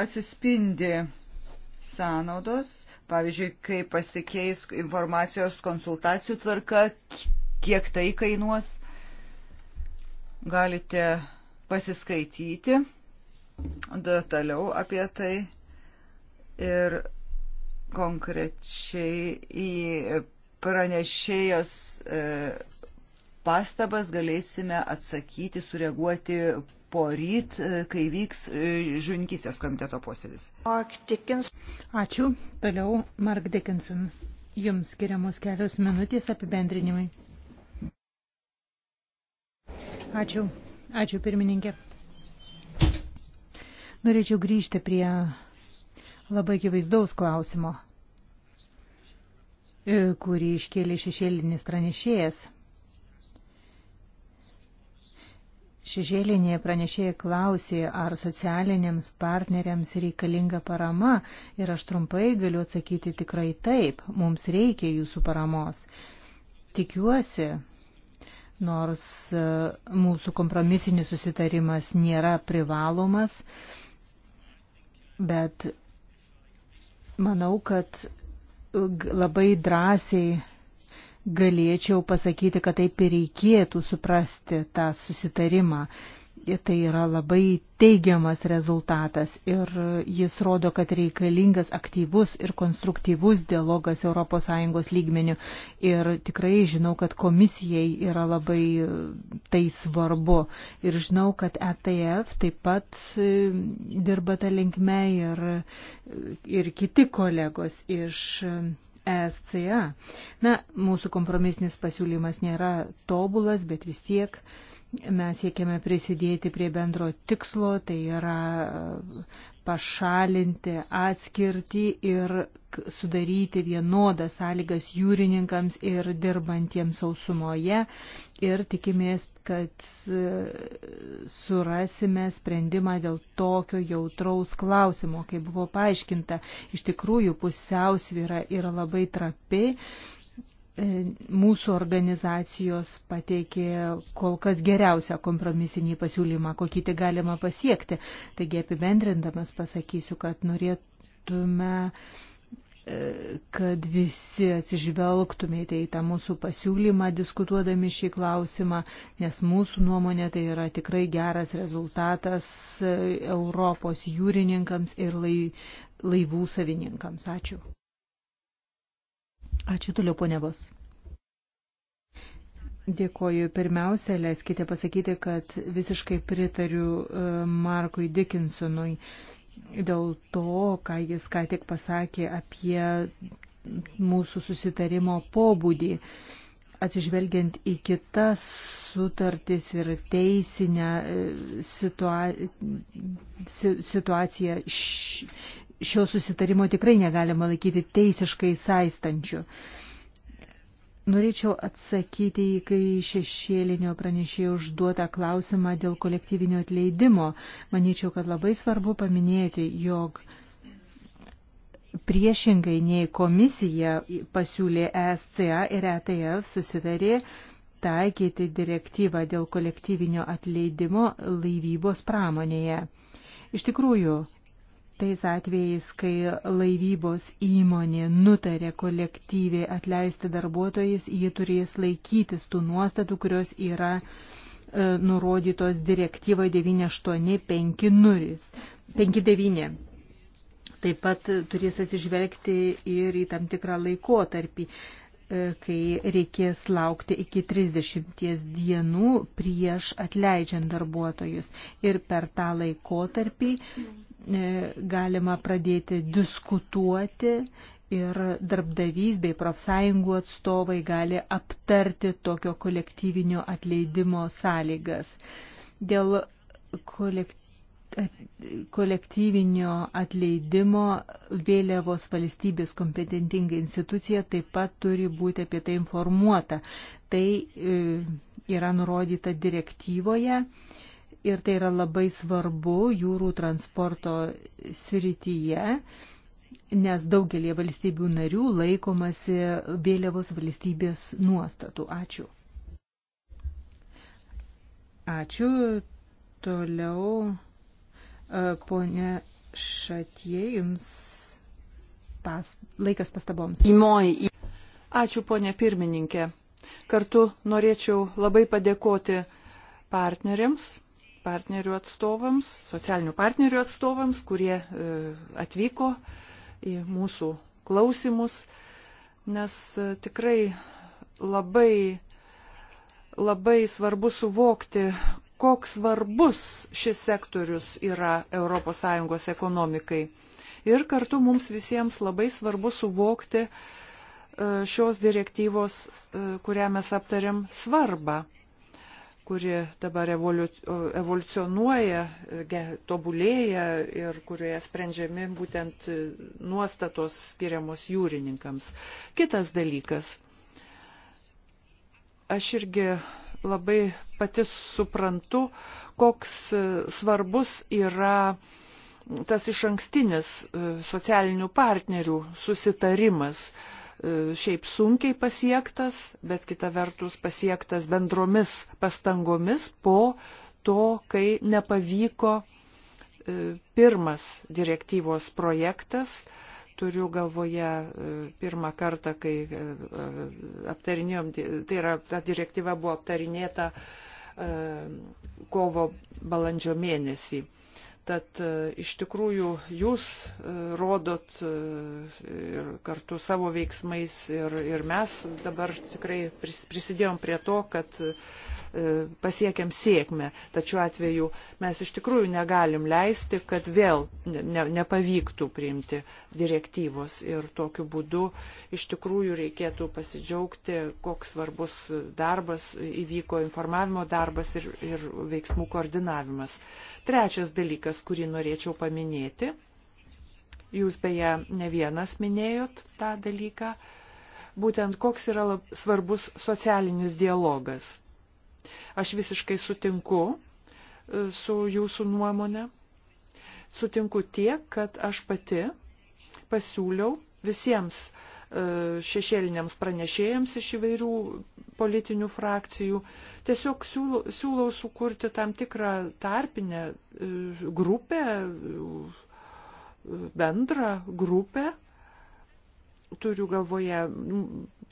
atsispindi sąnaudos Pavyzdžiui, kaip pasikeis informacijos konsultacijų tvarka, kiek tai kainuos, galite pasiskaityti detaliau apie tai ir konkrečiai į pranešėjos e, pastabas galėsime atsakyti, sureaguoti poryt, e, kai vyks e, žuvininkystės komiteto posėdis. Ačiū. Toliau Mark Dickinson. Jums skiriamos kelios minutės apibendrinimai. Ačiū. Ačiū pirmininkė. Norėčiau grįžti prie labai akivaizdaus klausimo, e, kurį iškėlė šešėlinis pranešėjas. Šešėlinėje pranešėjai klausė, ar socialiniams partneriams reikalinga parama ir aš trumpai galiu atsakyti tikrai taip, mums reikia jūsų paramos. Tikiuosi, nors e, mūsų kompromisinis susitarimas nėra privalomas, bet manau, kad labai drąsiai galėčiau pasakyti, kad taip ir reikėtų suprasti tą susitarimą. Tai yra labai teigiamas rezultatas ir jis rodo, kad reikalingas aktyvus ir konstruktyvus dialogas ES lygmenių. Ir tikrai žinau, kad komisijai yra labai tai svarbu. Ir žinau, kad ETF taip pat dirba tą linkme ir, ir kiti kolegos iš ESCA. Na, mūsų kompromisinis pasiūlymas nėra tobulas, bet vis tiek mes siekiame prisidėti prie bendro tikslo, tai yra pašalinti atskirtį ir sudaryti vienodas sąlygas jūrininkams ir dirbantiems sausumoje. Ir tikimės, kad e, surasime sprendimą dėl tokio jautraus klausimo, kaip buvo paaiškinta. Iš tikrųjų, pusiausvyra yra labai trapi E, mūsų organizacijos pateikė kol kas geriausią kompromisinį pasiūlymą, kokį tik galima pasiekti. Taigi apibendrindamas pasakysiu, kad norėtume e, kad visi atsižvelgtumėte į tą mūsų pasiūlymą, diskutuodami šį klausimą, nes mūsų nuomonė tai yra tikrai geras rezultatas e, Europos jūrininkams ir laivų savininkams. Ačiū. Ačiū toliau, ponevos. Dėkoju. Pirmiausia, leiskite pasakyti, kad visiškai pritariu e, Markui Dickinsonui dėl to, ką jis ką tik pasakė apie mūsų susitarimo pobūdį. Atsižvelgiant į kitas sutartis ir teisinę e, situa situaciją, šio susitarimo tikrai negalima laikyti teisiškai saistančiu. Norėčiau atsakyti į kai šešėlinio pranešėjo užduotą klausimą dėl kolektyvinio atleidimo. Manyčiau, kad labai svarbu paminėti, jog priešingai nei komisija pasiūlė ESCA ir ETF susitarė taikyti direktyvą dėl kolektyvinio atleidimo laivybos pramonėje. Iš tikrųjų, tais atvejais, kai laivybos įmonė nutarė kolektyviai atleisti darbuotojais, ji turės laikytis tų nuostatų, kurios yra e, nurodytos direktyvo 9859. Taip pat turės atsižvelgti ir į tam tikrą laikotarpį e, kai reikės laukti iki 30 dienų prieš atleidžiant darbuotojus. Ir per tą laikotarpį E, galima pradėti diskutuoti ir darbdavys bei profsąjungų atstovai gali aptarti tokio kolektyvinio atleidimo sąlygas. Dėl kolektyvinio atleidimo vėliavos valstybės kompetentinga institucija taip pat turi būti apie tai informuota. Tai e, yra nurodyta direktyvoje ir tai yra labai svarbu jūrų transporto srityje, nes daugelie valstybių narių laikomasi vėliavos valstybės nuostatų. Ačiū. Ačiū. Toliau, e, ponė Šatie, jums pas, laikas pastaboms. Ačiū, ponė pirmininkė. Kartu norėčiau labai padėkoti partneriams partnerių atstovams, socialinių partnerių atstovams, kurie e, atvyko į mūsų klausimus, nes e, tikrai labai, labai svarbu suvokti, koks svarbus šis sektorius yra ES ekonomikai. Ir kartu mums visiems labai svarbu suvokti e, šios direktyvos, kurią mes aptarėm, svarbą kuri dabar evoliucionuoja, tobulėja ir kurioje sprendžiami būtent nuostatos skiriamos jūrininkams. Kitas dalykas. Aš irgi labai pati suprantu, koks svarbus yra tas iš ankstinis e, socialinių partnerių susitarimas šiaip sunkiai pasiektas, bet kita vertus pasiektas bendromis pastangomis po to, kai nepavyko e, pirmas direktyvos projektas. Turiu galvoje e, pirmą kartą, kai e, aptarinėjom, tai yra ta direktyva buvo aptarinėta kovo balandžio mėnesį. Tad e, iš tikrųjų jūs e, rodot e, ir kartu savo veiksmais ir, ir mes dabar tikrai prisidėjom prie to, kad pasiekėm sėkmę. Tačiau atveju mes iš tikrųjų negalim leisti, kad vėl ne, nepavyktų priimti direktyvos ir tokiu būdu iš tikrųjų reikėtų pasidžiaugti, koks svarbus darbas įvyko informavimo darbas ir, ir veiksmų koordinavimas. Trečias dalykas, kurį norėčiau paminėti, jūs beje ne vienas minėjot tą dalyką, būtent koks yra lab, svarbus socialinis dialogas. Aš visiškai sutinku e, su jūsų nuomonė. Sutinku tiek, kad aš pati pasiūliau visiems uh, E, šešėliniams pranešėjams iš įvairių politinių frakcijų. Tiesiog siūlau, siūlau sukurti tam tikrą tarpinę e, grupę, e, bendrą grupę. Turiu galvoje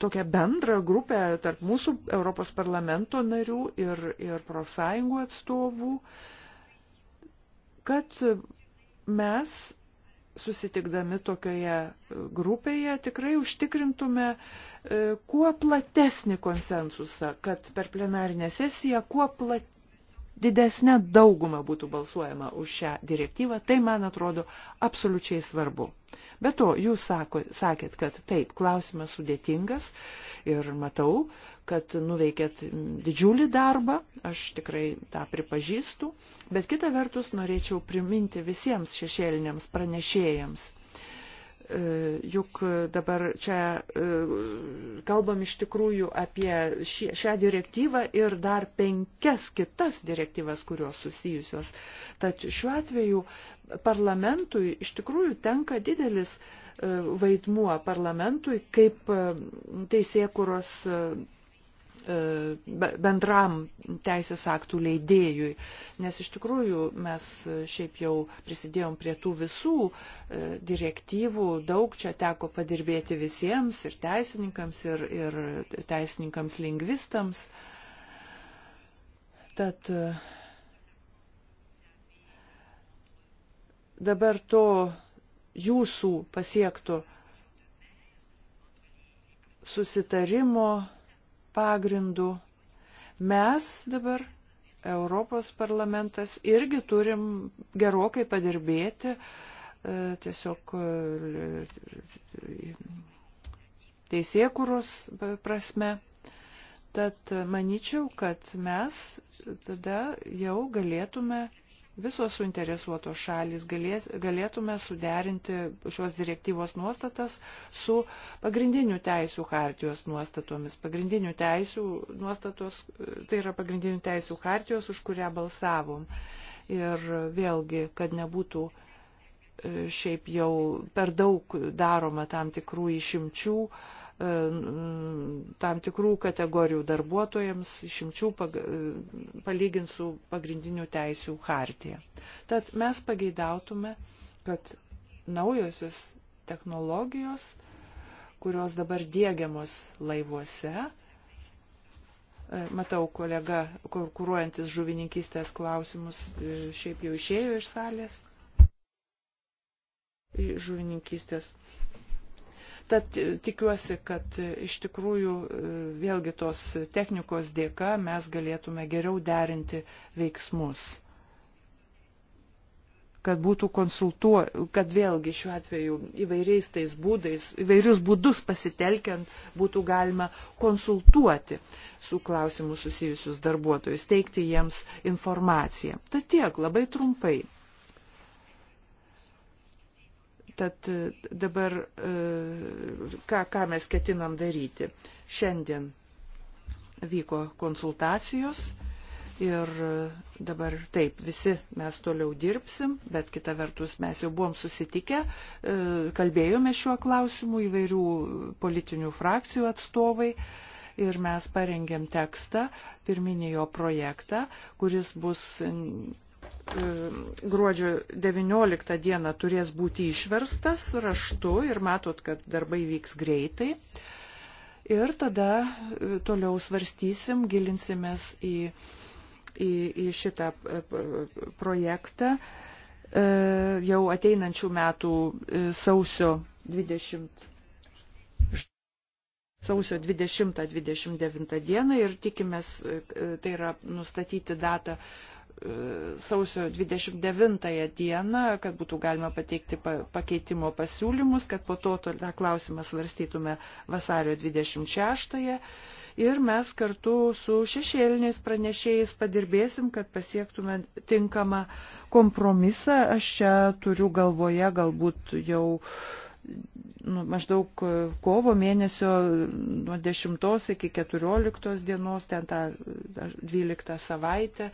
tokią bendrą grupę tarp mūsų Europos parlamento narių ir, ir profsąjungų atstovų, kad mes susitikdami tokioje e, grupėje tikrai užtikrintume e, kuo platesnį konsensusą, kad per plenarinę sesiją kuo plat... didesnė dauguma būtų balsuojama už šią direktyvą. Tai, man atrodo, absoliučiai svarbu. Be to, jūs sako, sakėt, kad taip, klausimas sudėtingas ir matau, kad nuveikėt didžiulį darbą, aš tikrai tą pripažįstu, bet kita vertus norėčiau priminti visiems šešėliniams pranešėjams, E, juk dabar čia e, kalbam iš tikrųjų apie šią direktyvą ir dar penkias kitas direktyvas, kurios susijusios. Tad šiuo atveju parlamentui iš tikrųjų tenka didelis e, vaidmuo parlamentui kaip teisėkuros E, bendram teisės aktų leidėjui, nes iš tikrųjų mes e, šiaip jau prisidėjom prie tų visų e, direktyvų, daug čia teko padirbėti visiems ir teisininkams, ir, ir teisininkams lingvistams. Tad dabar to jūsų pasiektų susitarimo pagrindu mes dabar, Europos parlamentas, irgi turim gerokai padirbėti e, tiesiog e, teisėkuros prasme. Tad manyčiau, kad mes tada jau galėtume visos suinteresuotos šalis galės, galėtume suderinti šios direktyvos nuostatas su pagrindinių teisų hartijos nuostatomis. Pagrindinių teisų nuostatos, tai yra pagrindinių teisų hartijos, už kurią balsavom. Ir vėlgi, kad nebūtų e, šiaip jau per daug daroma tam tikrų išimčių, uh, E, tam tikrų kategorijų darbuotojams išimčių e, palyginti su pagrindinių teisių hartija. Tad mes pageidautume, kad naujosios technologijos, kurios dabar dėgiamos laivuose, e, matau kolega, konkuruojantis žuvininkystės klausimus, šiaip jau išėjo iš salės žuvininkystės Tad tikiuosi, kad e, iš tikrųjų e, vėlgi tos technikos dėka mes galėtume geriau derinti veiksmus. Kad būtų konsultuo, kad vėlgi šiuo atveju įvairiais tais būdais, įvairius būdus pasitelkiant būtų galima konsultuoti su klausimu susijusius darbuotojus, teikti jiems informaciją. Tad tiek, labai trumpai. Tad e, dabar e, ką, ką mes ketinam daryti? Šiandien vyko konsultacijos ir e, dabar taip, visi mes toliau dirbsim, bet kita vertus mes jau buvom susitikę, kalbėjome šiuo klausimu įvairių politinių frakcijų atstovai ir mes parengėm tekstą, pirminį jo projektą, kuris bus E, gruodžio 19 dieną turės būti išverstas raštu ir matot, kad darbai vyks greitai. Ir tada e, toliau svarstysim, gilinsimės į, į, į šitą e, projektą jau ateinančių metų sausio 20 sausio 20-29 dieną ir tikimės, tai yra nustatyti datą sausio 29 dieną, kad būtų galima pateikti pakeitimo pasiūlymus, kad po to tą klausimą svarstytume vasario 26 ir mes kartu su šešėliniais pranešėjais padirbėsim, kad pasiektume tinkamą kompromisą. Aš čia turiu galvoje galbūt jau nu, maždaug kovo mėnesio nuo 10 iki 14 dienos, ten tą 12 savaitę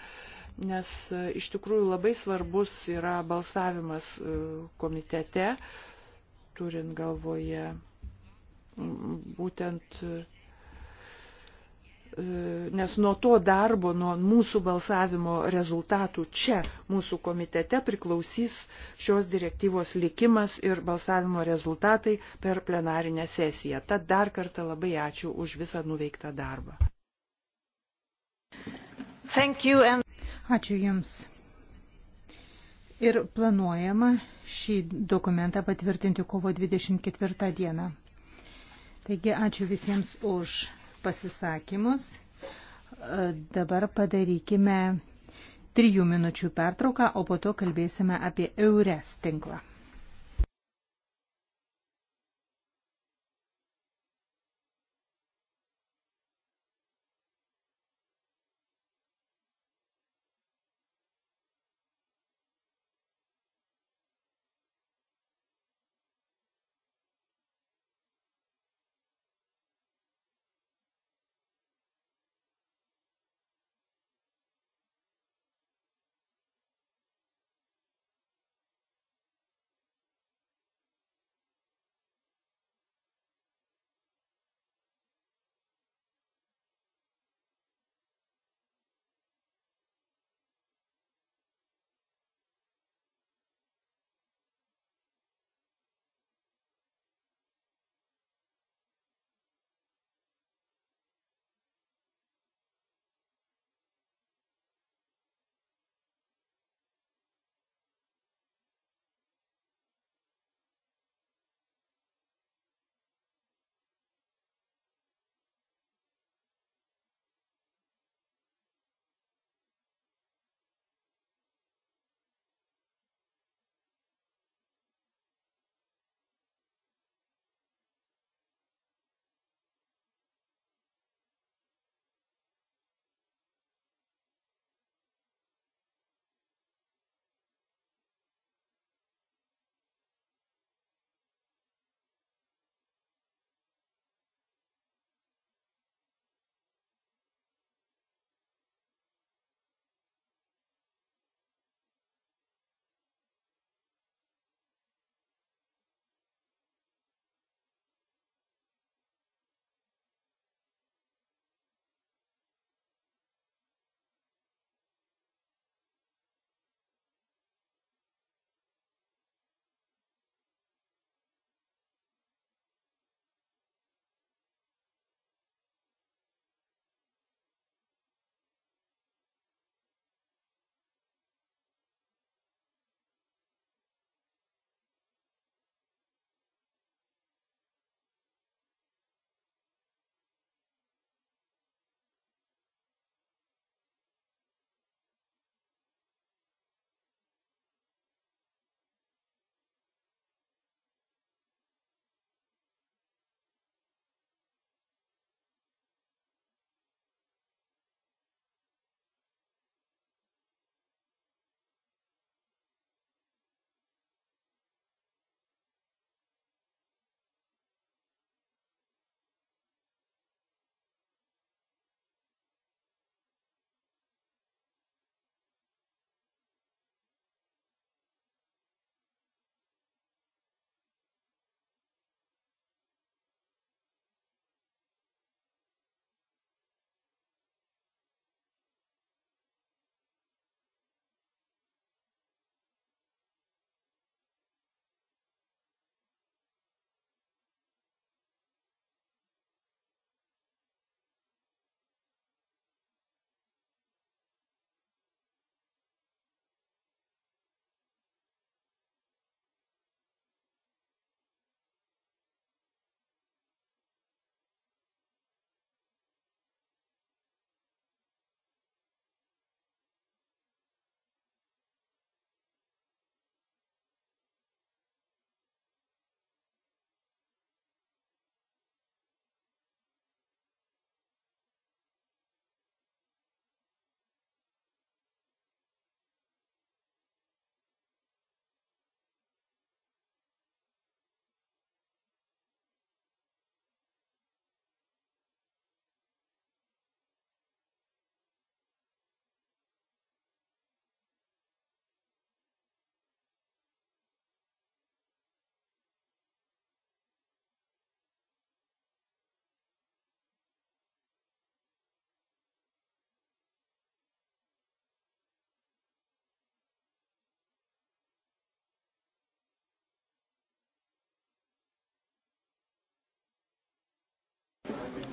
nes e, iš tikrųjų labai svarbus yra balsavimas e, komitete, turint galvoje būtent, e, nes nuo to darbo, nuo mūsų balsavimo rezultatų čia, mūsų komitete, priklausys šios direktyvos likimas ir balsavimo rezultatai per plenarinę sesiją. Tad dar kartą labai ačiū už visą nuveiktą darbą. Thank you and Ačiū Jums. Ir planuojama šį dokumentą patvirtinti kovo 24 dieną. Taigi ačiū visiems už pasisakymus. E, dabar padarykime trijų minučių pertrauką, o po to kalbėsime apie EURES tinklą.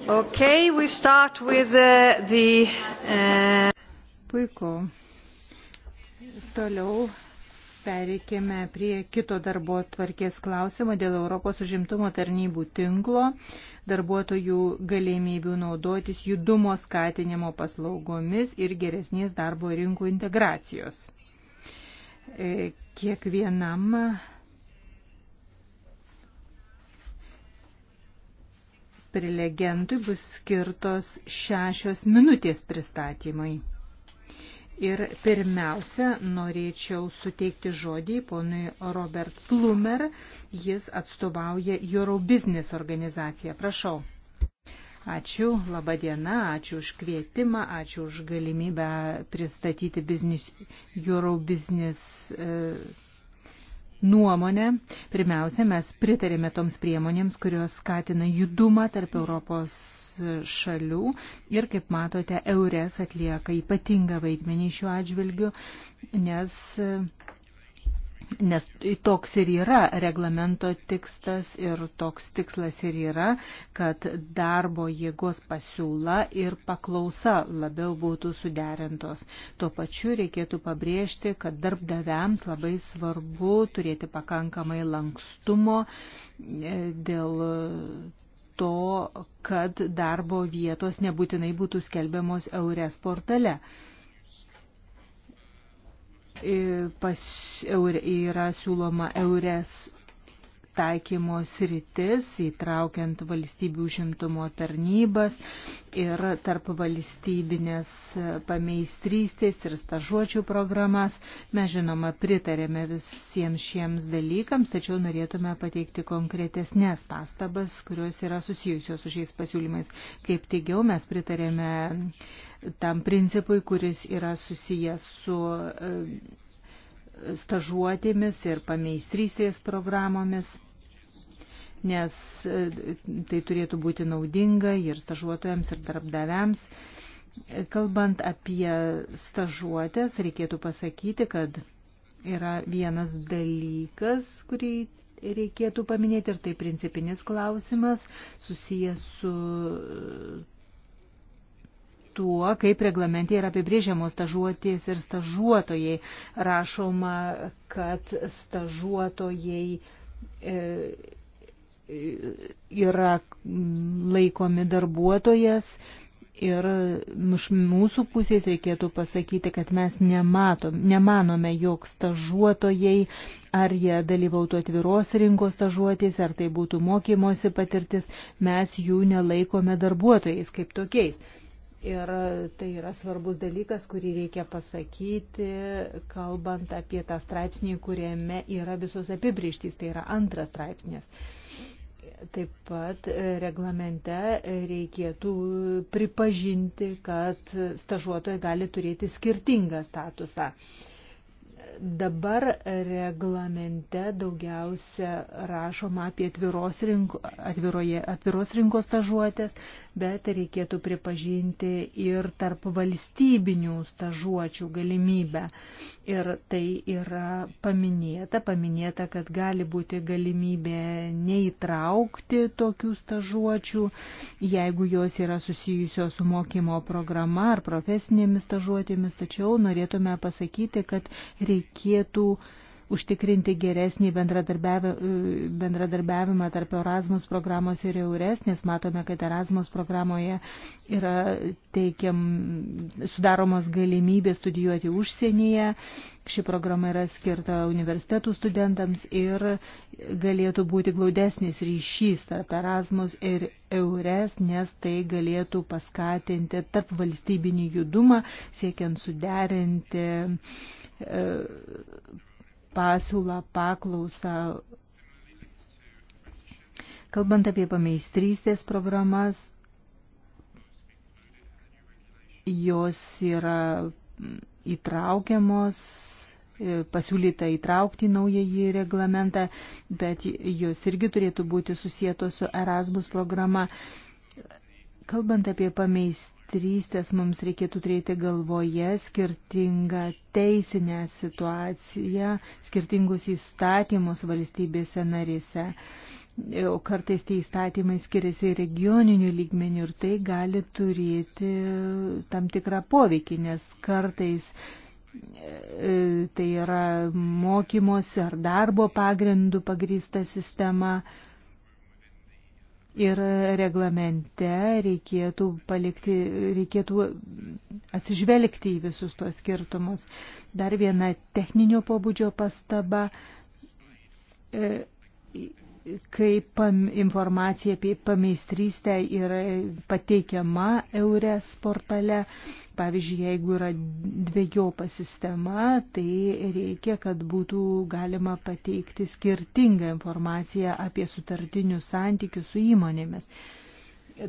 Okay, we start with the, uh, the uh... Puiku. Toliau pereikėme prie kito darbo tvarkės klausimo dėl Europos užimtumo tarnybų tinklo, darbuotojų galimybių naudotis judumo skatinimo paslaugomis ir geresnės darbo rinkų integracijos. E, kiekvienam prelegentui bus skirtos šešios minutės pristatymai. Ir pirmiausia, norėčiau suteikti žodį ponui Robert Plumer, jis atstovauja Eurobusiness organizaciją. Prašau. Ačiū, laba diena, ačiū už kvietimą, ačiū už galimybę pristatyti business, Eurobusiness e, nuomonę, pirmiausia, mes pritarėme toms priemonėms, kurios skatina judumą tarp Europos šalių ir, kaip matote, Eures atlieka ypatingą vaidmenį šiuo atžvilgiu, nes Nes toks ir yra reglamento tikslas ir toks tikslas ir yra, kad darbo jėgos pasiūla ir paklausa labiau būtų suderintos. Tuo pačiu reikėtų pabrėžti, kad darbdaviams labai svarbu turėti pakankamai lankstumo e, dėl to, kad darbo vietos nebūtinai būtų skelbiamos Eures portale pas, yra siūloma eures taikymo sritis, įtraukiant valstybių užimtumo tarnybas ir tarp valstybinės pameistrystės ir stažuočių programas. Mes žinoma pritarėme visiems šiems dalykams, tačiau norėtume pateikti konkretesnės pastabas, kurios yra susijusios su šiais pasiūlymais. Kaip teigiau, mes pritarėme tam principui, kuris yra susijęs su e, stažuotėmis ir pameistrysės programomis, nes e, tai turėtų būti naudinga ir stažuotojams, ir darbdaviams. Kalbant apie stažuotės, reikėtų pasakyti, kad yra vienas dalykas, kurį reikėtų paminėti ir tai principinis klausimas susijęs su tuo, kaip reglamente yra apibrėžiamos stažuotės ir stažuotojai. Rašoma, kad stažuotojai e, yra laikomi darbuotojas Ir iš mūsų pusės reikėtų pasakyti, kad mes nematom, nemanome, jog stažuotojai, ar jie dalyvautų atviros rinkos stažuotės, ar tai būtų mokymosi patirtis, mes jų nelaikome darbuotojais kaip tokiais. Ir tai yra svarbus dalykas, kurį reikia pasakyti, kalbant apie tą straipsnį, kuriame yra visos apibrištys, tai yra antras straipsnis. Taip pat e, reglamente reikėtų pripažinti, kad stažuotojai gali turėti skirtingą statusą dabar reglamente daugiausia rašoma apie atviros, rinko, atviroje, atviros rinkos stažuotės, bet reikėtų pripažinti ir tarp valstybinių stažuočių galimybę. Ir tai yra paminėta, paminėta, kad gali būti galimybė neįtraukti tokių stažuočių, jeigu jos yra susijusios su mokymo programa ar profesinėmis stažuotėmis, tačiau norėtume pasakyti, kad reikia reikėtų užtikrinti geresnį bendradarbiavimą tarp Erasmus programos ir EURES, nes matome, kad Erasmus programoje yra teikiam, sudaromos galimybės studijuoti užsienyje. Ši programa yra skirta universitetų studentams ir galėtų būti glaudesnis ryšys tarp Erasmus ir EURES, nes tai galėtų paskatinti tarp valstybinį judumą, siekiant suderinti E, pasiūlą, paklausą. Kalbant apie pameistrystės programas, jos yra įtraukiamos, e, pasiūlyta įtraukti naująjį reglamentą, bet jos irgi turėtų būti susijęto su Erasmus programa. Kalbant apie pameist meistrystės mums reikėtų turėti galvoje skirtingą teisinę situaciją, skirtingus įstatymus valstybėse narėse. O kartais tie įstatymai skiriasi regioninių lygmenių ir tai gali turėti tam tikrą poveikį, nes kartais e, tai yra mokymosi ar darbo pagrindų pagrįsta sistema. Ir reglamente reikėtų, palikti, reikėtų atsižvelgti į visus tuos skirtumus. Dar viena techninio pobūdžio pastaba e, kaip informacija apie pameistrystę yra pateikiama Eures portale. Pavyzdžiui, jeigu yra dviejopa sistema, tai reikia, kad būtų galima pateikti skirtingą informaciją apie sutartinius santykius su įmonėmis.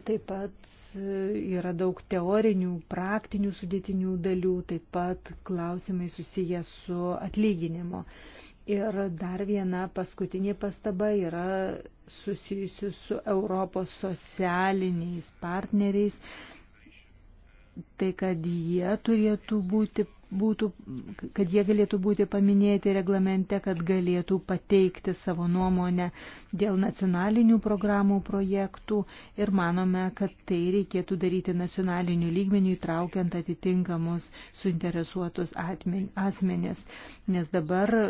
Taip pat yra daug teorinių, praktinių sudėtinių dalių, taip pat klausimai susijęs su atlyginimu. Uh, Ir dar viena paskutinė pastaba yra susijusi su Europos socialiniais partneriais. Tai, kad jie turėtų būti būtų, kad jie galėtų būti paminėti reglamente, kad galėtų pateikti savo nuomonę dėl nacionalinių programų projektų ir manome, kad tai reikėtų daryti nacionaliniu lygmeniu įtraukiant atitinkamus suinteresuotus asmenės, nes dabar e,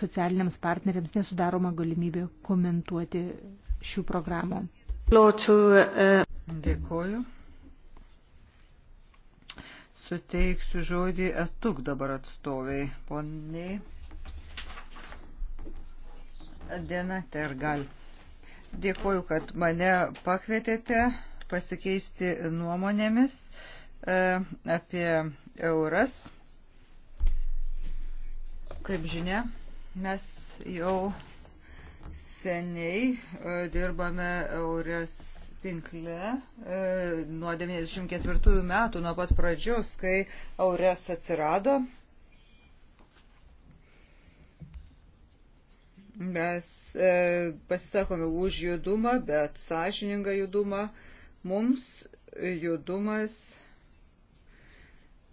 socialiniams partneriams nesudaroma galimybė komentuoti šių programų. Uh, Dėkoju. Suteiksiu žodį etuk dabar atstoviai. Poniai. Diena Tergal. Dėkuoju, kad mane pakvietėte pasikeisti nuomonėmis e, apie euras. Kaip žinia, mes jau seniai e, dirbame eures tinkle e, nuo 94 metų, nuo pat pradžios, kai Aures atsirado. Mes e, pasisakome už judumą, bet sąžiningą judumą. Mums judumas,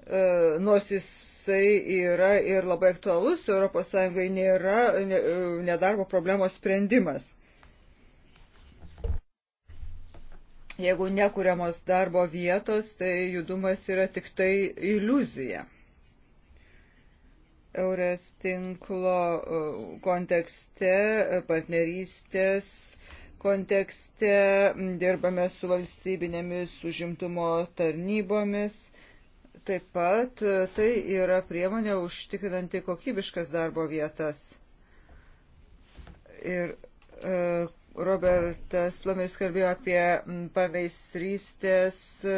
e, nors jisai yra ir labai aktualus ES, nėra ne, e, nedarbo problemos sprendimas Jeigu nekuriamos darbo vietos, tai judumas yra tik tai iliuzija. Eures tinklo e, kontekste, e, partnerystės kontekste, dirbame su valstybinėmis užimtumo tarnybomis. Taip pat e, tai yra priemonė užtikrinanti kokybiškas darbo vietas. Ir e, Robertas Plomeris kalbėjo apie pameistrystės e,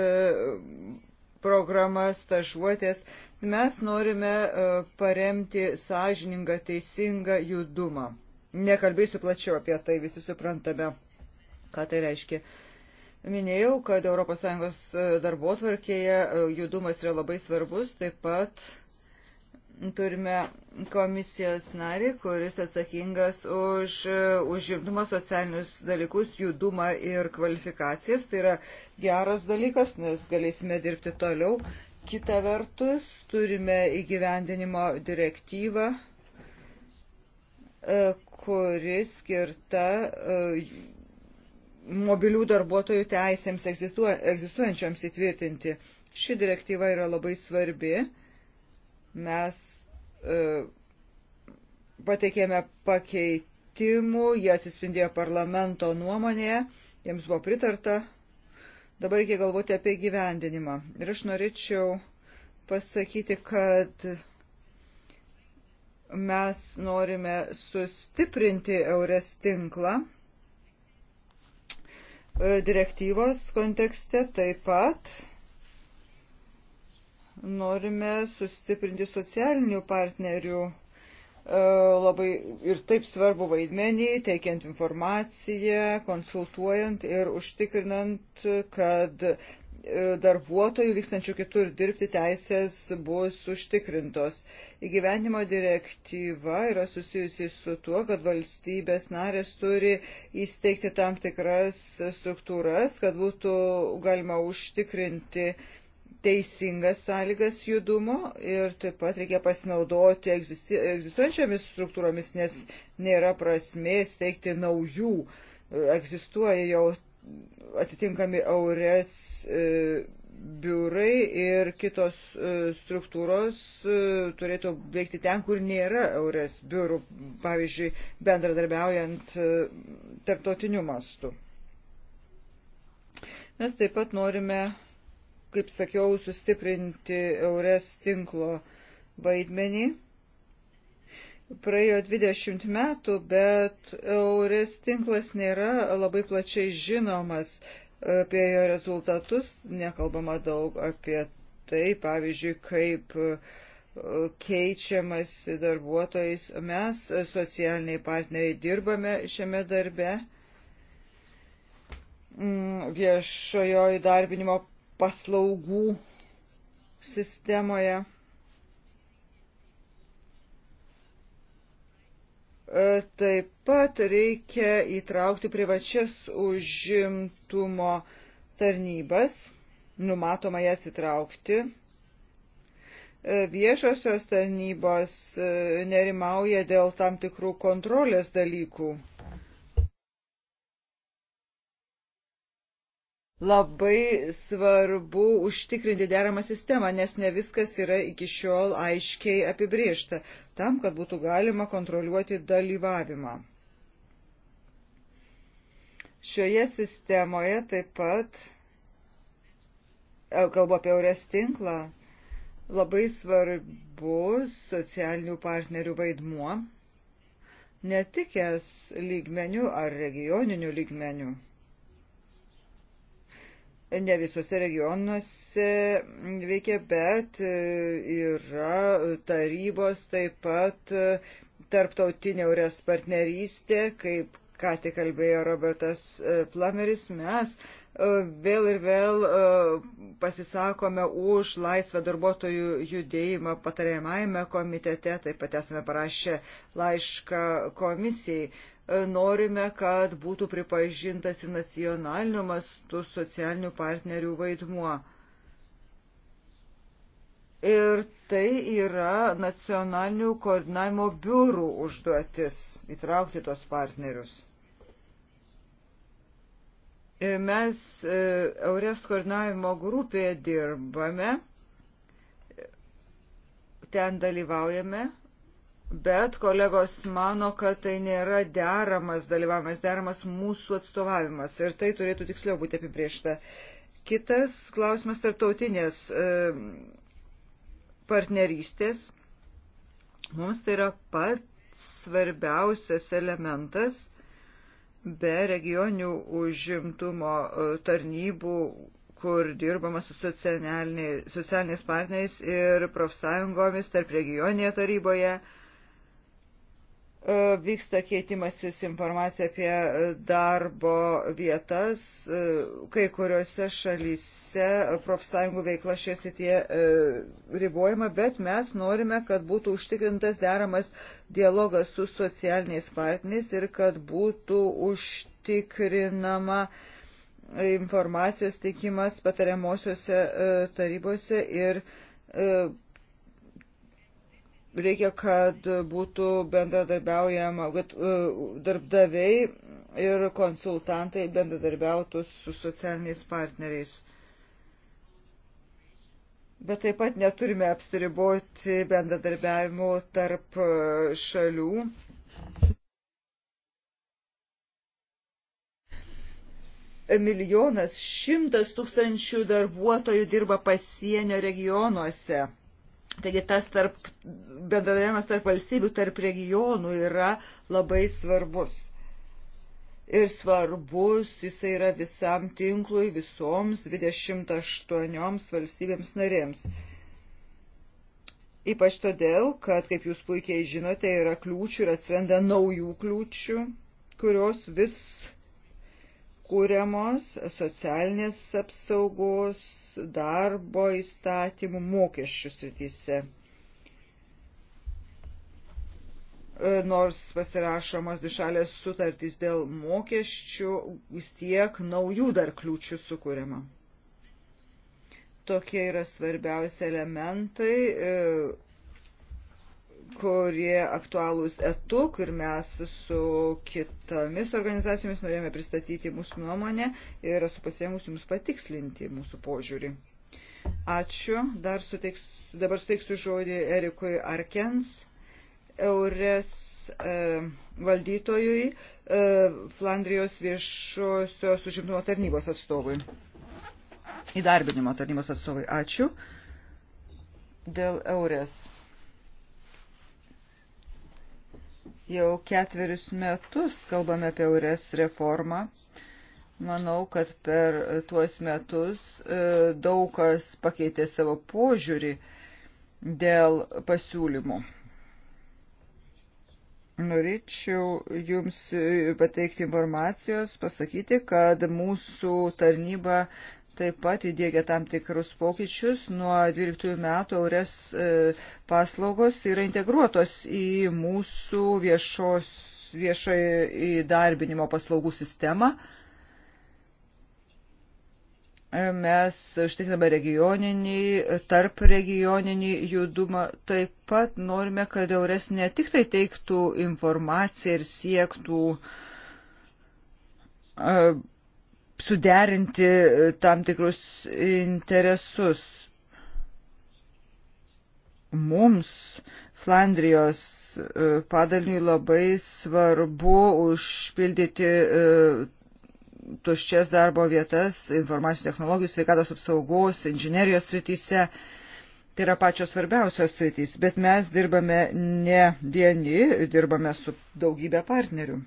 programas, stažuotės. Mes norime e, paremti sąžiningą, teisingą judumą. Nekalbėsiu plačiau apie tai, visi suprantame, ką tai reiškia. Minėjau, kad ES e, darbo tvarkėje judumas yra labai svarbus, taip pat turime komisijos narį, kuris atsakingas už užimtumą socialinius dalykus, judumą ir kvalifikacijas. Tai yra geras dalykas, nes galėsime dirbti toliau. Kita vertus, turime įgyvendinimo direktyvą, e, kuri skirta e, mobilių darbuotojų teisėms egzistuojančioms įtvirtinti. Ši direktyva yra labai svarbi Mes e, pateikėme pakeitimų, jie atsispindėjo parlamento nuomonėje, jiems buvo pritarta. Dabar reikia galvoti apie gyvendinimą. Ir aš norėčiau pasakyti, kad mes norime sustiprinti Eures tinklą e, direktyvos kontekste taip pat norime sustiprinti socialinių partnerių e, labai ir taip svarbu vaidmenį, teikiant informaciją, konsultuojant ir užtikrinant, kad e, darbuotojų vykstančių kitur dirbti teisės bus užtikrintos. Įgyvenimo direktyva yra susijusi su tuo, kad valstybės narės turi įsteigti tam tikras struktūras, kad būtų galima užtikrinti uh, teisingas sąlygas judumo ir taip pat reikia pasinaudoti egzistuojančiomis struktūromis, nes nėra prasmės teikti naujų, e, egzistuoja jau atitinkami aures e, biurai ir kitos e, struktūros turėtų veikti ten, kur nėra aures biurų, pavyzdžiui, bendradarbiaujant tarptautiniu mastu. Mes taip pat norime kaip sakiau, sustiprinti eures tinklo vaidmenį. Praėjo 20 metų, bet eures tinklas nėra labai plačiai žinomas apie jo rezultatus, nekalbama daug apie tai, pavyzdžiui, kaip e, keičiamas darbuotojais. Mes, socialiniai partneriai, dirbame šiame darbe mm, viešojo įdarbinimo paslaugų sistemoje. E, taip pat reikia įtraukti privačias užimtumo tarnybas, numatoma jas įtraukti. E, viešosios tarnybos e, nerimauja dėl tam tikrų kontrolės dalykų. labai svarbu užtikrinti deramą sistemą, nes ne viskas yra iki šiol aiškiai apibriešta, tam, kad būtų galima kontroliuoti dalyvavimą. Šioje sistemoje taip pat, e, kalbu apie Eures tinklą, labai svarbus socialinių partnerių vaidmuo, ne tik es lygmenių ar regioninių lygmenių ne visuose regionuose veikia, bet e, yra tarybos taip pat e, tarptautinė urės partnerystė, kaip ką tik kalbėjo Robertas e, Plameris, mes vėl ir vėl pasisakome už laisvą darbuotojų judėjimą patariamajame komitete, taip pat esame parašę laišką komisijai norime, kad būtų pripažintas ir nacionaliniu mastu socialinių partnerių vaidmuo. Ir tai yra nacionalinių koordinavimo biurų užduotis įtraukti tos partnerius. Mes e, Eurės koordinavimo grupėje dirbame, ten dalyvaujame bet kolegos mano, kad tai nėra deramas dalyvavimas, deramas mūsų atstovavimas ir tai turėtų tiksliau būti apibriešta. Kitas klausimas tarptautinės e, partnerystės. Mums tai yra pats svarbiausias elementas be regionių užimtumo e, tarnybų kur dirbama su socialiniais partneriais ir profsąjungomis tarp regioninėje taryboje. E, vyksta keitimasis informacija apie e, darbo vietas. E, kai kuriuose šalyse profsąjungų veikla šioje srityje ribojama, bet mes norime, kad būtų užtikrintas deramas dialogas su socialiniais partneriais ir kad būtų užtikrinama informacijos teikimas patariamosiose tarybose ir reikia, kad būtų bendradarbiaujama, kad e, darbdaviai ir konsultantai bendradarbiautų su socialiniais partneriais. Bet taip pat neturime apsiriboti bendradarbiavimu tarp e, šalių. Milijonas šimtas tūkstančių darbuotojų dirba pasienio regionuose Taigi tas tarp, bendradarbiavimas tarp valstybių, tarp regionų yra labai svarbus. Ir svarbus jisai yra visam tinklui, visoms 28 valstybėms narėms. Ypač todėl, kad, kaip jūs puikiai žinote, yra kliūčių ir atsiranda naujų kliūčių, kurios vis kūriamos socialinės apsaugos, darbo įstatymų mokesčių srityse. E, nors pasirašomos dvišalės sutartys dėl mokesčių, vis tiek naujų dar kliūčių sukūrima. Tokie yra svarbiausi elementai, e, kurie aktualūs etuk ir mes su kitomis organizacijomis norėjome pristatyti mūsų nuomonę ir esu pasirėmusi jums patikslinti mūsų požiūrį. Ačiū. Dar suteiks, dabar suteiksiu žodį Erikui Arkens, Eures e, valdytojui, e, Flandrijos viešosios užimtumo tarnybos atstovui. Įdarbinimo tarnybos atstovui. Ačiū. Dėl Eures Jau ketverius metus kalbame apie eures reformą. Manau, kad per tuos metus e, daug kas pakeitė savo požiūrį dėl pasiūlymų. Norėčiau Jums e, pateikti informacijos, pasakyti, kad mūsų tarnyba taip pat įdėgia tam tikrus pokyčius. Nuo 12 metų aures e, paslaugos yra integruotos į mūsų viešos, viešojo įdarbinimo paslaugų sistemą. E, mes užtikriname regioninį, tarp regioninį judumą. Taip pat norime, kad Eures ne tik tai teiktų informaciją ir siektų uh, suderinti e, tam tikrus interesus. Mums Flandrijos e, padaliniui labai svarbu užpildyti e, tuščias darbo vietas informacinių technologijų, sveikatos apsaugos, inžinerijos srityse. Tai yra pačios svarbiausios sritys, bet mes dirbame ne vieni, dirbame su daugybė partnerių.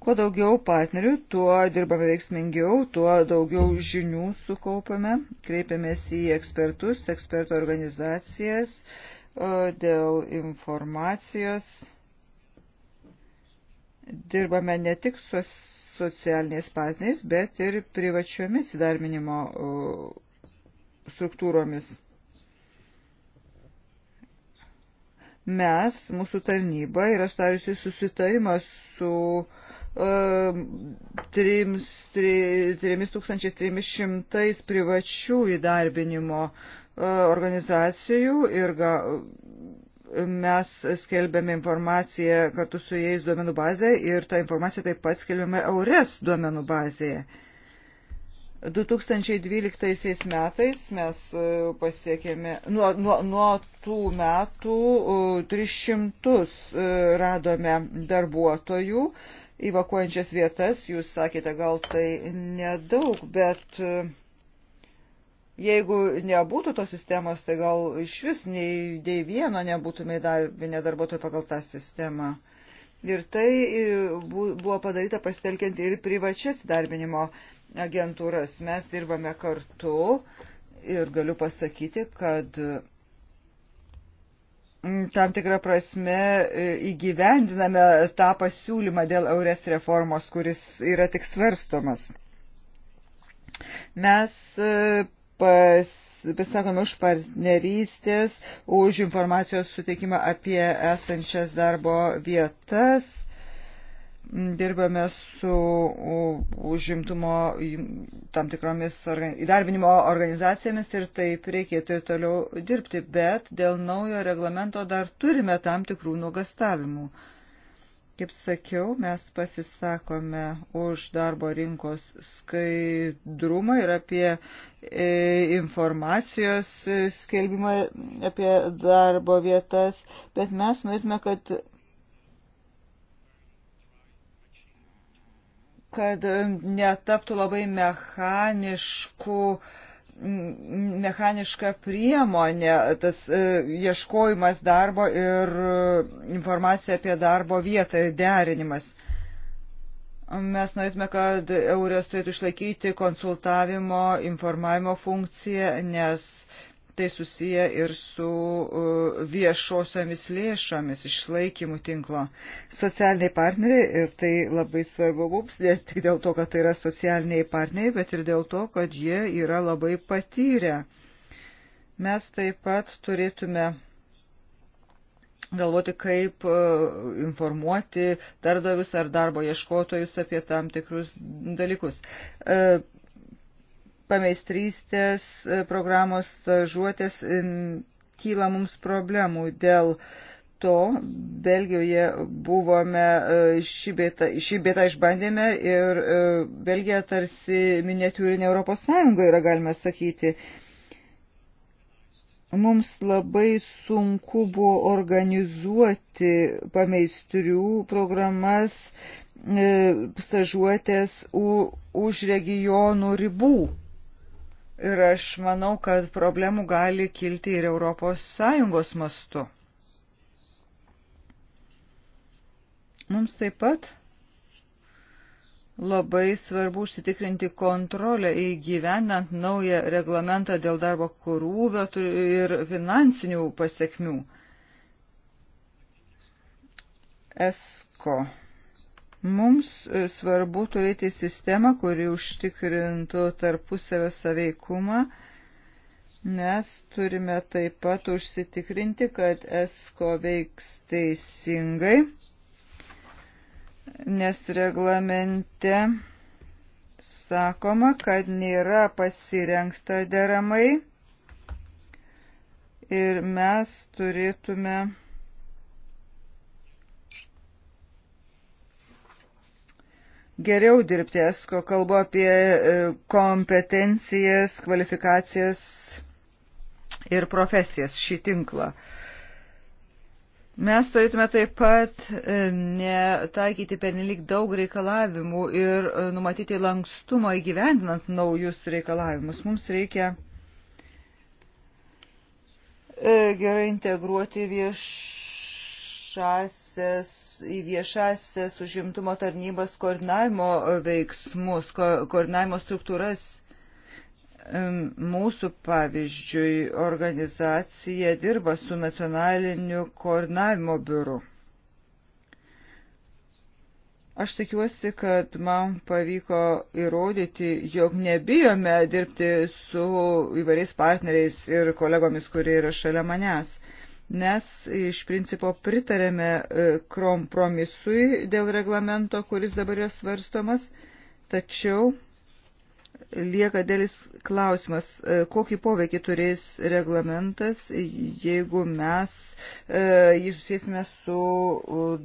Kuo daugiau partnerių, tuo dirbame veiksmingiau, tuo daugiau žinių sukaupame, kreipiamės į ekspertus, ekspertų organizacijas dėl informacijos. Dirbame ne tik su socialiniais partneriais, bet ir privačiomis įdarminimo struktūromis. Mes, mūsų tarnyba, yra sudariusi susitarimą su uh, 3300 privačių įdarbinimo e, organizacijų ir ga, mes skelbėme informaciją kartu su jais duomenų bazėje ir tą informaciją taip pat skelbėme EURES duomenų bazėje. 2012 metais mes e, pasiekėme, nuo, nuo, nuo tų metų 300 e, radome darbuotojų įvakuojančias vietas. Jūs sakėte, gal tai nedaug, bet e, jeigu nebūtų tos sistemos, tai gal iš vis nei, nei vieno nebūtume įdarbinę darbuotojų pagal tą sistemą. Ir tai e, buvo padaryta pasitelkiant ir privačias darbinimo agentūras. Mes dirbame kartu ir galiu pasakyti, kad tam tikrą prasme e, įgyvendiname tą pasiūlymą dėl eures reformos, kuris yra tik svarstomas. Mes e, pas pasakome už partnerystės, už informacijos suteikimą apie esančias darbo vietas dirbame su užimtumo tam tikromis įdarbinimo organizacijomis ir taip reikėtų ir toliau dirbti, bet dėl naujo reglamento dar turime tam tikrų nuogastavimų. Kaip sakiau, mes pasisakome už darbo rinkos skaidrumą ir apie e, informacijos skelbimą apie darbo vietas, bet mes norėtume, kad kad netaptų labai mechaniškų mechaniška priemonė, tas e, ieškojimas darbo ir e, informacija apie darbo vietą ir derinimas. Mes norėtume, kad Eurės turėtų išlaikyti konsultavimo, informavimo funkciją, nes Tai susiję ir su viešosiomis lėšomis išlaikymų tinklo. Socialiniai partneriai, ir tai labai svarbu mums, ne tik dėl to, kad tai yra socialiniai partneriai, bet ir dėl to, kad jie yra labai patyrę. Mes taip pat turėtume galvoti, kaip informuoti darbdavius ar darbo ieškotojus apie tam tikrus dalykus. E, pameistrystės e, programos stažuotės e, kyla mums problemų dėl to Belgijoje buvome e, šį bėtą, šį bėtą išbandėme ir Belgija tarsi miniatūrinė Europos Sąjunga yra galima sakyti. Mums labai sunku buvo organizuoti pameistrių programas, stažuotės už regionų ribų Ir aš manau, kad problemų gali kilti ir ES mastu. Mums taip pat labai svarbu užsitikrinti kontrolę įgyvenant naują reglamentą dėl darbo krūvio ir finansinių pasiekmių. ESCO Mums e, svarbu turėti sistemą, kuri užtikrintų tarpusavio saveikumą. Mes turime taip pat užsitikrinti, kad ESCO veiks teisingai, nes reglamente sakoma, kad nėra pasirengta deramai ir mes turėtume geriau dirbti ESCO, kalbu apie e, kompetencijas, kvalifikacijas ir profesijas šį tinklą. Mes turėtume taip pat e, netaikyti pernelik daug reikalavimų ir e, numatyti lankstumą įgyvendinant naujus reikalavimus. Mums reikia gerai integruoti vieš viešasis, į viešasis užimtumo tarnybos koordinavimo veiksmus, ko, koordinavimo struktūras. Mūsų, pavyzdžiui, organizacija dirba su nacionaliniu koordinavimo biuru. Aš tikiuosi, kad man pavyko įrodyti, jog nebijome dirbti su įvairiais partneriais ir kolegomis, kurie yra šalia manęs. Uh, Mes iš principo pritarėme e, kompromisui dėl reglamento, kuris dabar yra svarstomas, tačiau lieka dėlis klausimas, e, kokį poveikį turės reglamentas, jeigu mes e, jį susėsime su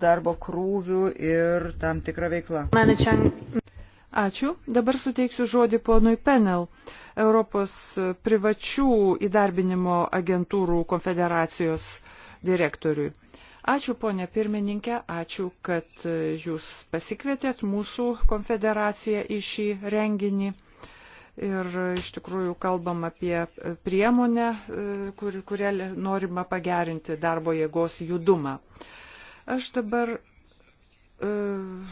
darbo krūviu ir tam tikra veikla. Ačiū. Dabar suteiksiu žodį ponui Penel, Europos privačių įdarbinimo agentūrų konfederacijos direktoriui. Ačiū, ponė pirmininkė, ačiū, kad jūs pasikvietėt mūsų konfederaciją į šį renginį. Ir iš tikrųjų kalbam apie priemonę, e, kur, kuria norima pagerinti darbo jėgos judumą. Aš dabar. Uh,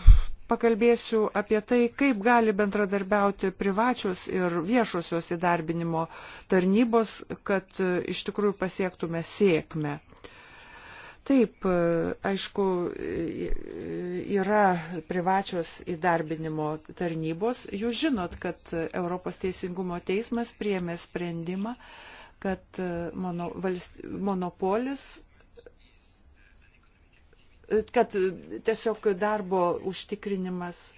pakalbėsiu apie tai, kaip gali bendradarbiauti privačios ir viešosios įdarbinimo tarnybos, kad e, iš tikrųjų pasiektume sėkmę. Taip, e, aišku, e, yra privačios įdarbinimo tarnybos. Jūs žinot, kad Europos Teisingumo teismas priėmė sprendimą, kad mono, valst, monopolis kad tiesiog darbo užtikrinimas e,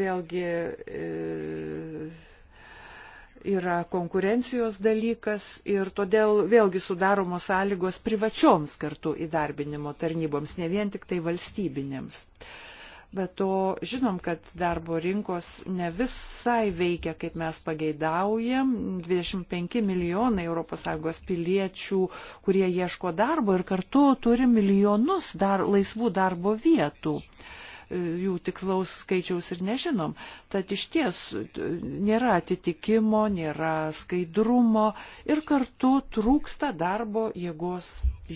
vėlgi e, yra konkurencijos dalykas ir todėl vėlgi sudaromos sąlygos privačioms kartu įdarbinimo tarnyboms, ne vien tik tai valstybinėms. Uh, Bet to žinom, kad darbo rinkos ne visai veikia, kaip mes pageidaujam. 25 milijonai ES piliečių, kurie ieško darbo ir kartu turi milijonus dar, laisvų darbo vietų. Jų tiklaus skaičiaus ir nežinom. Tad iš ties nėra atitikimo, nėra skaidrumo ir kartu trūksta darbo jėgos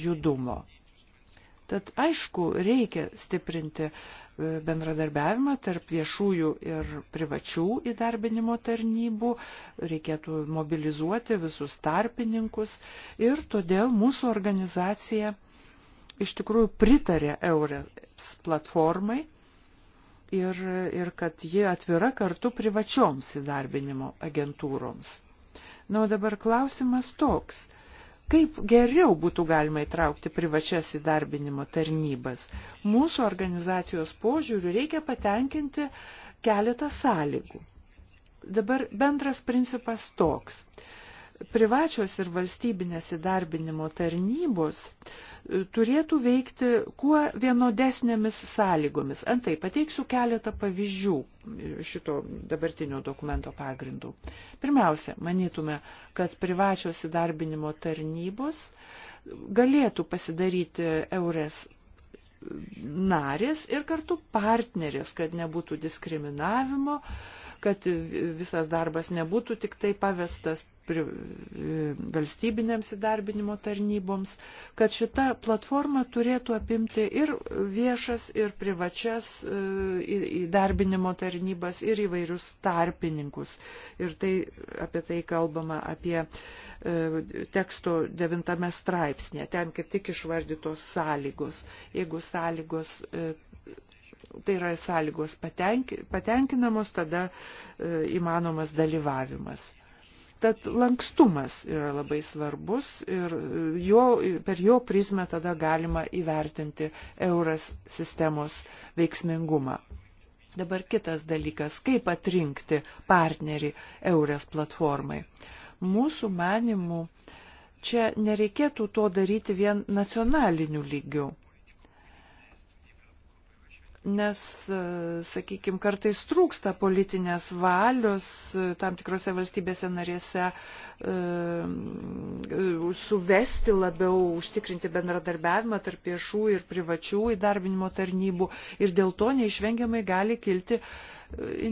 judumo. Tad aišku, reikia stiprinti e, bendradarbiavimą tarp viešųjų ir privačių įdarbinimo tarnybų, reikėtų mobilizuoti visus tarpininkus ir todėl mūsų organizacija iš tikrųjų pritarė Eures platformai ir, ir kad ji atvira kartu privačioms įdarbinimo agentūroms. Na, o dabar klausimas toks kaip geriau būtų galima įtraukti privačias įdarbinimo tarnybas. Mūsų organizacijos požiūrių reikia patenkinti keletą sąlygų. Dabar bendras principas toks privačios ir valstybinės įdarbinimo tarnybos e, turėtų veikti kuo vienodesnėmis sąlygomis. Antai pateiksiu keletą pavyzdžių šito dabartinio dokumento pagrindų. Pirmiausia, manytume, kad privačios įdarbinimo tarnybos galėtų pasidaryti eures narės ir kartu partnerės, kad nebūtų diskriminavimo, uh, kad visas darbas nebūtų tik tai pavestas valstybinėms įdarbinimo tarnyboms, kad šita platforma turėtų apimti ir viešas, ir privačias e, įdarbinimo tarnybas, ir įvairius tarpininkus. Ir tai apie tai kalbama apie e, teksto devintame straipsnė, ten kaip tik išvardytos sąlygos. Jeigu sąlygos e, tai yra sąlygos patenkinamos, tada e, įmanomas dalyvavimas. Tad lankstumas yra labai svarbus ir e, jo, per jo prizmę tada galima įvertinti euras sistemos veiksmingumą. Dabar kitas dalykas, kaip atrinkti partnerį eurės platformai. Mūsų manimų čia nereikėtų to daryti vien nacionaliniu lygiu nes, e, sakykime, kartais trūksta politinės valios e, tam tikrose valstybėse narėse e, suvesti labiau, užtikrinti bendradarbiavimą tarp viešų ir privačių įdarbinimo tarnybų ir dėl to neišvengiamai gali kilti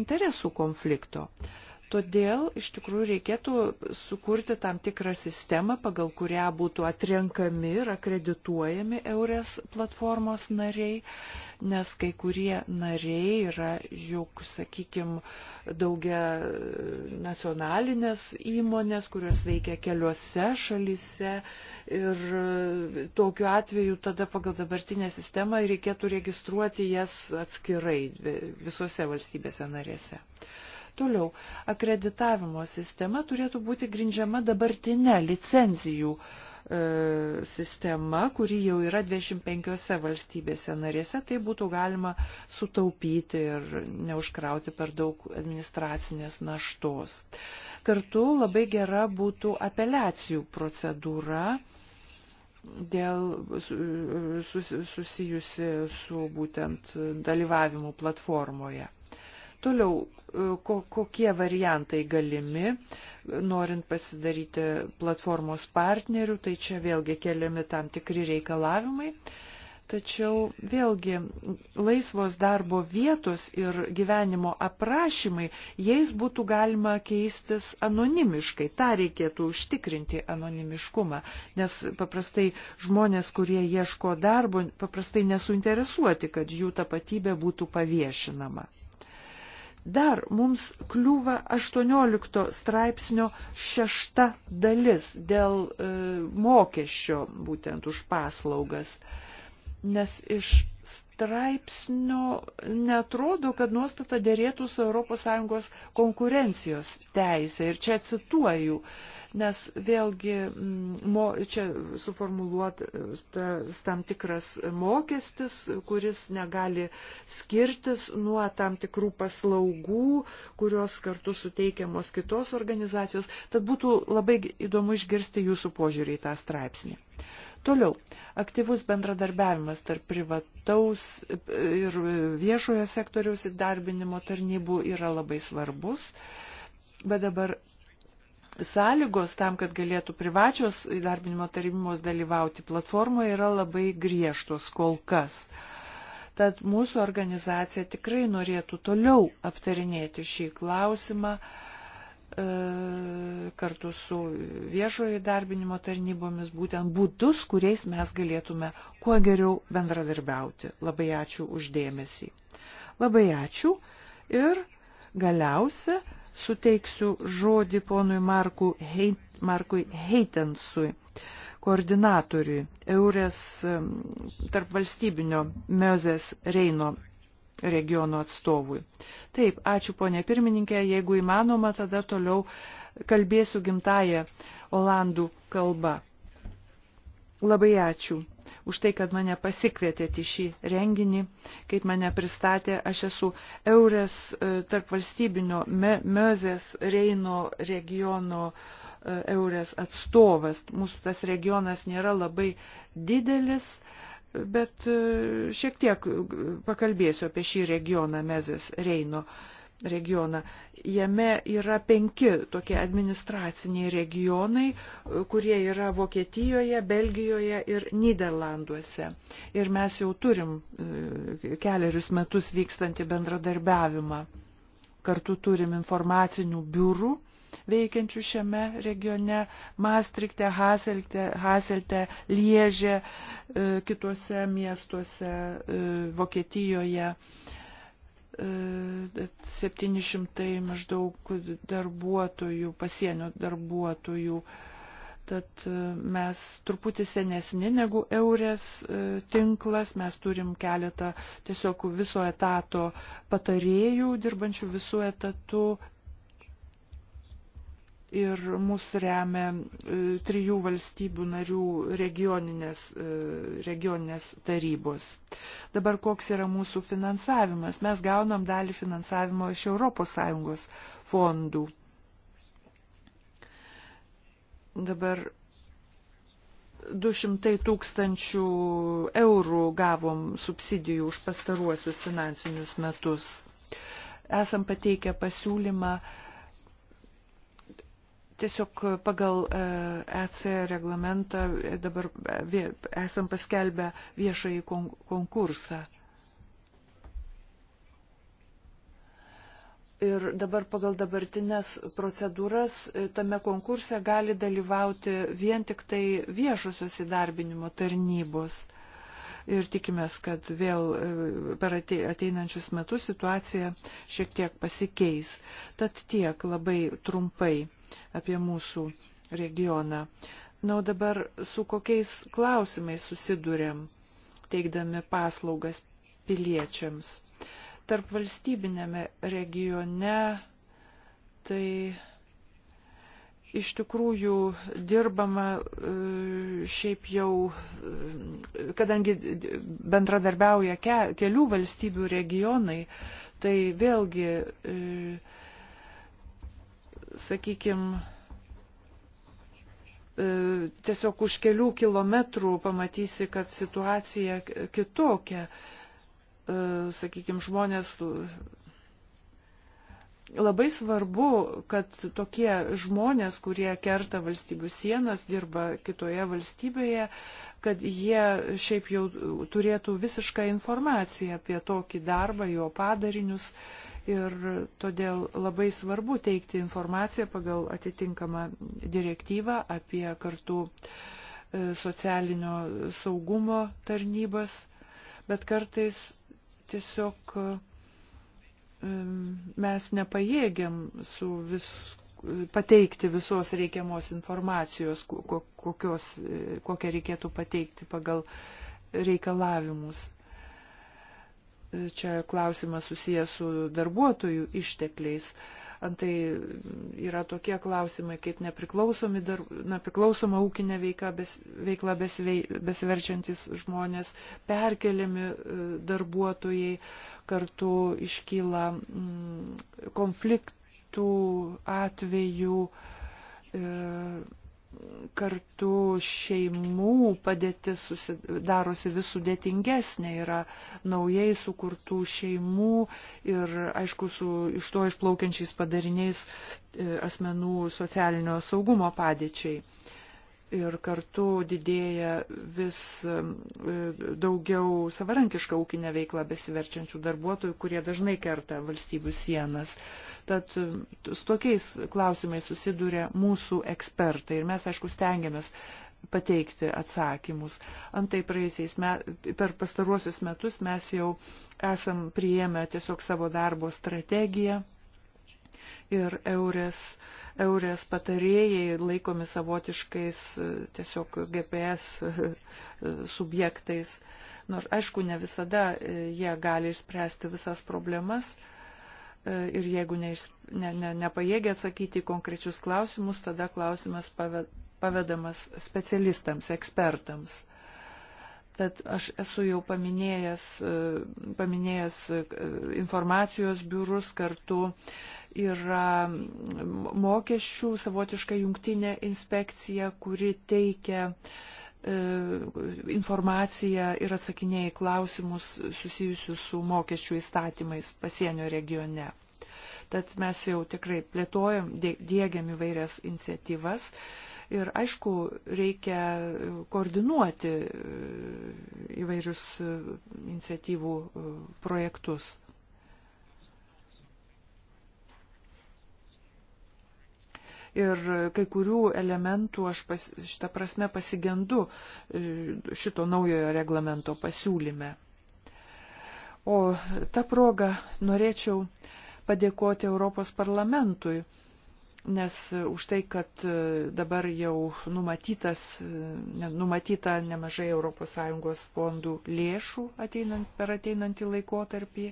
interesų konflikto. Uh, Todėl iš tikrųjų reikėtų sukurti tam tikrą sistemą, pagal kurią būtų atrenkami ir akredituojami EURES platformos nariai, nes kai kurie nariai yra, juk, sakykime, daugia nacionalinės įmonės, kurios veikia keliose šalyse ir tokiu atveju tada pagal dabartinę sistemą reikėtų registruoti jas atskirai visose valstybėse narėse. Thank you. Toliau, akreditavimo sistema turėtų būti grindžiama dabartinė licenzijų e, sistema, kuri jau yra 25 valstybėse narėse, tai būtų galima sutaupyti ir neužkrauti per daug administracinės naštos. Kartu labai gera būtų apeliacijų procedūra dėl e, susijusi su būtent dalyvavimu platformoje. Toliau, e, kokie variantai galimi, norint pasidaryti platformos partnerių, tai čia vėlgi keliami tam tikri reikalavimai. Tačiau vėlgi laisvos darbo vietos ir gyvenimo aprašymai, jais būtų galima keistis anonimiškai. Ta reikėtų užtikrinti anonimiškumą, nes paprastai žmonės, kurie ieško darbo, paprastai nesuinteresuoti, kad jų tapatybė būtų paviešinama. Dar mums kliūva 18 straipsnio šešta dalis dėl e, mokesčio būtent už paslaugas, nes iš straipsnio netrodo, kad nuostata dėrėtų su ES konkurencijos teisė. Ir čia cituoju. E, nes vėlgi mm, mo, čia suformuluotas tam tikras mokestis, kuris negali skirtis nuo tam tikrų paslaugų, kurios kartu suteikiamos kitos organizacijos. Tad būtų labai įdomu išgirsti jūsų požiūrį į tą straipsnį. Toliau, aktyvus bendradarbiavimas tarp privataus ir viešojo sektoriaus įdarbinimo tarnybų yra labai svarbus. Bet dabar sąlygos tam, kad galėtų privačios įdarbinimo tarybos dalyvauti platformoje yra labai griežtos kol kas. Tad mūsų organizacija tikrai norėtų toliau aptarinėti šį klausimą e, kartu su viešojo įdarbinimo tarnybomis, būtent būdus, kuriais mes galėtume kuo geriau bendradarbiauti. Labai ačiū uždėmesį. Labai ačiū ir galiausia suteiksiu žodį ponui Marku Heit, Markui Heitensui, koordinatoriui Eures tarp valstybinio Mezės Reino regiono atstovui. Taip, ačiū ponė pirmininkė, jeigu įmanoma, tada toliau kalbėsiu gimtają olandų kalbą. Labai ačiū už tai, kad mane pasikvietėte į šį renginį, kaip mane pristatė. Aš esu Eures e, tarp valstybinio Mözės Reino regiono e, Eures atstovas. Mūsų tas regionas nėra labai didelis. Bet e, šiek tiek pakalbėsiu apie šį regioną Mezės Reino. Uh, regioną. Jame yra penki tokie administraciniai regionai, kurie yra Vokietijoje, Belgijoje ir Niderlanduose. Ir mes jau turim e, keliarius metus vykstantį bendradarbiavimą. Kartu turim informacinių biurų veikiančių šiame regione - Maastrichte, Haselte, Haselte Liežė, e, kituose miestuose, e, Vokietijoje. 700 maždaug darbuotojų, pasienio darbuotojų. Tad e, mes truputį senesni negu eurės e, tinklas, mes turim keletą tiesiog viso etato patarėjų, dirbančių visu etatu, ir mus remia e, trijų valstybių narių regioninės, e, regioninės tarybos. Dabar koks yra mūsų finansavimas? Mes gaunam dalį finansavimo iš ES fondų. Dabar 200 tūkstančių eurų gavom subsidijų už pastaruosius finansinius metus. Esam pateikę pasiūlymą uh, tiesiog pagal EC e reglamentą dabar e, esam paskelbę viešąjį konkursą. Ir dabar pagal dabartinės procedūras e, tame konkurse gali dalyvauti vien tik tai viešusios įdarbinimo tarnybos. Ir tikimės, kad vėl per ateinančius metus situacija šiek tiek pasikeis. Tad tiek labai trumpai apie mūsų regioną. Na, o dabar su kokiais klausimais susidurėm, teikdami paslaugas piliečiams. Tarp valstybinėme regione tai iš tikrųjų dirbama e, šiaip jau, e, kadangi bendradarbiauja kelių valstybių regionai, tai vėlgi e, sakykime, tiesiog už kelių kilometrų pamatysi, kad situacija kitokia. E, sakykime, žmonės labai svarbu, kad tokie žmonės, kurie kerta valstybių sienas, dirba kitoje valstybėje, kad jie šiaip jau turėtų visišką informaciją apie tokį darbą, jo padarinius. Uh, ir todėl labai svarbu teikti informaciją pagal atitinkamą direktyvą apie kartų e, socialinio saugumo tarnybas, bet kartais tiesiog e, mes nepajėgiam su vis, e, pateikti visos reikiamos informacijos, kokios, kokią reikėtų pateikti pagal reikalavimus čia klausimas susijęs su darbuotojų ištekliais. Antai yra tokie klausimai, kaip dar, nepriklausoma ūkinė veika, bes, veikla besiverčiantis žmonės, perkeliami e, darbuotojai, kartu iškyla mm, konfliktų atvejų. Ir, e, kartu šeimų padėtis darosi vis sudėtingesnė, yra naujai sukurtų šeimų ir, aišku, su iš to išplaukiančiais padariniais e, asmenų socialinio saugumo padėčiai ir kartu didėja vis e, daugiau savarankišką ūkinę veiklą besiverčiančių darbuotojų, kurie dažnai kerta valstybių sienas. Tad e, su tokiais klausimais susiduria mūsų ekspertai ir mes, aišku, stengiamės pateikti atsakymus. Antai praėjusiais metais, per pastaruosius metus mes jau esam priėmę tiesiog savo darbo strategiją ir eurės, eurės patarėjai laikomi savotiškais e, tiesiog GPS e, subjektais. Nors aišku, ne visada e, jie gali išspręsti visas problemas ir jeigu neiš, ne, ne, nepajėgia atsakyti į konkrečius klausimus, tada klausimas pavedamas specialistams, ekspertams. Tad aš esu jau paminėjęs, e, paminėjęs e, informacijos biurus kartu yra mokesčių savotiška jungtinė inspekcija, kuri teikia e, informaciją ir atsakinėja į klausimus susijusius su mokesčių įstatymais pasienio regione. Tad mes jau tikrai plėtojam, dėgiam įvairias iniciatyvas. Uh, Ir aišku, reikia koordinuoti e, įvairius e, iniciatyvų e, projektus. ir kai kurių elementų aš pas, šitą prasme pasigendu šito naujojo reglamento pasiūlyme. O tą progą norėčiau padėkoti Europos parlamentui nes e, už tai, kad e, dabar jau numatytas, e, numatyta nemažai ES fondų lėšų ateinant, per ateinantį laikotarpį.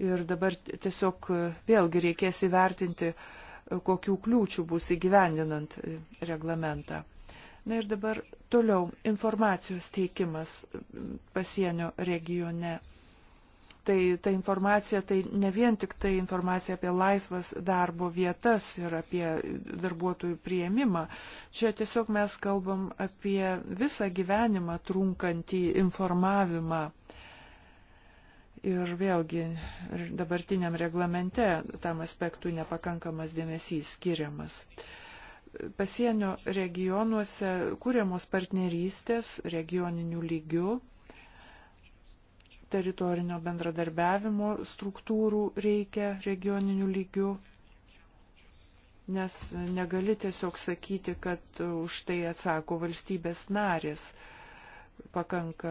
Ir dabar tiesiog vėlgi reikės įvertinti, kokių kliūčių bus įgyvendinant reglamentą. Na ir dabar toliau informacijos teikimas pasienio regione. Tai ta informacija, tai ne vien tik tai informacija apie laisvas darbo vietas ir apie darbuotojų prieimimą. Čia tiesiog mes kalbam apie visą gyvenimą trunkantį informavimą. Ir vėlgi dabartiniam reglamente tam aspektui nepakankamas dėmesys skiriamas. Uh, pasienio regionuose kūriamos partnerystės regioninių lygių, teritorinio bendradarbiavimo struktūrų reikia regioninių lygių, nes negali tiesiog sakyti, kad už tai atsako valstybės narės. Pakanka,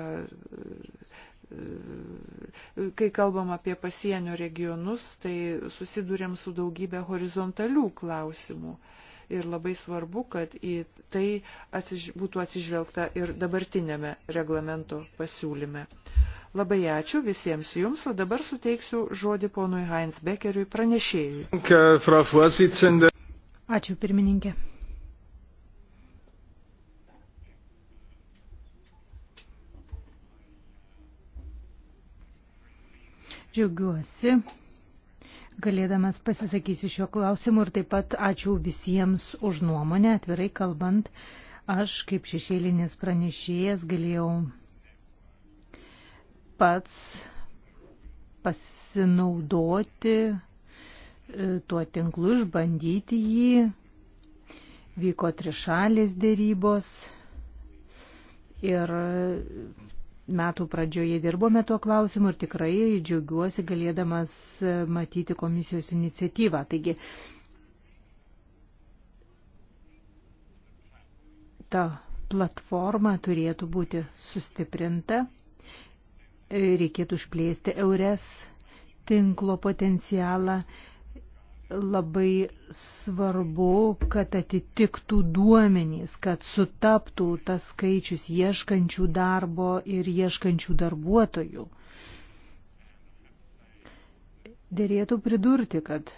kai kalbam apie pasienio regionus, tai susidurėm su daugybė horizontalių klausimų ir labai svarbu, kad į tai atsiž būtų atsižvelgta ir dabartinėme reglamento pasiūlyme. Labai ačiū visiems jums, o dabar suteiksiu žodį ponui Heinz Bekeriui pranešėjui. Ačiū pirmininkė. Džiaugiuosi galėdamas pasisakysiu šiuo klausimu ir taip pat ačiū visiems už nuomonę, atvirai kalbant. Aš kaip šešėlinis pranešėjas galėjau pats pasinaudoti e, tuo tinklu, išbandyti jį. Vyko trišalės dėrybos ir metų pradžioje dirbome tuo klausimu ir tikrai džiaugiuosi galėdamas e, matyti komisijos iniciatyvą. Taigi, ta platforma turėtų būti sustiprinta, e, reikėtų išplėsti eures tinklo potencialą labai svarbu, kad atitiktų duomenys, kad sutaptų tas skaičius ieškančių darbo ir ieškančių darbuotojų. Dėrėtų pridurti, kad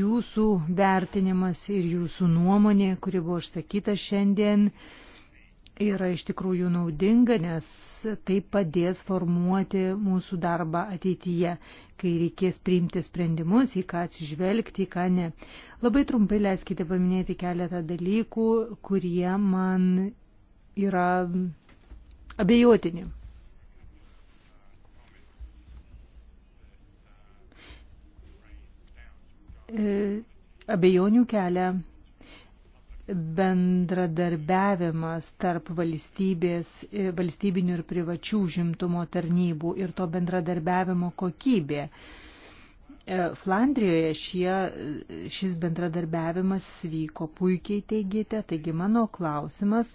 jūsų vertinimas ir jūsų nuomonė, kuri buvo išsakyta šiandien, yra iš tikrųjų naudinga, nes tai padės formuoti mūsų darbą ateityje, kai reikės priimti sprendimus, į ką atsižvelgti, į ką ne. Labai trumpai leiskite paminėti keletą dalykų, kurie man yra abejotini. E, abejonių kelia bendradarbiavimas tarp valstybės, e, valstybinių ir privačių žimtumo tarnybų ir to bendradarbiavimo kokybė. E, Flandrijoje šie, šis bendradarbiavimas vyko puikiai teigite, taigi mano klausimas.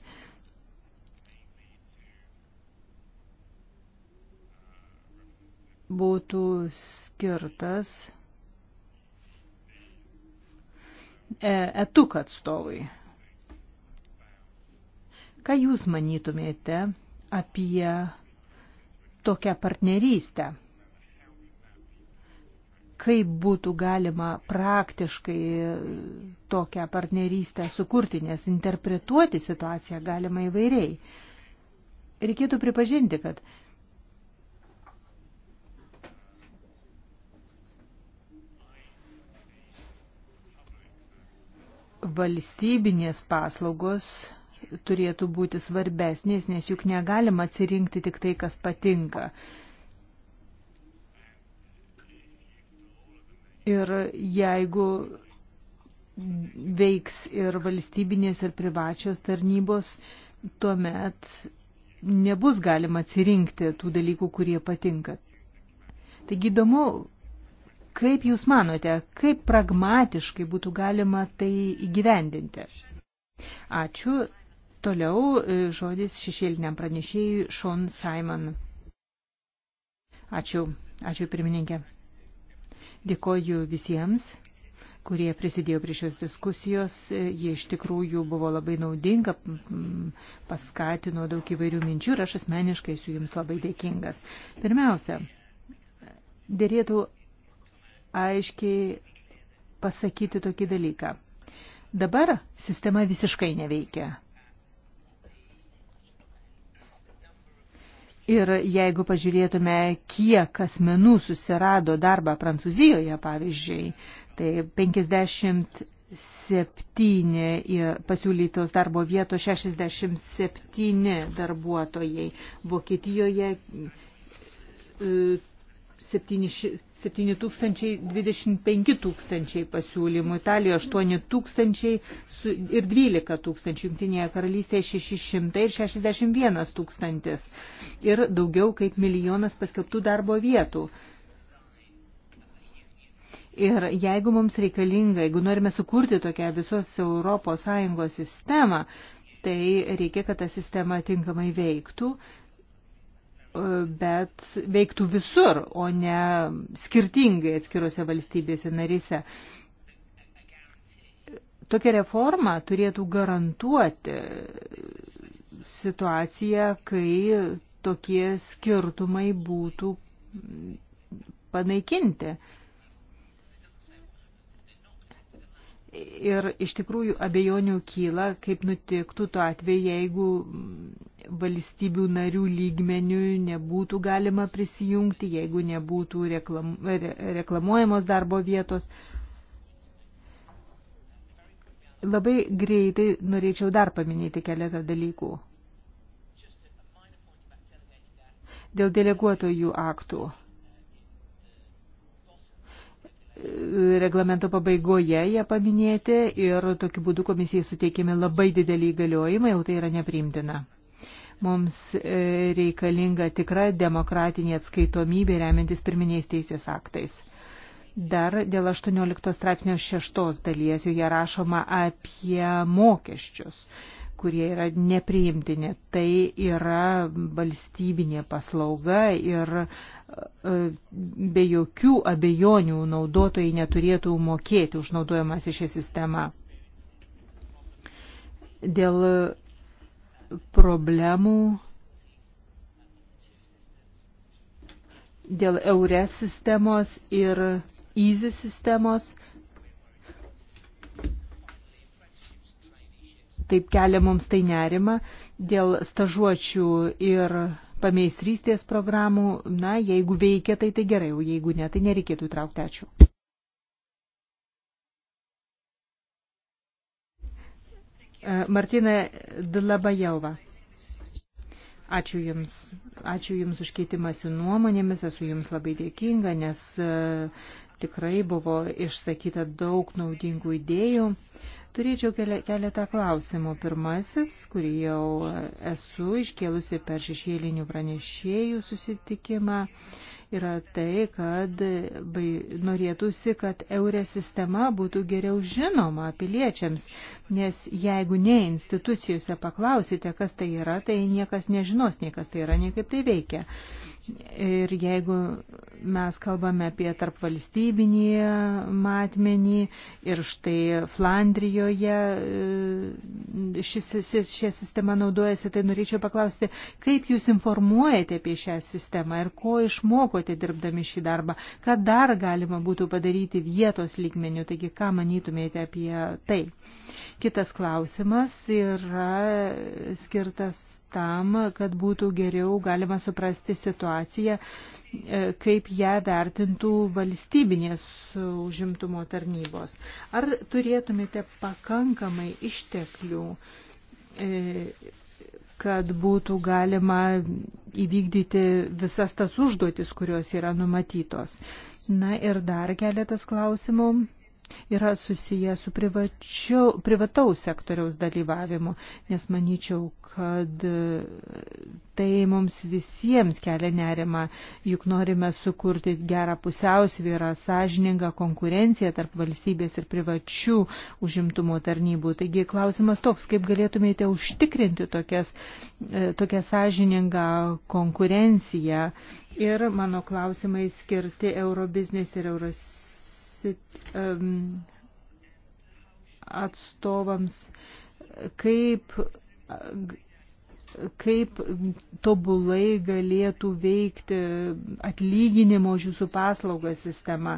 būtų skirtas E, etuk atstovui. Ką Jūs manytumėte apie tokią partnerystę? Kaip būtų galima praktiškai tokią partnerystę sukurti, nes interpretuoti situaciją galima įvairiai. Reikėtų pripažinti, kad valstybinės paslaugos turėtų būti svarbesnės, nes juk negalima atsirinkti tik tai, kas patinka. Ir jeigu veiks ir valstybinės, ir privačios tarnybos, tuomet nebus galima atsirinkti tų dalykų, kurie patinka. Taigi įdomu, Kaip Jūs manote, kaip pragmatiškai būtų galima tai įgyvendinti? Ačiū. Toliau e, žodis šešėliniam pranešėjui Sean Simon. Ačiū. Ačiū pirmininkė. Dėkoju visiems, kurie prisidėjo prie šios diskusijos. E, jie iš tikrųjų buvo labai naudinga, paskatino daug įvairių minčių ir aš asmeniškai esu jums labai dėkingas. Pirmiausia, dėrėtų aiškiai pasakyti tokį dalyką. Dabar sistema visiškai neveikia. Ir jeigu pažiūrėtume, kiek asmenų susirado darbą Prancūzijoje, pavyzdžiui, tai 57 pasiūlytos darbo vietos 67 darbuotojai, Vokietijoje 7 tūkstančiai, 25 tūkstančiai pasiūlymų, Italijoje 8 tūkstančiai ir 12 tūkstančių, Junktinėje karalystėje 600 ir 61 tūkstantis ir daugiau kaip milijonas paskelbtų darbo vietų. Ir jeigu mums reikalinga, jeigu norime sukurti tokią visos ES sistemą, tai reikia, kad ta sistema tinkamai veiktų, bet veiktų visur, o ne skirtingai atskirose valstybėse narise. Tokia reforma turėtų garantuoti situaciją, kai tokie skirtumai būtų panaikinti. Ir iš tikrųjų abejonių kyla, kaip nutiktų tuo atveju, jeigu valstybių narių lygmenių nebūtų galima prisijungti, jeigu nebūtų reklam, re, reklamuojamos darbo vietos. Labai greitai norėčiau dar paminėti keletą dalykų. Dėl deleguotojų aktų reglamento pabaigoje jie paminėti ir tokiu būdu komisijai suteikiami labai dideliai įgaliojimai, jau tai yra nepriimtina. Mums e, reikalinga tikra demokratinė atskaitomybė remiantis pirminiais teisės aktais. Dar dėl 18 straipsnio 6 dalies joje rašoma apie mokesčius kurie yra nepriimtini. Tai yra valstybinė paslauga ir e, be jokių abejonių naudotojai neturėtų mokėti už naudojimąsi šią sistemą. Dėl problemų dėl EURES sistemos ir EASY sistemos taip kelia mums tai nerima dėl stažuočių ir pameistrystės programų. Na, jeigu veikia, tai tai gerai, o jeigu ne, tai nereikėtų įtraukti. Ačiū. E, Martina Dlabajova. Ačiū Jums. Ačiū Jums už keitimąsi nuomonėmis. Esu Jums labai dėkinga, nes e, tikrai buvo išsakyta daug naudingų idėjų. Turėčiau keletą klausimų. Pirmasis, kurį jau esu iškėlusi per šešėlinių pranešėjų susitikimą, yra tai, kad norėtųsi, kad eurė sistema būtų geriau žinoma piliečiams. Nes jeigu ne institucijose paklausite, kas tai yra, tai niekas nežinos, nei kas tai yra, nei kaip tai veikia. Ir jeigu mes kalbame apie tarpvalstybinį matmenį ir štai Flandrijoje e, ši, ši, šią sistemą naudojasi, tai norėčiau paklausti, kaip jūs informuojate apie šią sistemą ir ko išmokote dirbdami šį darbą, ką dar galima būtų padaryti vietos lygmenių, taigi ką manytumėte apie tai. Kitas klausimas yra skirtas tam, kad būtų geriau galima suprasti situaciją, e, kaip ją vertintų valstybinės užimtumo tarnybos. Ar turėtumėte pakankamai išteklių? E, kad būtų galima įvykdyti visas tas užduotis, kurios yra numatytos. Na ir dar keletas klausimų yra susiję su privačiu, privataus sektoriaus dalyvavimu, nes manyčiau, kad e, tai mums visiems kelia nerima, juk norime sukurti gerą pusiausvyrą, sąžiningą konkurenciją tarp valstybės ir privačių užimtumo tarnybų. Taigi klausimas toks, kaip galėtumėte užtikrinti tokias, e, tokią sąžiningą konkurenciją. Ir mano klausimai skirti Eurobiznis ir Euros um, atstovams, kaip, kaip tobulai galėtų veikti atlyginimo už jūsų paslaugą sistema.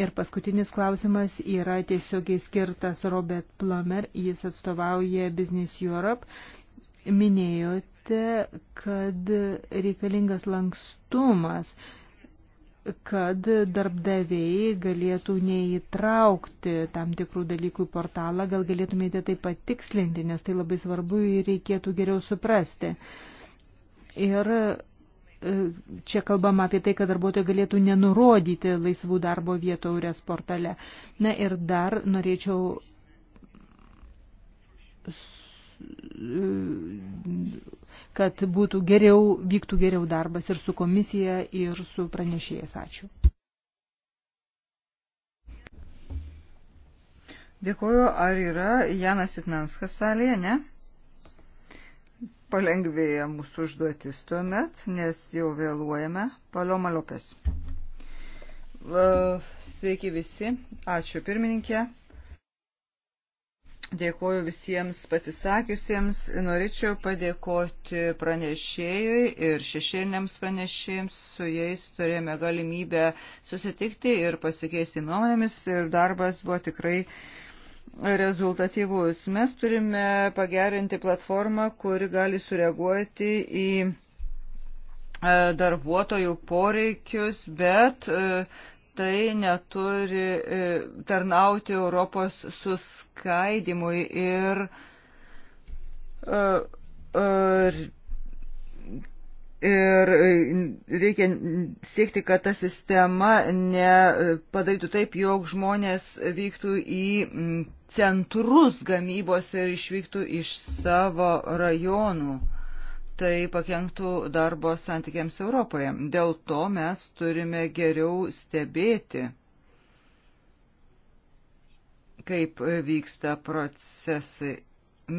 Ir paskutinis klausimas yra tiesiogiai skirtas Robert Plummer, jis atstovauja Business Europe. Minėjote, kad reikalingas lankstumas kad darbdaviai galėtų neįtraukti tam tikrų dalykų į portalą. Gal galėtumėte tai patikslinti, nes tai labai svarbu ir reikėtų geriau suprasti. Ir e, čia kalbama apie tai, kad darbuotojai galėtų nenurodyti laisvų darbo vietų Eures portale. Na ir dar norėčiau kad būtų geriau, vyktų geriau darbas ir su komisija, ir su pranešėjas. Ačiū. Dėkuoju, ar yra Janas Itnanskas salėje, ne? Palengvėja mūsų užduotis tuomet, nes jau vėluojame. Paloma Lopes. Sveiki visi, ačiū pirmininkė. Dėkuoju visiems pasisakiusiems. Norėčiau padėkoti pranešėjui ir šešėliniams pranešėjams. Su jais turėjome galimybę susitikti ir pasikeisti nuomonėmis ir darbas buvo tikrai rezultatyvus. Mes turime pagerinti platformą, kuri gali sureaguoti į e, darbuotojų poreikius, bet e, tai neturi e, tarnauti Europos suskaidimui ir e, e, Ir reikia siekti, kad ta sistema nepadarytų taip, jog žmonės vyktų į centrus gamybos ir išvyktų iš savo rajonų tai pakenktų darbo santykiams Europoje. Dėl to mes turime geriau stebėti, kaip vyksta procesai.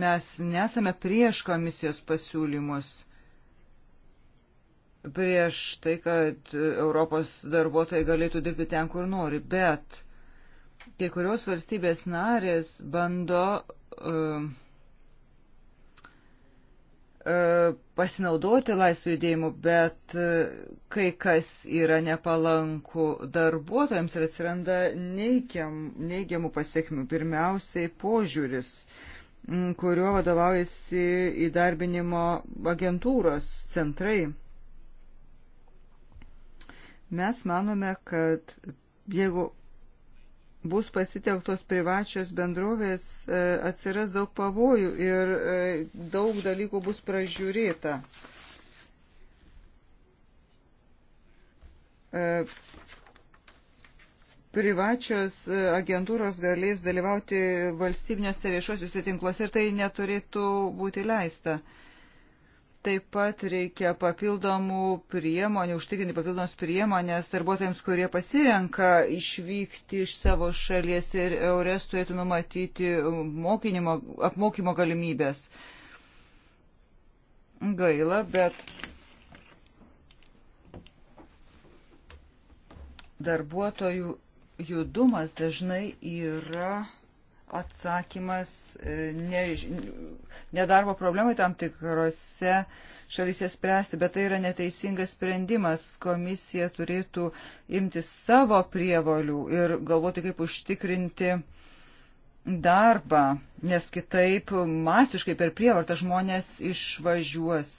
Mes nesame prieš komisijos pasiūlymus, prieš tai, kad Europos darbuotojai galėtų dirbti ten, kur nori, bet kai kurios valstybės narės bando uh, E, pasinaudoti laisvų judėjimų, bet e, kai kas yra nepalanku darbuotojams ir atsiranda neigiam, neigiamų pasiekmių. Pirmiausiai požiūris, kuriuo vadovaujasi įdarbinimo agentūros centrai. Mes manome, kad jeigu bus pasitelktos privačios bendrovės, e, atsiras daug pavojų ir e, daug dalykų bus pražiūrėta. E, privačios agentūros galės dalyvauti valstybiniuose viešuosiuose tinkluose ir tai neturėtų būti leista. Taip pat reikia papildomų priemonių, užtikrinti papildomas priemonės darbuotojams, kurie pasirenka išvykti iš savo šalies ir eures turėtų numatyti mokinimo, apmokymo galimybės. Gaila, bet darbuotojų judumas dažnai yra atsakymas e, ne, nedarbo problemai tam tikrose šalyse spręsti, bet tai yra neteisingas sprendimas. Komisija turėtų imti savo prievolių ir galvoti, kaip užtikrinti darbą, nes kitaip masiškai per prievartą žmonės išvažiuos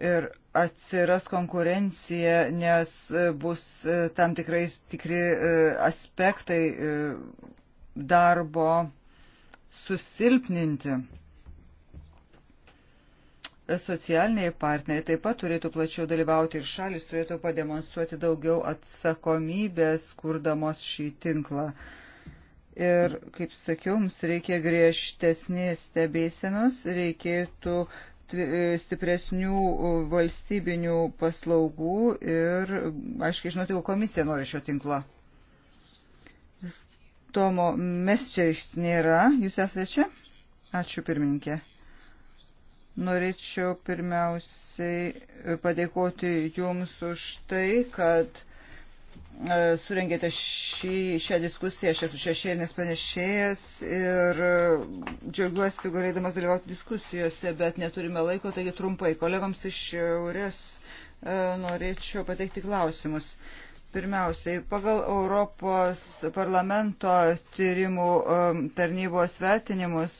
ir atsiras konkurencija, nes e, bus e, tam tikrais tikri e, aspektai darbo susilpninti. Socialiniai partneriai taip pat turėtų plačiau dalyvauti ir šalis turėtų pademonstruoti daugiau atsakomybės, kurdamos šį tinklą. Ir, kaip sakiau, mums reikia griežtesnės stebėsenos, reikėtų E, stipresnių e, valstybinių paslaugų ir, aiškiai, žinoti, ko komisija nori šio tinklo. Tomo, mes čia iš nėra, jūs esate čia? Ačiū pirmininkė. Norėčiau pirmiausiai e, padėkoti Jums už tai, kad E, surengėte šį, šią diskusiją, aš esu šešėlinis panešėjas ir e, džiaugiuosi galėdamas dalyvauti diskusijose, bet neturime laiko, taigi trumpai kolegams iš šiaurės e, norėčiau pateikti klausimus. Pirmiausiai, pagal Europos parlamento tyrimų tarnybos vertinimus,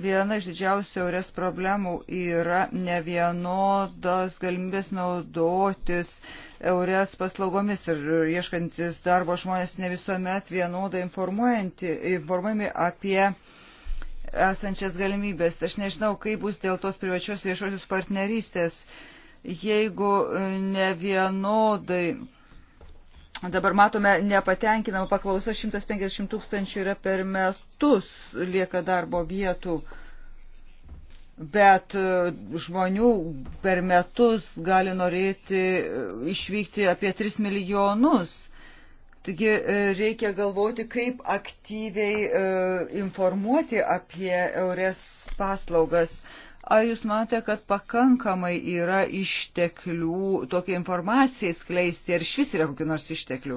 Viena iš didžiausių eures problemų yra ne vienodos galimybės naudotis eures paslaugomis ir ieškantis darbo žmonės ne visuomet vienodai informuojami apie esančias galimybės. Aš nežinau, kaip bus dėl tos privačios viešosios partnerystės, jeigu ne vienodai Dabar matome nepatenkinamą paklausą, 150 tūkstančių yra per metus lieka darbo vietų, bet e, žmonių per metus gali norėti e, išvykti apie 3 milijonus. Taigi e, reikia galvoti, kaip aktyviai informuoti apie eures paslaugas. Ar jūs manote, kad pakankamai yra išteklių tokiai informacijai skleisti, ar iš vis yra kokių nors išteklių?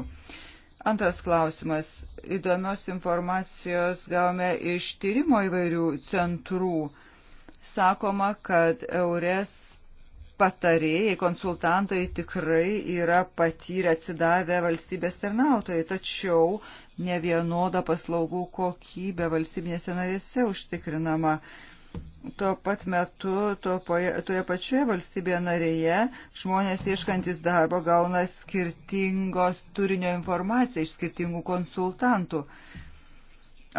Antras klausimas. Įdomios informacijos gavome iš tyrimo įvairių centrų. Sakoma, kad Eures patarėjai, konsultantai tikrai yra patyrę atsidavę valstybės tarnautojai, tačiau ne vienoda paslaugų kokybė valstybinėse narėse užtikrinama. Uh, tuo pat metu tuo poje, toje pačioje valstybėje narėje žmonės ieškantis darbo gauna skirtingos turinio informaciją iš skirtingų konsultantų.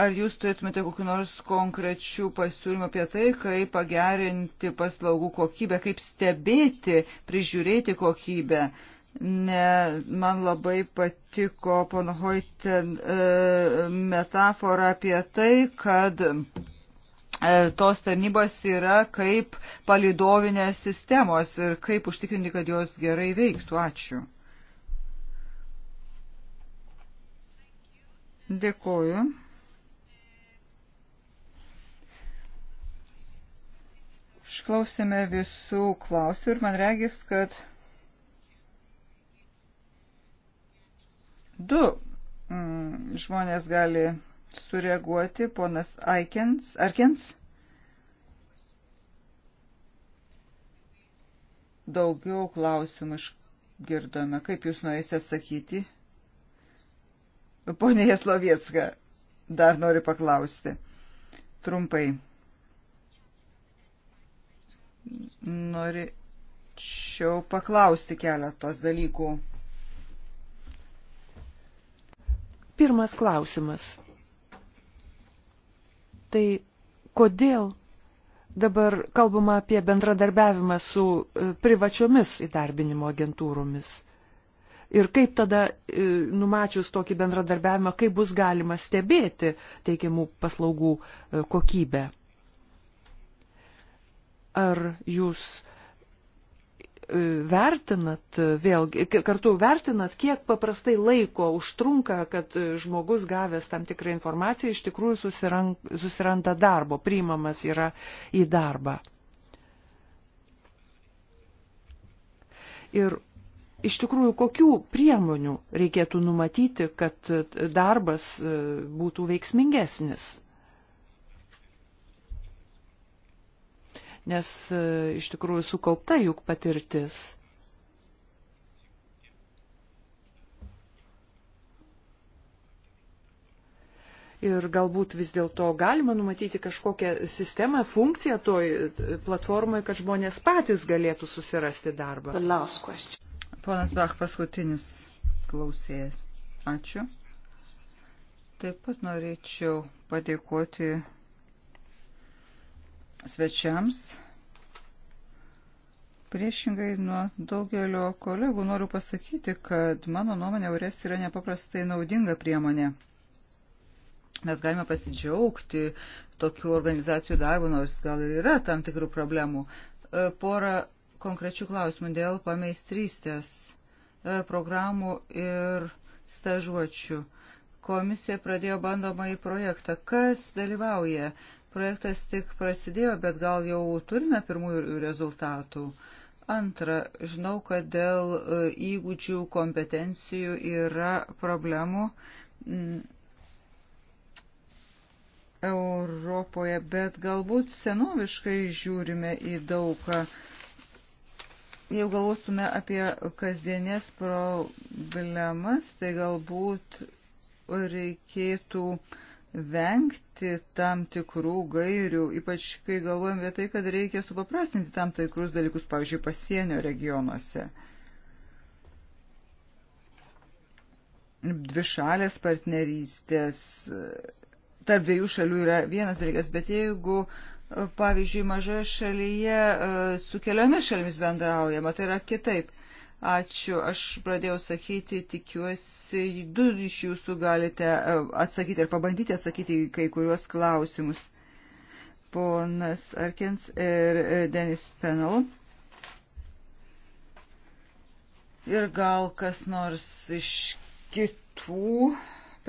Ar jūs turėtumėte kokiu nors konkrečių pasiūlymų apie tai, kaip pagerinti paslaugų kokybę, kaip stebėti, prižiūrėti kokybę? Ne, man labai patiko pono Hoiten e, metafora apie tai, kad e, E, tos tarnybos yra kaip palidovinės sistemos ir kaip užtikrinti, kad jos gerai veiktų. Ačiū. Dėkuoju. Išklausėme visų klausimų ir man regis, kad du mm, žmonės gali sureaguoti ponas Aikens, Arkens. Daugiau klausimų išgirdome. Kaip jūs norėsite atsakyti? Pone Jaslovietska, dar noriu paklausti. Trumpai. Norėčiau paklausti keletos dalykų. Pirmas klausimas. Tai kodėl dabar kalbama apie bendradarbiavimą su e, privačiomis įdarbinimo agentūromis? Ir kaip tada, e, numačius tokį bendradarbiavimą, kaip bus galima stebėti teikiamų paslaugų e, kokybę? Ar jūs E, vertinat, e, vėlgi, kartu vertinat, kiek paprastai laiko užtrunka, kad e, žmogus gavęs tam tikrą informaciją iš tikrųjų susirand, susiranda darbo, priimamas yra į darbą. Ir iš tikrųjų, kokių priemonių reikėtų numatyti, kad darbas būtų veiksmingesnis? nes e, iš tikrųjų sukaupta juk patirtis. ir galbūt vis dėlto galima numatyti kažkokią sistemą, funkciją toj e, platformai, kad žmonės patys galėtų susirasti darbą. Ponas Bach, paskutinis klausėjas. Ačiū. Taip pat norėčiau padėkoti svečiams. Priešingai nuo daugelio kolegų noriu pasakyti, kad mano nuomonė eures yra nepaprastai naudinga priemonė. Mes galime pasidžiaugti tokių organizacijų darbu, nors gal ir yra tam tikrų problemų. E, porą konkrečių klausimų dėl pameistrystės e, programų ir stažuočių. Komisija pradėjo bandomąjį projektą. Kas dalyvauja? Projektas tik prasidėjo, bet gal jau turime pirmųjų rezultatų. Antra, žinau, kad dėl e, įgūdžių, kompetencijų yra problemų mm, Europoje, bet galbūt senoviškai žiūrime į daugą. Jau galvotume apie kasdienės problemas, tai galbūt reikėtų uh, vengti tam tikrų gairių, ypač kai galvojam apie tai, kad reikia supaprastinti tam tikrus dalykus, pavyzdžiui, pasienio regionuose. Dvišalės partnerystės tarp dviejų šalių yra vienas dalykas, bet jeigu, pavyzdžiui, mažoje šalyje su keliomis šalimis bendraujama, tai yra kitaip. Ačiū. Aš pradėjau sakyti, tikiuosi, du iš jūsų galite e, atsakyti ir pabandyti atsakyti į kai kuriuos klausimus. Ponas Arkins ir e, Denis Penel. Ir gal kas nors iš kitų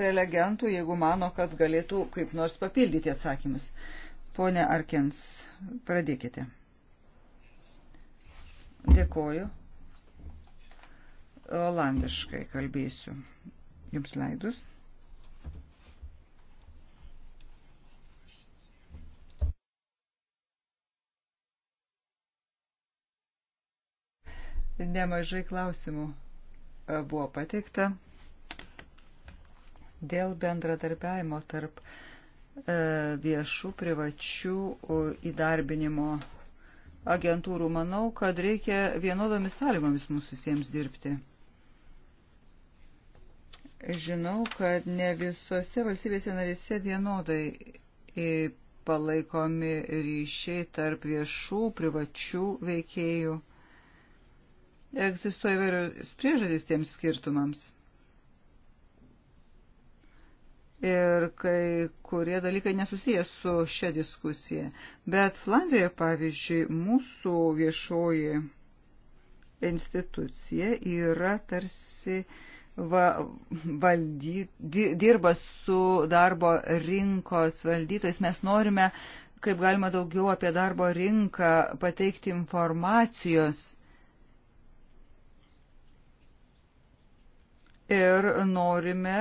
prelegentų, jeigu mano, kad galėtų kaip nors papildyti atsakymus. Pone Arkins, pradėkite. Dėkoju olandiškai kalbėsiu. Jums leidus. Nemažai klausimų e, buvo pateikta dėl bendradarbiavimo tarp e, viešų privačių įdarbinimo agentūrų. Manau, kad reikia vienodomis sąlygomis mūsų visiems dirbti. Žinau, kad ne visose valstybėse narėse vienodai e, palaikomi ryšiai tarp viešų, privačių veikėjų. Egzistuoja įvairios priežastys tiems skirtumams. Ir kai kurie dalykai nesusijęs su šia diskusija. Bet Flandrijoje, pavyzdžiui, mūsų viešoji institucija yra tarsi uh, va, valdy, di, dirba su darbo rinkos valdytojais. Mes norime, kaip galima daugiau apie darbo rinką pateikti informacijos. Ir norime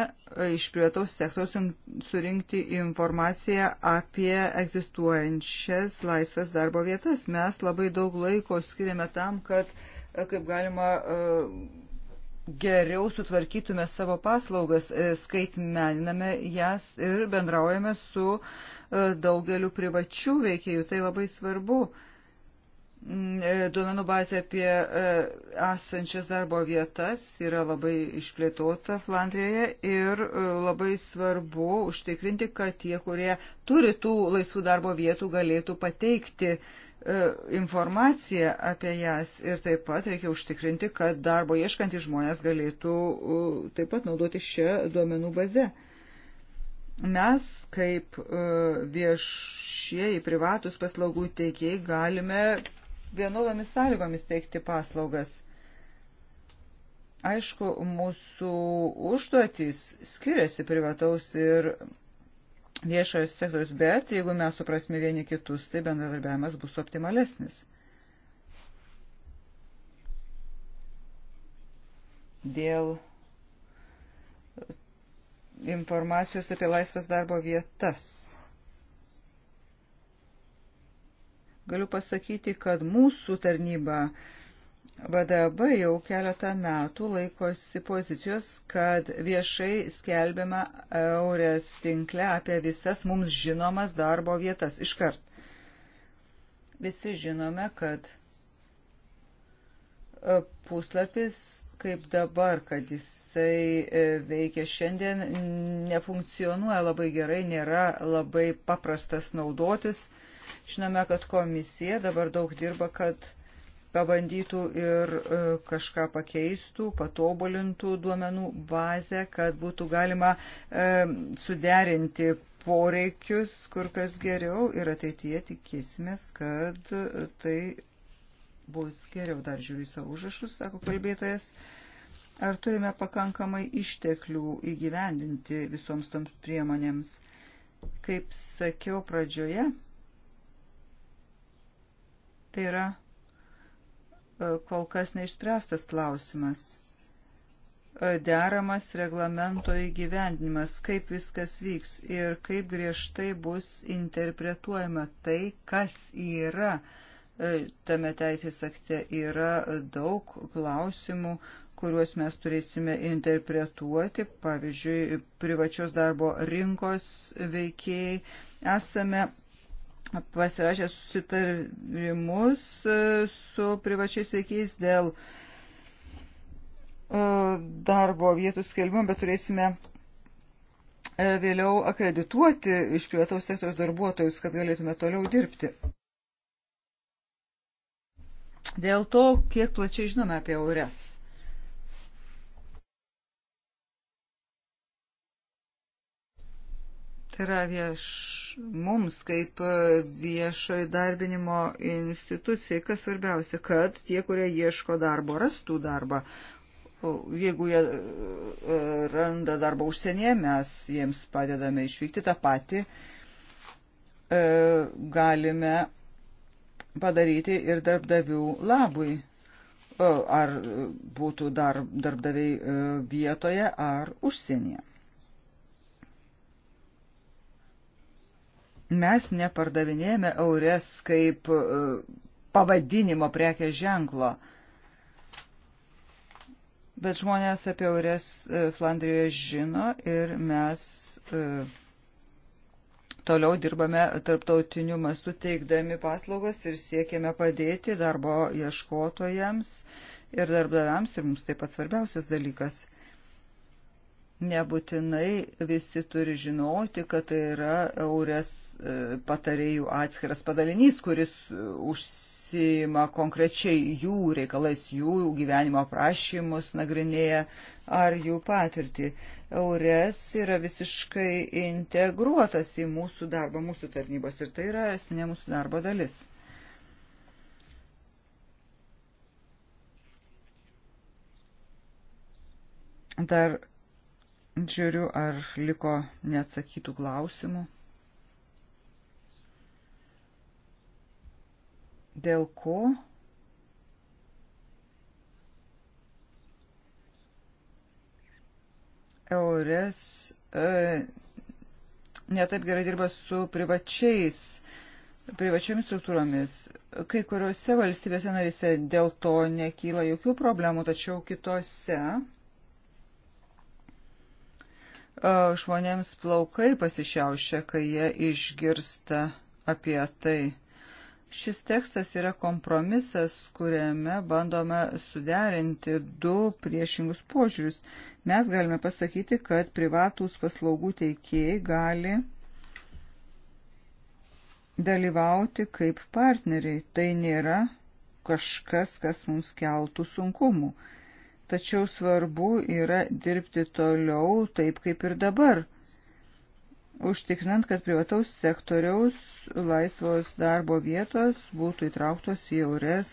iš privataus sektoriaus surinkti informaciją apie egzistuojančias laisvas darbo vietas. Mes labai daug laiko skiriame tam, kad kaip galima uh, geriau sutvarkytume savo paslaugas, e, skaitmeniname jas ir bendraujame su e, daugeliu privačių veikėjų. Tai labai svarbu. Mm, e, duomenų bazė apie esančias darbo vietas yra labai išplėtota Flandrijoje ir labai svarbu užtikrinti, kad tie, kurie turi tų laisvų darbo vietų, galėtų pateikti uh, E, informaciją apie jas ir taip pat reikia užtikrinti, kad darbo ieškantys žmonės galėtų taip pat naudoti šią duomenų bazę. Mes kaip e, viešieji privatus paslaugų teikėjai galime vienodomis sąlygomis teikti paslaugas. Aišku, mūsų užduotys skiriasi privataus ir viešojo sektorius, bet jeigu mes suprasime vieni kitus, tai bendradarbiavimas bus optimalesnis. Dėl informacijos apie laisvas darbo vietas. Galiu pasakyti, kad mūsų tarnyba uh, VDB jau keletą metų laikosi pozicijos, kad viešai skelbiama eurės tinkle apie visas mums žinomas darbo vietas iškart. Visi žinome, kad e, puslapis kaip dabar, kad jisai e, veikia šiandien, nefunkcionuoja labai gerai, nėra labai paprastas naudotis. Žinome, kad komisija dabar daug dirba, kad pabandytų ir e, kažką pakeistų, patobulintų duomenų bazę, kad būtų galima e, suderinti poreikius kur kas geriau ir ateityje tikėsimės, kad tai bus geriau. Dar žiūriu į savo užrašus, sako kalbėtojas. Ar turime pakankamai išteklių įgyvendinti visoms toms priemonėms? Kaip sakiau pradžioje, tai yra E, kol kas neišspręstas klausimas. E, deramas reglamento įgyvendinimas, kaip viskas vyks ir kaip griežtai bus interpretuojama tai, kas yra e, tame teisės akte. Yra daug klausimų, kuriuos mes turėsime interpretuoti, pavyzdžiui, privačios darbo rinkos veikėjai. Esame pasirašė susitarimus e, su privačiais veikiais dėl e, darbo vietų skelbimo, bet turėsime e, vėliau akredituoti iš privataus sektoriaus darbuotojus, kad galėtume toliau dirbti. Dėl to, kiek plačiai žinome apie eures. Tai yra vieš, mums kaip e, viešo įdarbinimo institucijai, kas svarbiausia, kad tie, kurie ieško darbo, rastų darbą. Jeigu jie e, randa darbą užsienyje, mes jiems padedame išvykti tą patį, e, galime padaryti ir darbdavių labui. Ar būtų dar, darbdaviai vietoje ar užsienyje. Mes nepardavinėjame eures kaip e, pavadinimo prekės ženklo. Bet žmonės apie eures e, Flandrijoje žino ir mes e, toliau dirbame tarptautiniu mastu teikdami paslaugas ir siekiame padėti darbo ieškotojams ir darbdaviams ir mums taip pat svarbiausias dalykas – nebūtinai visi turi žinoti, kad tai yra eurės e, patarėjų atskiras padalinys, kuris užsima konkrečiai jų reikalais, jų gyvenimo aprašymus nagrinėja ar jų patirtį. Eures yra visiškai integruotas į mūsų darbą, mūsų tarnybos ir tai yra esminė mūsų darbo dalis. Dar Žiūriu, ar liko neatsakytų klausimų. Dėl ko? Eures e, netaip gerai dirba su privačiais, privačiomis struktūromis. Kai kuriuose valstybėse narise dėl to nekyla jokių problemų, tačiau kitose žmonėms plaukai pasišiaušia, kai jie išgirsta apie tai. Šis tekstas yra kompromisas, kuriame bandome suderinti du priešingus požiūrius. Mes galime pasakyti, kad privatūs paslaugų teikėjai gali dalyvauti kaip partneriai. Tai nėra kažkas, kas mums keltų sunkumų tačiau svarbu yra dirbti toliau taip kaip ir dabar, užtikrinant, kad privataus sektoriaus laisvos darbo vietos būtų įtrauktos į eures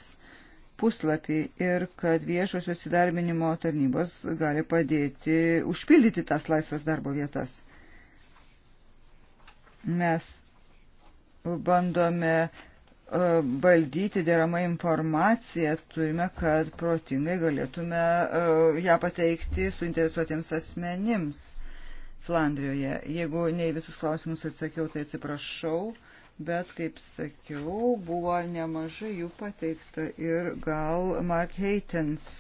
puslapį ir kad viešosios įdarbinimo tarnybos gali padėti užpildyti tas laisvas darbo vietas. Mes bandome uh, E, valdyti deramą informaciją, turime, kad protingai galėtume e, ją pateikti suinteresuotiems asmenims Flandrijoje. Jeigu ne į visus klausimus atsakiau, tai atsiprašau, bet, kaip sakiau, buvo nemažai jų pateikta ir gal Mark Heitens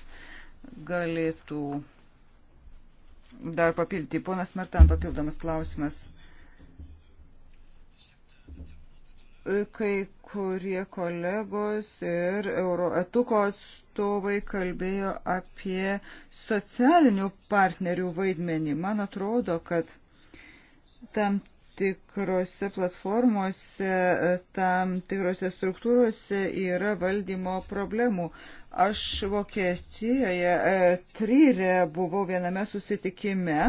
galėtų dar papildyti. Ponas Martan, papildomas klausimas. kai kurie kolegos ir Euroetuko atstovai kalbėjo apie socialinių partnerių vaidmenį. Man atrodo, kad tam tikrose platformose, tam tikrose struktūrose yra valdymo problemų. Aš Vokietijoje e, tryrė buvau viename susitikime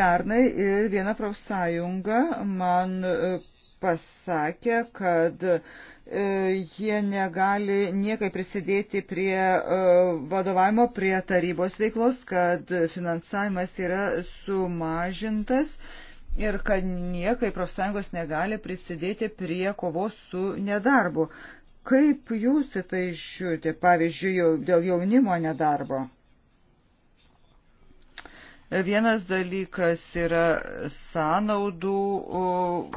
pernai ir viena profsąjunga man e, pasakė, kad e, jie negali niekai prisidėti prie e, vadovavimo, prie tarybos veiklos, kad finansavimas yra sumažintas ir kad niekai profsąjungos negali prisidėti prie kovos su nedarbu. Kaip jūs į tai žiūrite, pavyzdžiui, dėl jaunimo nedarbo? Vienas dalykas yra sąnaudų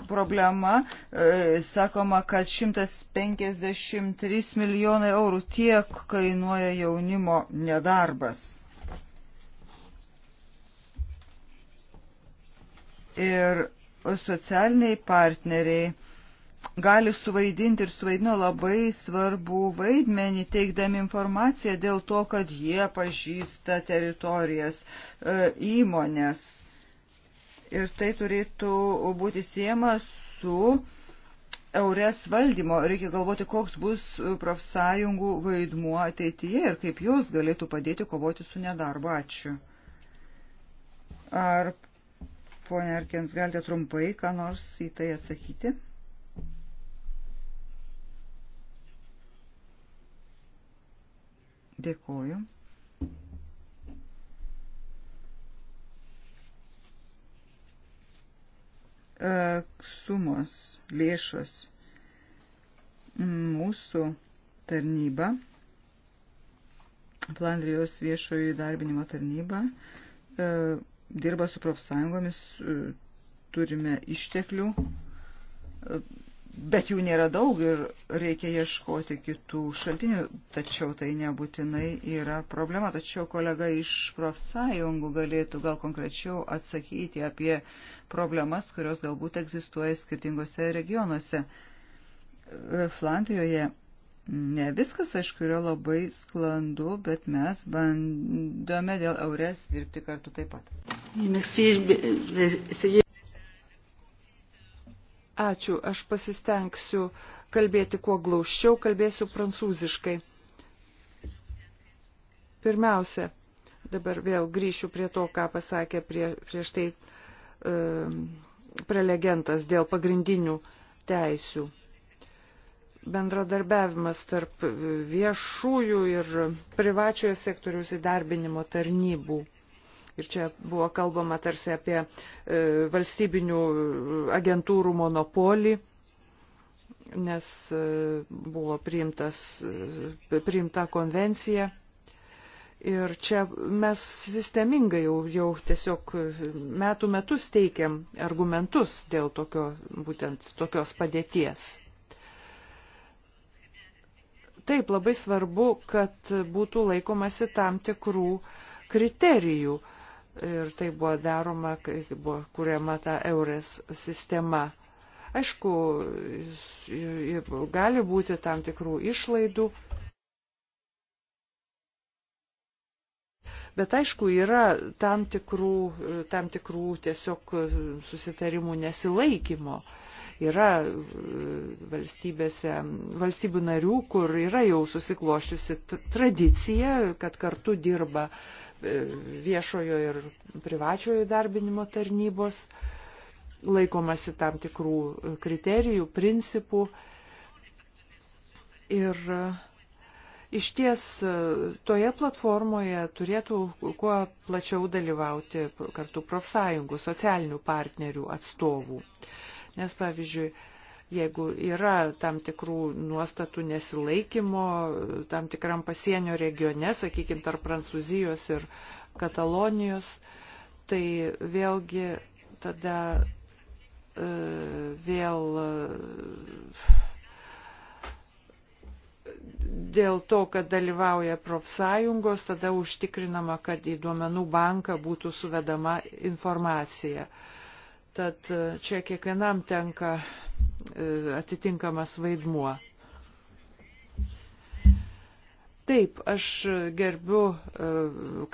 problema. E, sakoma, kad 153 milijonai eurų tiek kainuoja jaunimo nedarbas. Ir socialiniai partneriai gali suvaidinti ir suvaidino labai svarbu vaidmenį, teikdami informaciją dėl to, kad jie pažįsta teritorijas, e, įmonės. Ir tai turėtų būti siejama su eures valdymo. Reikia galvoti, koks bus profsąjungų vaidmuo ateityje ir kaip jos galėtų padėti kovoti su nedarbu. Ačiū. Ar, ponia Arkins, galite trumpai, ką nors į tai atsakyti? Dėkuoju. E, sumos, lėšos mūsų tarnyba, Flandrijos viešojo įdarbinimo tarnyba, e, dirba su profsąjungomis, e, turime išteklių bet jų nėra daug ir reikia ieškoti kitų šaltinių, tačiau tai nebūtinai yra problema. Tačiau kolega iš profsąjungų galėtų gal konkrečiau atsakyti apie problemas, kurios galbūt egzistuoja skirtingose regionuose. E, Flandrijoje ne viskas, aišku, yra labai sklandu, bet mes bandome dėl eures dirbti kartu taip pat. Merci, Ačiū, aš pasistengsiu kalbėti kuo glaušiau, kalbėsiu prancūziškai. Pirmiausia, dabar vėl grįšiu prie to, ką pasakė prie, prieš tai e, prelegentas dėl pagrindinių teisių. Bendradarbiavimas tarp viešųjų ir privačiojo sektoriaus įdarbinimo tarnybų Ir čia buvo kalbama tarsi apie e, valstybinių agentūrų monopolį, nes e, buvo priimtas, e, priimta konvencija. Ir čia mes sistemingai jau, jau tiesiog metų metus teikiam argumentus dėl tokio, būtent tokios padėties. Taip, labai svarbu, kad būtų laikomasi tam tikrų kriterijų, ir tai buvo daroma, kai buvo kuriama ta eurės sistema. Aišku, gali būti tam tikrų išlaidų, bet aišku, yra tam tikrų, tam tikrų tiesiog susitarimų nesilaikymo yra valstybėse, valstybių narių, kur yra jau susikloščiusi tradicija, kad kartu dirba viešojo ir privačiojo įdarbinimo tarnybos, laikomasi tam tikrų kriterijų, principų. Ir e, iš ties e, toje platformoje turėtų kuo plačiau dalyvauti kartu profsąjungų, socialinių partnerių atstovų. Nes, pavyzdžiui, jeigu yra tam tikrų nuostatų nesilaikymo tam tikram pasienio regione, sakykime, tarp Prancūzijos ir Katalonijos, tai vėlgi tada e, vėl dėl to, kad dalyvauja profsąjungos, tada užtikrinama, kad į duomenų banką būtų suvedama informacija. Tad e, čia kiekvienam tenka E, atitinkamas vaidmuo. Taip, aš gerbiu e,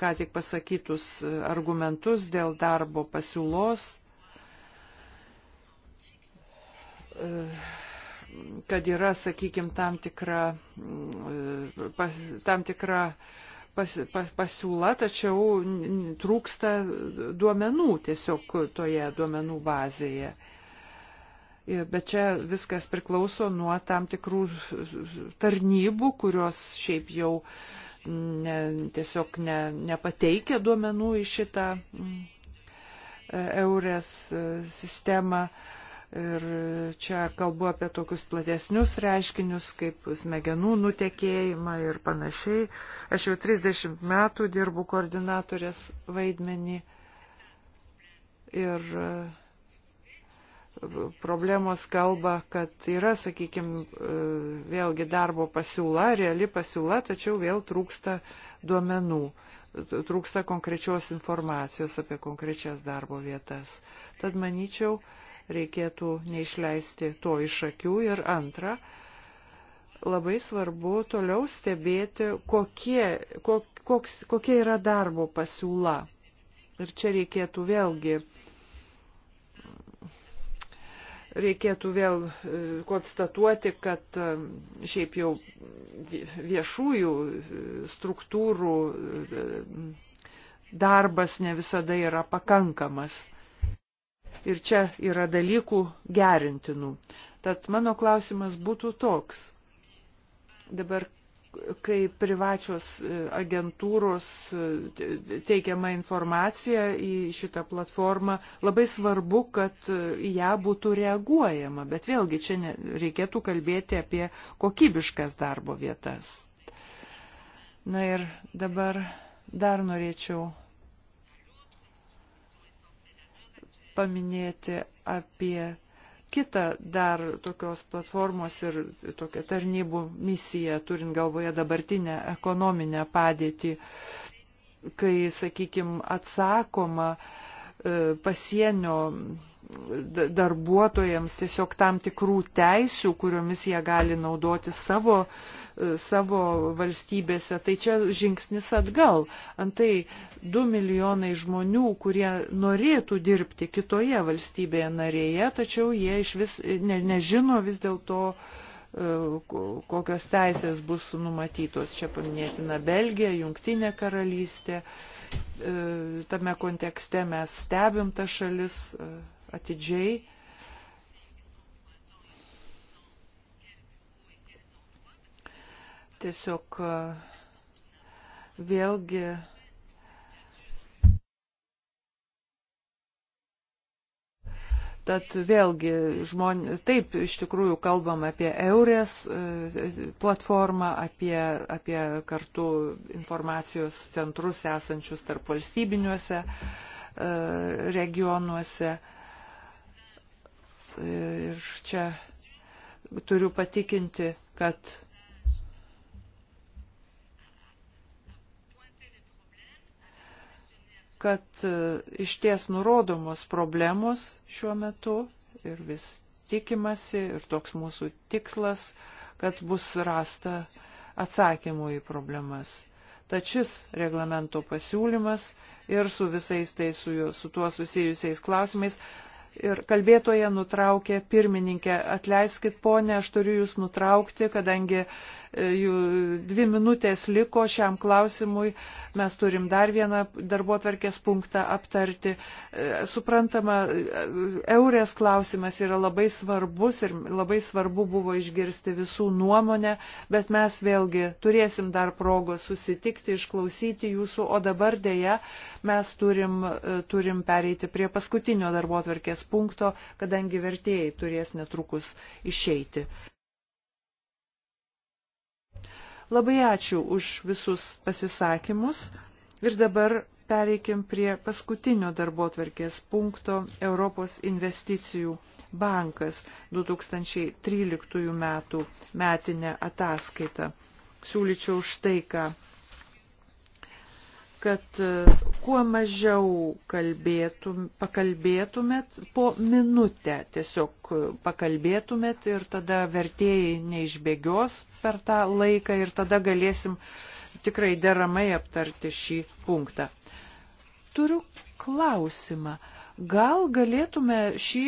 ką tik pasakytus argumentus dėl darbo pasiūlos, e, kad yra, sakykime, tam tikra, pas, tam tikra pas, pas, pasiūla, tačiau trūksta duomenų tiesiog toje duomenų bazėje. Bet čia viskas priklauso nuo tam tikrų tarnybų, kurios šiaip jau mm, ne, tiesiog ne, nepateikia duomenų į šitą mm, e, eurės e, sistemą. Ir čia kalbu apie tokius platesnius reiškinius, kaip smegenų nutekėjimą ir panašiai. Aš jau 30 metų dirbu koordinatorės vaidmenį ir uh, problemos kalba, kad yra, sakykime, vėlgi darbo pasiūla, reali pasiūla, tačiau vėl trūksta duomenų, trūksta konkrečios informacijos apie konkrečias darbo vietas. Tad manyčiau, reikėtų neišleisti to iš akių ir antra, labai svarbu toliau stebėti, kokie, kok, koks, kokia yra darbo pasiūla. Ir čia reikėtų vėlgi reikėtų vėl e, konstatuoti, kad e, šiaip jau viešųjų e, struktūrų darbas ne visada yra pakankamas. Ir čia yra dalykų gerintinų. Tad mano klausimas būtų toks. Dabar kai privačios e, agentūros e, teikiama informacija į šitą platformą, labai svarbu, kad e, į ją būtų reaguojama, bet vėlgi čia ne, reikėtų kalbėti apie kokybiškas darbo vietas. Na ir dabar dar norėčiau paminėti apie kitą dar tokios platformos ir tokią tarnybų misiją, turint galvoje dabartinę ekonominę padėtį, kai, sakykime, atsakoma e, pasienio darbuotojams tiesiog tam tikrų teisių, kuriomis jie gali naudoti savo savo valstybėse, tai čia žingsnis atgal. Antai 2 milijonai žmonių, kurie norėtų dirbti kitoje valstybėje narėje, tačiau jie iš vis ne, nežino vis dėlto, e, kokios teisės bus numatytos. Čia paminėtina Belgija, Jungtinė karalystė. E, tame kontekste mes stebim tą šalis e, atidžiai tiesiog e, vėlgi Tad vėlgi, žmon... taip iš tikrųjų kalbam apie Eurės e, platformą, apie, apie kartu informacijos centrus esančius tarp valstybiniuose e, regionuose. Ir čia turiu patikinti, kad kad e, iš ties nurodomos problemos šiuo metu ir vis tikimasi, ir toks mūsų tikslas, kad bus rasta atsakymų į problemas. Tad šis reglamento pasiūlymas ir su visais tai su, su tuo susijusiais klausimais. Ir kalbėtoje nutraukė pirmininkė, atleiskit ponė, aš turiu jūs nutraukti, kadangi E, dvi minutės liko šiam klausimui, mes turim dar vieną darbo tvarkės punktą aptarti. E, suprantama, e, eurės klausimas yra labai svarbus ir labai svarbu buvo išgirsti visų nuomonę, bet mes vėlgi turėsim dar progos susitikti, išklausyti jūsų, o dabar dėja mes turim, turim pereiti prie paskutinio darbo tvarkės punkto, kadangi vertėjai turės netrukus išeiti. Labai ačiū už visus pasisakymus ir dabar pereikim prie paskutinio darbo tvarkės punkto Europos investicijų bankas 2013 metų metinę ataskaitą. Siūlyčiau štai ką kad e, kuo mažiau kalbėtum, pakalbėtumėt po minutę, tiesiog pakalbėtumėt ir tada vertėjai neišbėgios per tą laiką ir tada galėsim tikrai deramai aptarti šį punktą. Turiu klausimą. Gal galėtume šį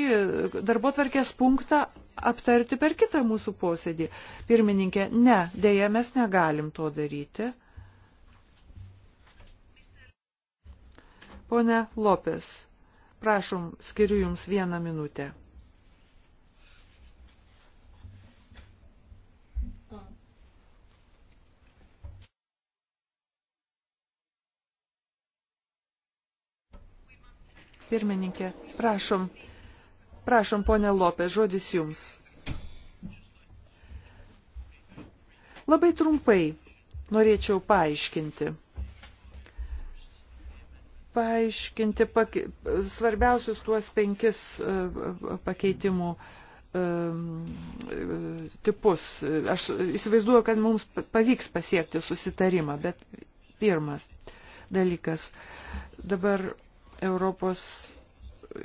darbo tvarkės punktą aptarti per kitą mūsų posėdį? Pirmininkė, ne, dėja mes negalim to daryti Pone Lopes, prašom, skiriu Jums vieną minutę. Pirmininkė, prašom, prašom, ponė Lopė, žodis jums. Labai trumpai norėčiau paaiškinti paaiškinti pake, svarbiausius tuos penkis e, e, pakeitimų e, tipus. Aš įsivaizduoju, kad mums pavyks pasiekti susitarimą, bet pirmas dalykas. Dabar Europos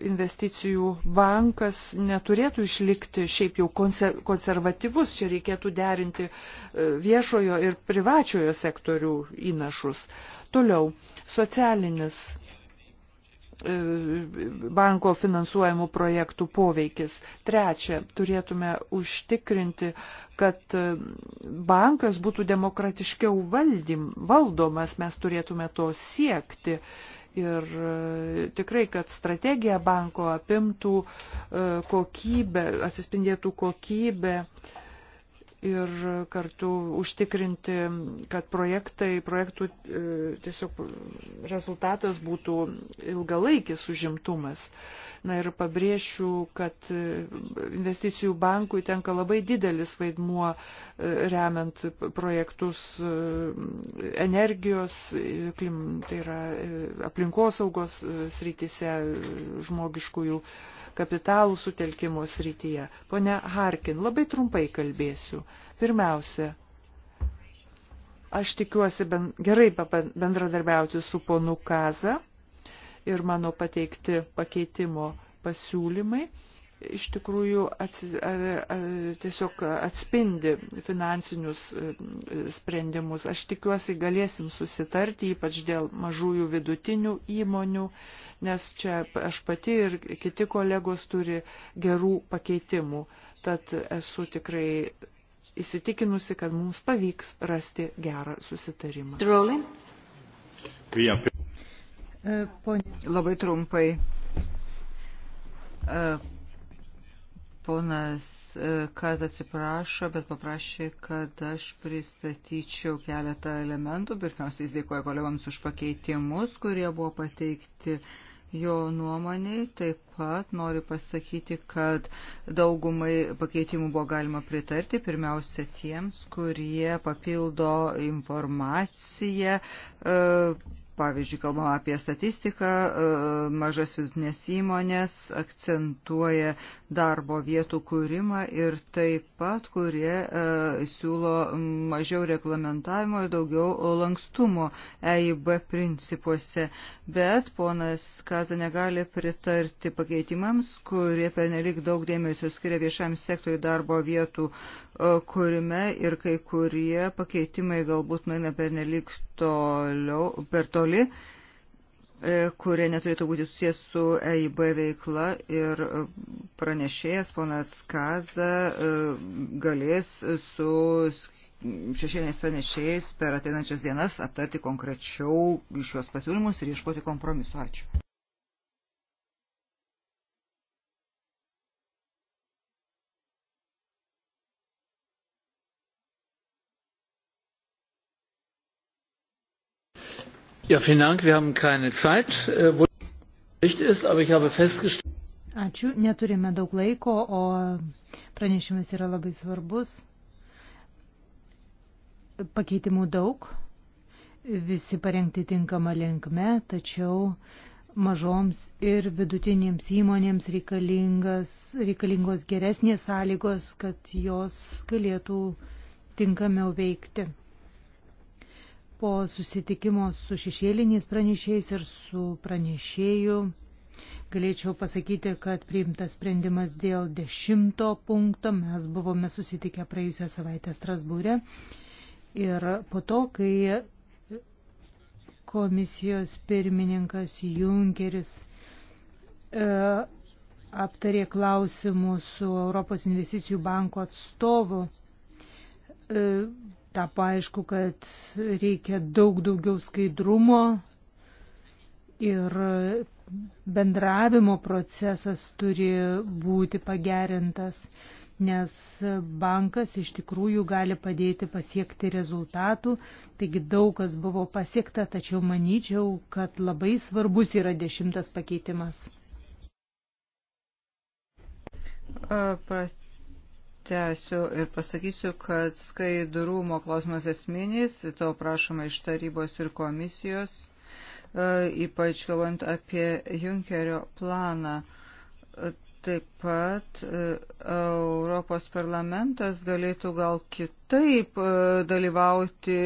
investicijų bankas neturėtų išlikti šiaip jau konservatyvus, čia reikėtų derinti e, viešojo ir privačiojo sektorių įnašus. Toliau, socialinis e, banko finansuojamų projektų poveikis. Trečia, turėtume užtikrinti, kad e, bankas būtų demokratiškiau valdim, valdomas, mes turėtume to siekti Ir e, tikrai, kad strategija banko apimtų e, kokybę, atsispindėtų kokybė, ir kartu užtikrinti, kad projektai, projektų e, tiesiog rezultatas būtų ilgalaikis užimtumas. Na ir pabrėšiu, kad e, investicijų bankui tenka labai didelis vaidmuo e, remiant projektus energijos, tai yra aplinkosaugos srityse žmogiškųjų kapitalų sutelkimo srityje. Pone Harkin, labai trumpai kalbėsiu. Pirmiausia, aš tikiuosi ben, gerai bendradarbiauti su ponu Kaza ir mano pateikti pakeitimo pasiūlymai iš tikrųjų ats, a, a, tiesiog atspindi finansinius e, sprendimus. Aš tikiuosi galėsim susitarti, ypač dėl mažųjų vidutinių įmonių, nes čia aš pati ir kiti kolegos turi gerų pakeitimų. Tad esu tikrai įsitikinusi, kad mums pavyks rasti gerą susitarimą. E, Labai trumpai e, Ponas e, Kaz atsiprašo, bet paprašė, kad aš pristatyčiau keletą elementų. Pirmiausia, jis dėkoja kolegoms už pakeitimus, kurie buvo pateikti jo nuomoniai. Taip pat noriu pasakyti, kad daugumai pakeitimų buvo galima pritarti. Pirmiausia, tiems, kurie papildo informaciją. E, Pavyzdžiui, kalbama apie statistiką, e, mažas vidutinės įmonės akcentuoja darbo vietų kūrimą ir taip pat, kurie e, siūlo mažiau reglamentavimo ir daugiau lankstumo EIB principuose. Bet ponas Kaza negali pritarti pakeitimams, kurie pernelik daug dėmesio skiria viešam sektoriu darbo vietų e, kūrime ir kai kurie pakeitimai galbūt nueina pernelik toliau, per toli, e, kurie neturėtų būti susijęs su EIB veikla ir pranešėjas ponas Kaza e, galės su šešėliniais pranešėjais per ateinančias dienas aptarti konkrečiau šios pasiūlymus ir ieškoti kompromisu. Ačiū. Ja, vielen Dank. Wir haben keine Zeit, äh, wo Bericht ist, aber ich habe festgestellt. Ačiū, neturime daug laiko, o pranešimas yra labai svarbus. Pakeitimų daug, visi parengti tinkamą linkme, tačiau mažoms ir vidutinėms įmonėms reikalingos geresnės sąlygos, kad jos galėtų tinkamiau veikti po susitikimo su šešėliniais pranešėjais ir su pranešėju galėčiau pasakyti, kad priimtas sprendimas dėl dešimto punkto. Mes buvome susitikę praėjusią savaitę Strasbūrė. Ir po to, kai komisijos pirmininkas Junkeris e, aptarė klausimus su Europos investicijų banko atstovu, e, Tapo aišku, kad reikia daug daugiau skaidrumo ir bendravimo procesas turi būti pagerintas, nes bankas iš tikrųjų gali padėti pasiekti rezultatų, taigi daug kas buvo pasiekta, tačiau manyčiau, kad labai svarbus yra dešimtas pakeitimas pratesiu ir pasakysiu, kad skaidrumo klausimas esminis, to prašoma iš tarybos ir komisijos, e, ypač kalbant apie Junkerio planą. E, taip pat e, Europos parlamentas galėtų gal kitaip dalyvauti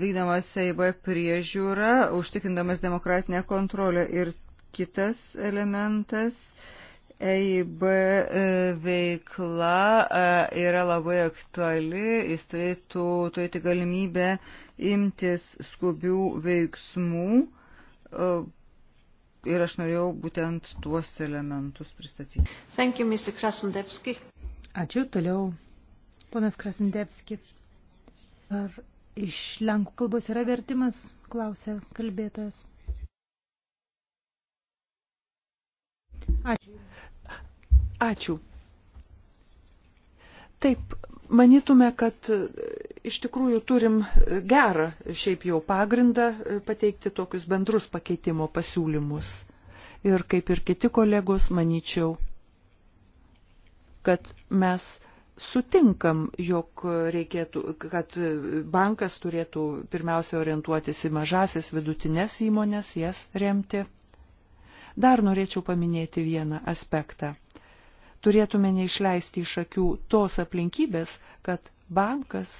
vykdamas EIB priežiūrą, užtikrindamas demokratinę kontrolę. Ir kitas elementas. Uh, EIB e, veikla e, yra labai aktuali, jis turėtų turėti galimybę imtis skubių veiksmų e, ir aš norėjau būtent tuos elementus pristatyti. Thank you, Mr. Krasnodebski. Ačiū, toliau. Ponas Krasnodebski. Ar iš lenkų kalbos yra vertimas? Klausė kalbėtojas. Ačiū. Ačiū. Taip, manytume, kad e, iš tikrųjų turim e, gerą šiaip jau pagrindą e, pateikti tokius bendrus pakeitimo pasiūlymus. Ir kaip ir kiti kolegos, manyčiau, kad mes sutinkam, jog reikėtų, kad bankas turėtų pirmiausia orientuotis į mažasis vidutinės įmonės, jas remti. Dar norėčiau paminėti vieną aspektą. Turėtume neišleisti iš akių tos aplinkybės, kad bankas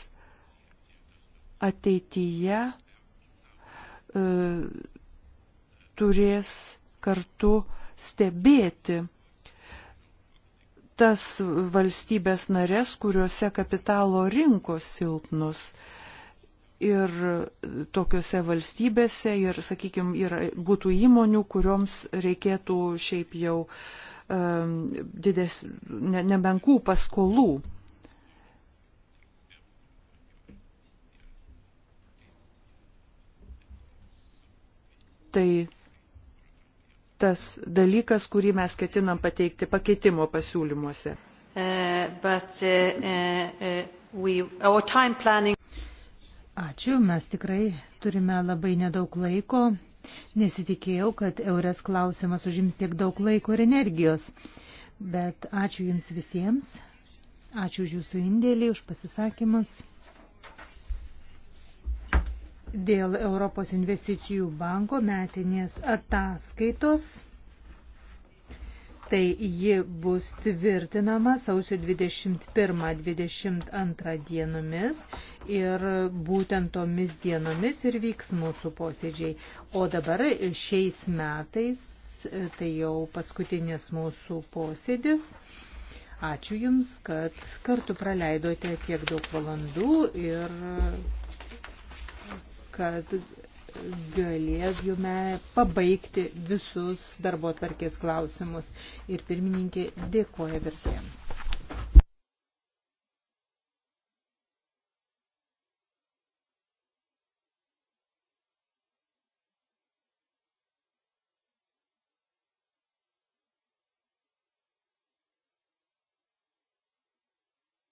ateityje e, turės kartu stebėti tas valstybės narės, kuriuose kapitalo rinkos silpnus. E, ir e, tokiuose valstybėse ir, sakykime, yra, būtų įmonių, kurioms reikėtų šiaip jau um, dides, ne, nemenkų paskolų. Tai tas dalykas, kurį mes ketinam pateikti pakeitimo pasiūlymuose. Uh, but, uh, uh, uh we, Ačiū, mes tikrai turime labai nedaug laiko. Nesitikėjau, kad eurės klausimas užims tiek daug laiko ir energijos. Bet ačiū Jums visiems. Ačiū už Jūsų indėlį, už pasisakymus. Dėl Europos investicijų banko metinės ataskaitos tai ji bus tvirtinama sausio 21-22 dienomis ir būtent tomis dienomis ir vyks mūsų posėdžiai. O dabar šiais metais tai jau paskutinis mūsų posėdis. Ačiū Jums, kad kartu praleidote tiek daug valandų ir kad galėsime pabaigti visus darbo tvarkės klausimus. Ir pirmininkė dėkoja vertėjams.